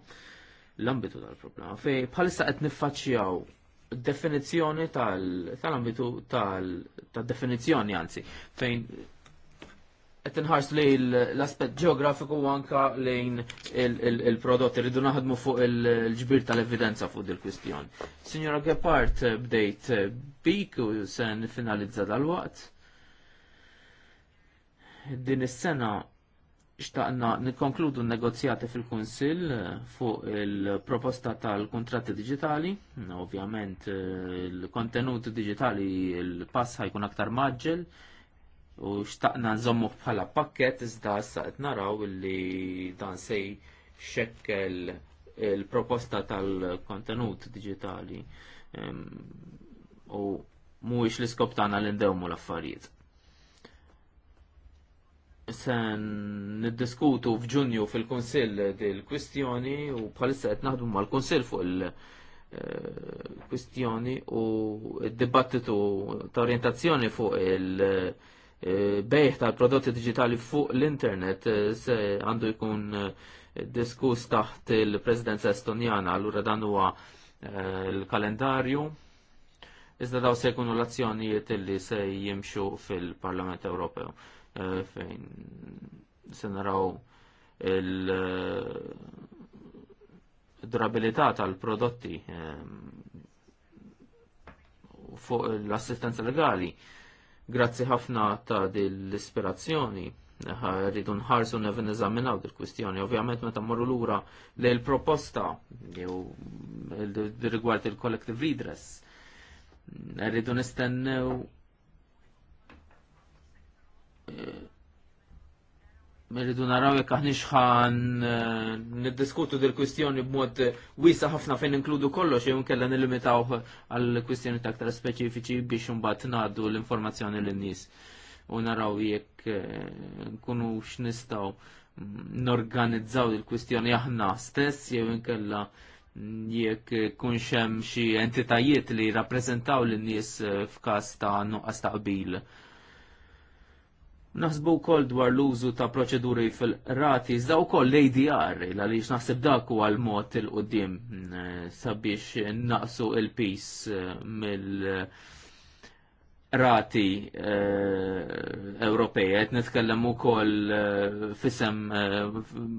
l-ambitu tal-problema. Fej bħalissa qed niffaċċjaw definizzjoni tal-ambitu tal-definizzjoni anzi fejn qed li l-aspett ġeografiku u anka lejn il-prodotti rridu naħdmu fuq il-ġbir tal-evidenza fuq il kwistjoni Signora Gepard bdejt bik u se finalizza dal-waqt. Din is-sena xtaqna nikkonkludu n-negozjati fil-Kunsill fuq il-proposta tal-kontratti digitali. Ovvjament il-kontenut digitali il-pass ħajkun aktar maġġel u xtaqna nżommu bħala pakket iżda issa qed naraw li dan se xekkel il-proposta tal-kontenut digitali u mhuwiex l-iskop tagħna li ndewmu l-affarijiet. Sen niddiskutu f'Ġunju fil-Kunsill dil-kwistjoni u bħalissa qed naħdmu mal-Kunsill fuq il- eh, kwistjoni u d-dibattitu ta' orientazzjoni fuq il- Eh, bejħ tal-prodotti digitali fuq l-internet eh, se għandu jkun eh, diskuss taħt il-Presidenza Estonjana, l-ura dan huwa l-kalendarju. Iżda daw se jkunu l-azzjonijiet li se jimxu fil-Parlament Ewropew fejn se naraw il-drabilità tal-prodotti fuq l-assistenza legali Grazzi ħafna ta' dil-ispirazzjoni rridu nħarsu nevin eżaminaw dil-kwistjoni. Ovvjament meta l lura li l-proposta rigward il-collective redress. Rridu nistennew eh, Meridu naraw jekk aħniex ħan eh, niddiskutu dil kwistjoni b'mod eh, wiesa ħafna fejn inkludu kollox jew nkella nilimitaw għal kwistjoni aktar speċifiċi biex imbagħad naddu l-informazzjoni lin nies u naraw jekk eh, nkunu x'nistgħu norganizzaw il-kwistjoni aħna stess jew nkella jekk kunx hemm xi entitajiet li rappreżentaw lin nies f'każ ta' nuqqas ta' qbil Naħsbu wkoll dwar l-użu ta' proċeduri fil-rati, iżda wkoll l-ADR, għaliex naħseb dak u għal-mot il qoddim mm, sabiex naqsu il-pis eh, mill- rati eh, Ewropej, qed nitkellem ukoll eh, fisem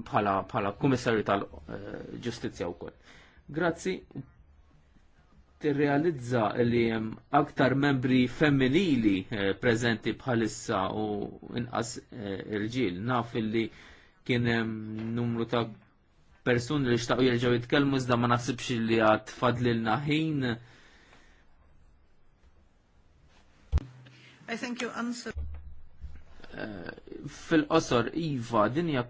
bħala bħala kummissarju tal-ġustizzja wkoll. Grazzi, tirrealizza li hemm aktar membri femminili eh, preżenti bħalissa u inqas eh, irġiel. Naf illi kien hemm numru ta' persuni li xtaqgħu jerġgħu jitkellmu iżda ma naħsibx li għad fadlilna ħin. I think you answer eh, Fil-qosor, Iva, dinja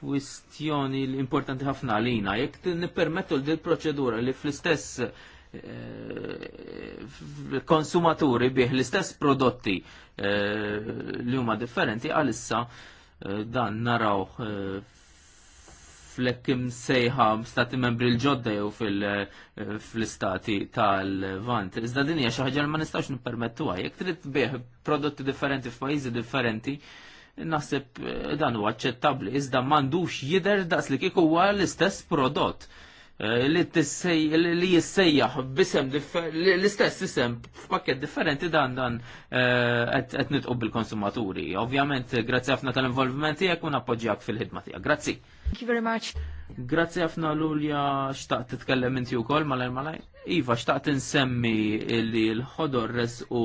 kwistjoni importanti ħafna għalina. Jekk nippermettu l proċedura li fl-istess eh, konsumaturi bih l-istess prodotti eh, li huma differenti għalissa eh, dan naraw fl-ekkim sejħa stati membri l-ġodda jew fil-istati tal-vant. Iżda din hija xi ħaġa li ma nistax nippermettuha. Jekk trid bih prodotti differenti f'pajjiżi differenti Nasib eh, dan huwa aċċettabbli, iżda m'għandux jidher daqs li kiku huwa l-istess prodott eh, li li jissejjaħ b'isem l-istess isem f'pakket differenti dan dan eh, qed nitqu bil-konsumaturi. Ovvjament, grazzi ħafna tal-involviment tiegħek u nappoġġjak fil-ħidma tiegħek. Grazzi. Thank you very much. Grazzi ħafna Lulja xtaqt titkellem inti wkoll mal malajr. Iva, xtaqt insemmi li l-ħodor res u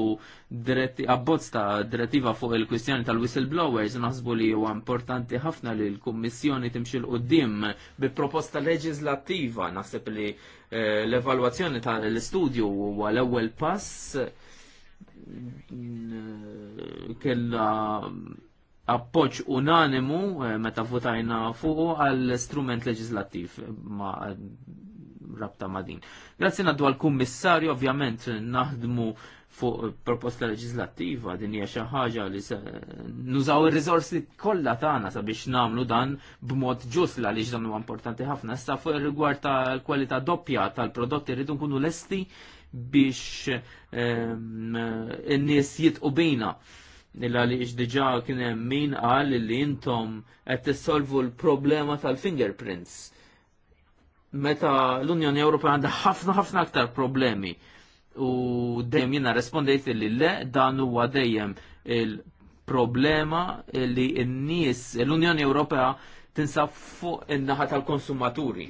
abbozz ta' direttiva fuq il-kwistjoni tal-whistleblowers naħsbu li huwa importanti ħafna li l-Kummissjoni timxi l qudiem bi proposta leġislattiva naħseb li eh, l-evalwazzjoni tal-istudju huwa l-ewwel pass eh, kella appoġġ unanimu eh, meta votajna fuq għall strument leġislattiv ma' rabta ma' din. Grazzi naddu għal-kummissarju, ovvjament, naħdmu fuq proposta leġislattiva din hija xi ħaġa li se nużaw ir-riżorsi kollha tagħna sabiex nagħmlu dan b'mod ġust għaliex dan huwa importanti ħafna. Issa fuq ir-rigward tal-kwalità doppja tal-prodotti rridu nkunu lesti biex ehm, in-nies jitqu bejna illa li diġa kien hemm min qal li intom qed tissolvu l-problema tal-fingerprints meta l-Unjoni Ewropea għandha ħafna ħafna aktar problemi u dejjem jiena rispondejt li le dan huwa dejjem il-problema li n-nies l-Unjoni Ewropea tinsab fuq in-naħa tal-konsumaturi.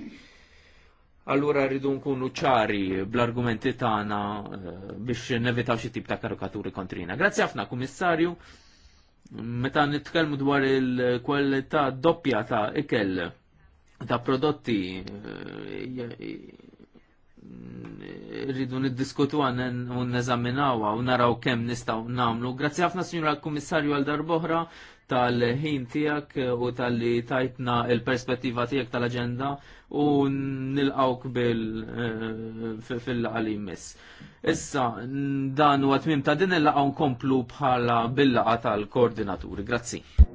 Allura rridu nkunu ċari bl-argumenti tagħna eh, biex nevitaw xi tip ta' karikaturi kontrina. Grazzi ħafna, Kummissarju. Meta nitkellmu dwar il-kwalità doppja ta' ikel ta' prodotti eh, rridu niddiskutu għan u neżaminawa u naraw kem nistaw namlu. Grazzi ħafna signora kummissarju għal darboħra tal-ħin tijak u tal-li tajtna il-perspettiva tijak tal-agenda u bil eh, fil-laqali miss. Issa, dan u għatmim ta' din il-laqaw nkomplu bħala bil-laqa tal-koordinaturi. Grazzi.